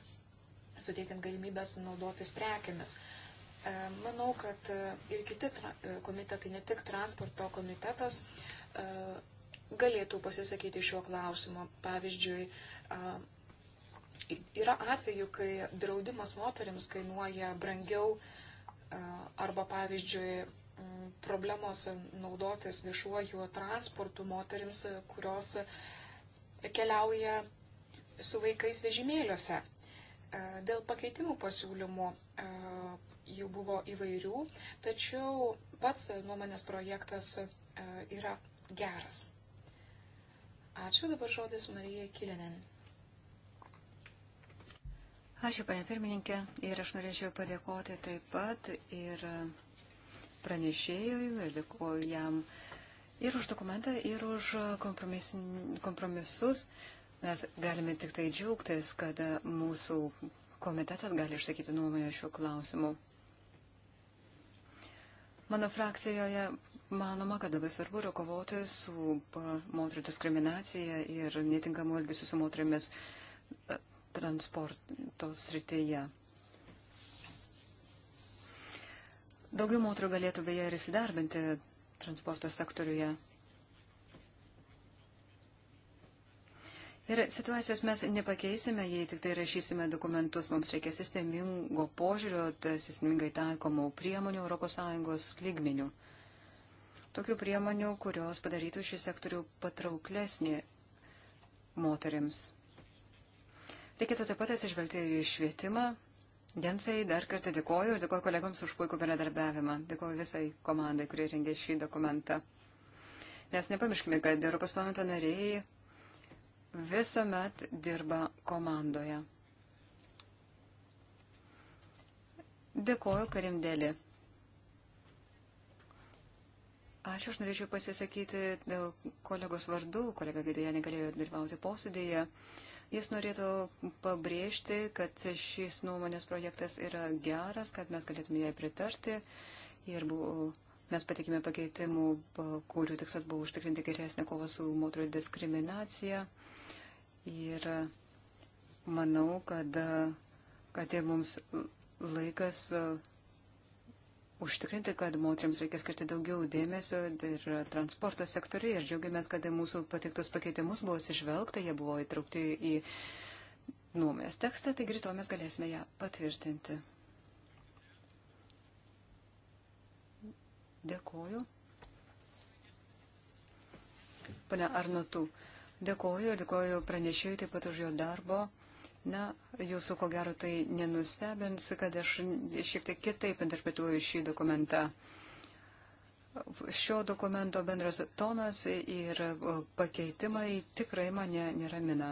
suteikiant galimybės naudotis prekiamis. Manau, kad ir kiti komitetai, ne tik transporto komitetas, galėtų pasisakyti šiuo klausimu. Pavyzdžiui, yra atveju, kai draudimas moteriams kainuoja brangiau arba, pavyzdžiui, problemos naudotis viešuoju transportu moteriams, kurios keliauja su vaikais vežimėliuose. Dėl pakeitimų pasiūlymų jų buvo įvairių, tačiau pats nuomonės projektas yra geras. Ačiū dabar žodis Marija Kilenen. Ačiū, panė pirmininkė, ir aš norėčiau padėkoti taip pat ir pranešėjui, ir dėkoju jam ir už dokumentą, ir už kompromis, kompromisus. Mes galime tik tai džiaugtis, kad mūsų komitetas gali išsakyti nuomonę šiuo klausimu. Mano frakcijoje manoma, kad labai svarbu yra kovoti su moterų diskriminacija ir netinkamu elgesiu su moterimis e, transporto srityje. Daugiau moterų galėtų beje ir įsidarbinti transporto sektoriuje. Ir situacijos mes nepakeisime, jei tik tai rašysime dokumentus. Mums reikia sistemingo požiūrio, sistemingai taikomų priemonių ES lygmenių tokių priemonių, kurios padarytų šį sektorių patrauklesnį moteriams. Reikėtų taip pat atsižvelgti ir į švietimą. Densai dar kartą dėkoju ir dėkoju kolegoms už puikų bendradarbiavimą. Dėkoju visai komandai, kurie rengė šį dokumentą. Nes nepamirškime, kad Europos parlamento nariai visuomet dirba komandoje. Dėkoju Karimdėlį. Aš aš norėčiau pasisakyti e, kolegos vardu, kolega Gidėja negalėjo dalyvauti posėdėje. Jis norėtų pabrėžti, kad šis nuomonės projektas yra geras, kad mes galėtume jai pritarti ir buvo, mes patikime pakeitimų, kurių tikslas buvo užtikrinti geresnę kovą su moterų diskriminacija. Ir manau, kad, kad tai mums laikas. Uh, užtikrinti, kad moteriams reikia skirti daugiau dėmesio ir transporto sektoriai. Ir džiaugiamės, kad mūsų patiktus pakeitimus buvo atsižvelgta, jie buvo įtraukti į nuomės tekstą, tai grito mes galėsime ją patvirtinti. Dėkoju. Pane Arnotu, dėkoju ir dėkoju pranešėjui taip pat už jo darbo. Na, jūsų ko gero tai nenustebins, kad aš šiek tiek kitaip interpretuoju šį dokumentą. Šio dokumento bendras tonas ir pakeitimai tikrai mane neramina.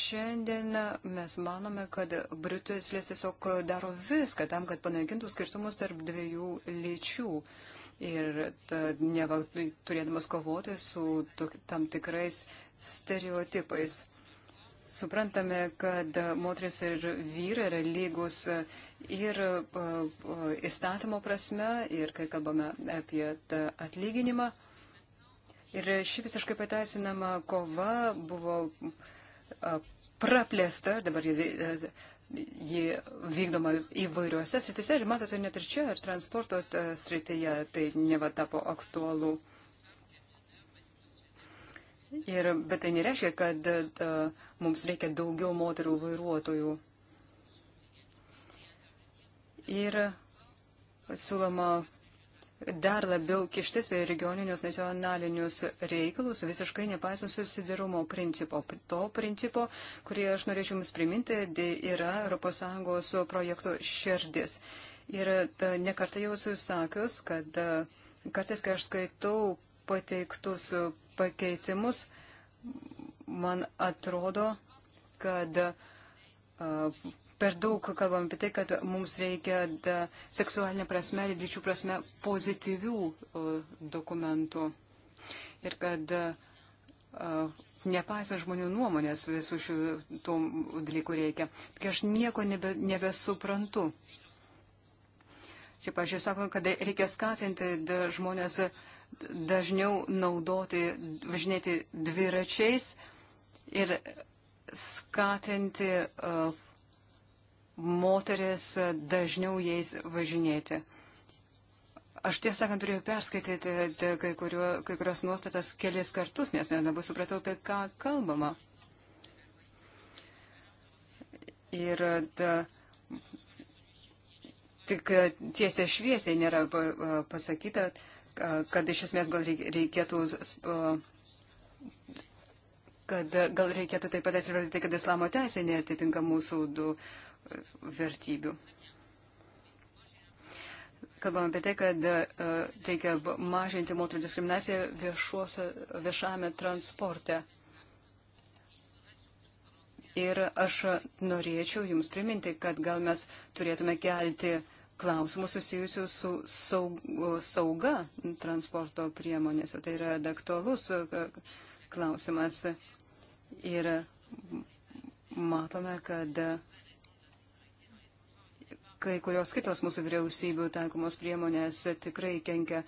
Šiandien mes manome, kad Briuselis tiesiog daro viską tam, kad panaikintų skirtumus tarp dviejų lyčių. Uh, ir ta, neva turėdamas kovoti su tok, tam tikrais stereotipais. Suprantame, kad moteris ir vyrai yra lygus ir įstatymo prasme, ir kai kalbame apie atlyginimą. Ir ši visiškai pateisinama kova buvo praplėsta, dabar ji vykdoma įvairiuose sritise ir matote net ir čia, ir transporto e, srityje tai neva tapo aktualu. Ir, bet tai nereiškia, kad da, e, mums reikia daugiau moterų vairuotojų. Ir siūloma dar labiau kištis į regioninius nacionalinius reikalus, visiškai nepaisant susidarumo principo. To principo, kurį aš norėčiau Jums priminti, yra ES projektų širdis. Ir nekartą jau susakius, kad kartais, kai aš skaitau pateiktus pakeitimus, man atrodo, kad per daug kalbam apie tai, kad mums reikia da, seksualinė prasme ir lyčių prasme pozityvių o, dokumentų. Ir kad nepaisant žmonių nuomonės visų šių tų dalykų reikia. Kai aš nieko nebe, nebesuprantu. Čia, pažiūrėjau, sakome, kad reikia skatinti da, žmonės dažniau naudoti, važinėti dviračiais ir skatinti uh, moteris dažniau jais važinėti. Aš tiesą sakant turėjau perskaityti kai, kurio, kai kurios nuostatas kelis kartus, nes nelabai supratau, apie ką kalbama. Ir ta, tik e, tiesiai šviesiai nėra e, pasakyta, kad iš esmės gal reikėtų kad e, gal reikėtų taip pat atsižvelgti, kad islamo teisė netitinka mūsų du, uh, vertybių. Kalbame apie tai, kad e, reikia mažinti moterų diskriminaciją viešuos, viešame transporte. Ir aš norėčiau Jums priminti, kad gal mes turėtume kelti klausimus susijusius su saug, sauga transporto priemonėse. Tai yra daktualus e, klausimas. Ir matome, kad kai kurios kitos mūsų vyriausybių taikomos priemonės tikrai kenkia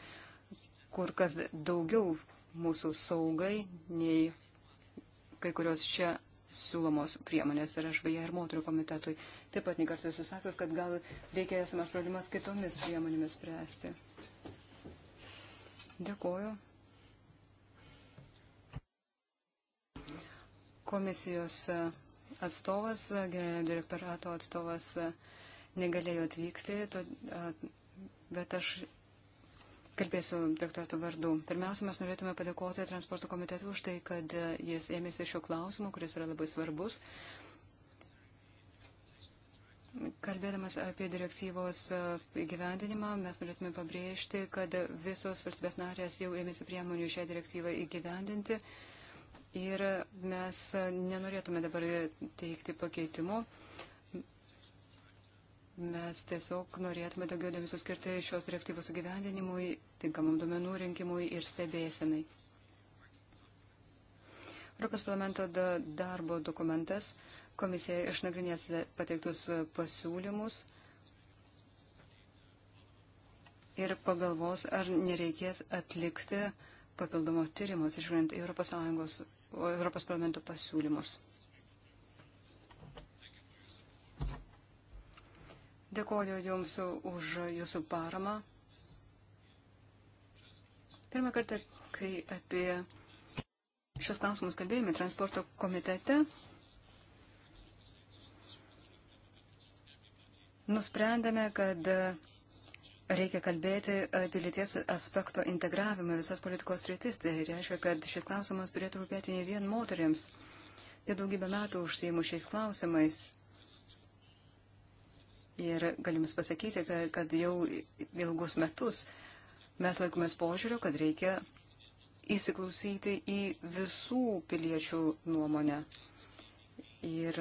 kur kas daugiau mūsų saugai nei kai kurios čia siūlomos priemonės. Ir aš beje ir moterų komitetui taip pat nekartą esu sakęs, kad gal reikia esamas problemas kitomis priemonėmis spręsti. Dėkuoju. Komisijos e, atstovas, generalinio direktorato atstovas e, negalėjo atvykti, to, bet aš kalbėsiu doktorato vardu. Pirmiausia, mes norėtume padėkoti transporto komitetui už tai, kad jis ėmėsi šio klausimo, kuris yra labai svarbus. Kalbėdamas apie direktyvos įgyvendinimą, mes norėtume pabrėžti, kad visos valstybės narės jau ėmėsi priemonių šią direktyvą įgyvendinti ir mes nenorėtume dabar teikti pakeitimo. Mes tiesiog norėtume daugiau dėmesio skirti šios direktyvos gyvendinimui, tinkamam duomenų rinkimui ir stebėsenai. Europos parlamento darbo dokumentas komisija išnagrinės pateiktus pasiūlymus ir pagalvos, ar nereikės atlikti papildomo tyrimus, išžiūrint Europos, Sąjungos, Europos parlamento pasiūlymus. Dėkoju Jums už Jūsų paramą. Pirmą kartą, kai apie šios klausimus kalbėjome transporto komitete, nusprendėme, kad Reikia kalbėti apie lyties aspekto integravimą visas politikos rytis. Tai reiškia, kad šis klausimas turėtų rūpėti ne vien moteriams. Jie daugybę metų užsijimu šiais klausimais. Ir galim jums pasakyti, kad, kad jau ilgus metus mes laikomės požiūrio, kad reikia įsiklausyti į visų piliečių nuomonę. Ir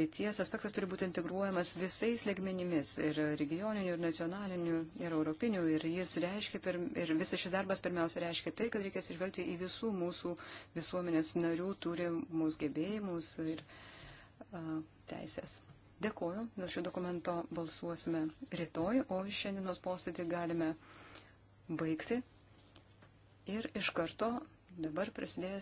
lyties aspektas turi būti integruojamas visais legmenimis - ir regioniniu, ir nacionaliniu, ir europiniu. Ir, jis reiškia, per, ir visas šis darbas pirmiausia reiškia tai, kad reikės išvelgti į visų mūsų visuomenės narių turimus gebėjimus ir a, teisės. Dėkuoju, nuo šio dokumento balsuosime rytoj, o šiandienos posėdį galime baigti. Ir iš karto dabar prasidės.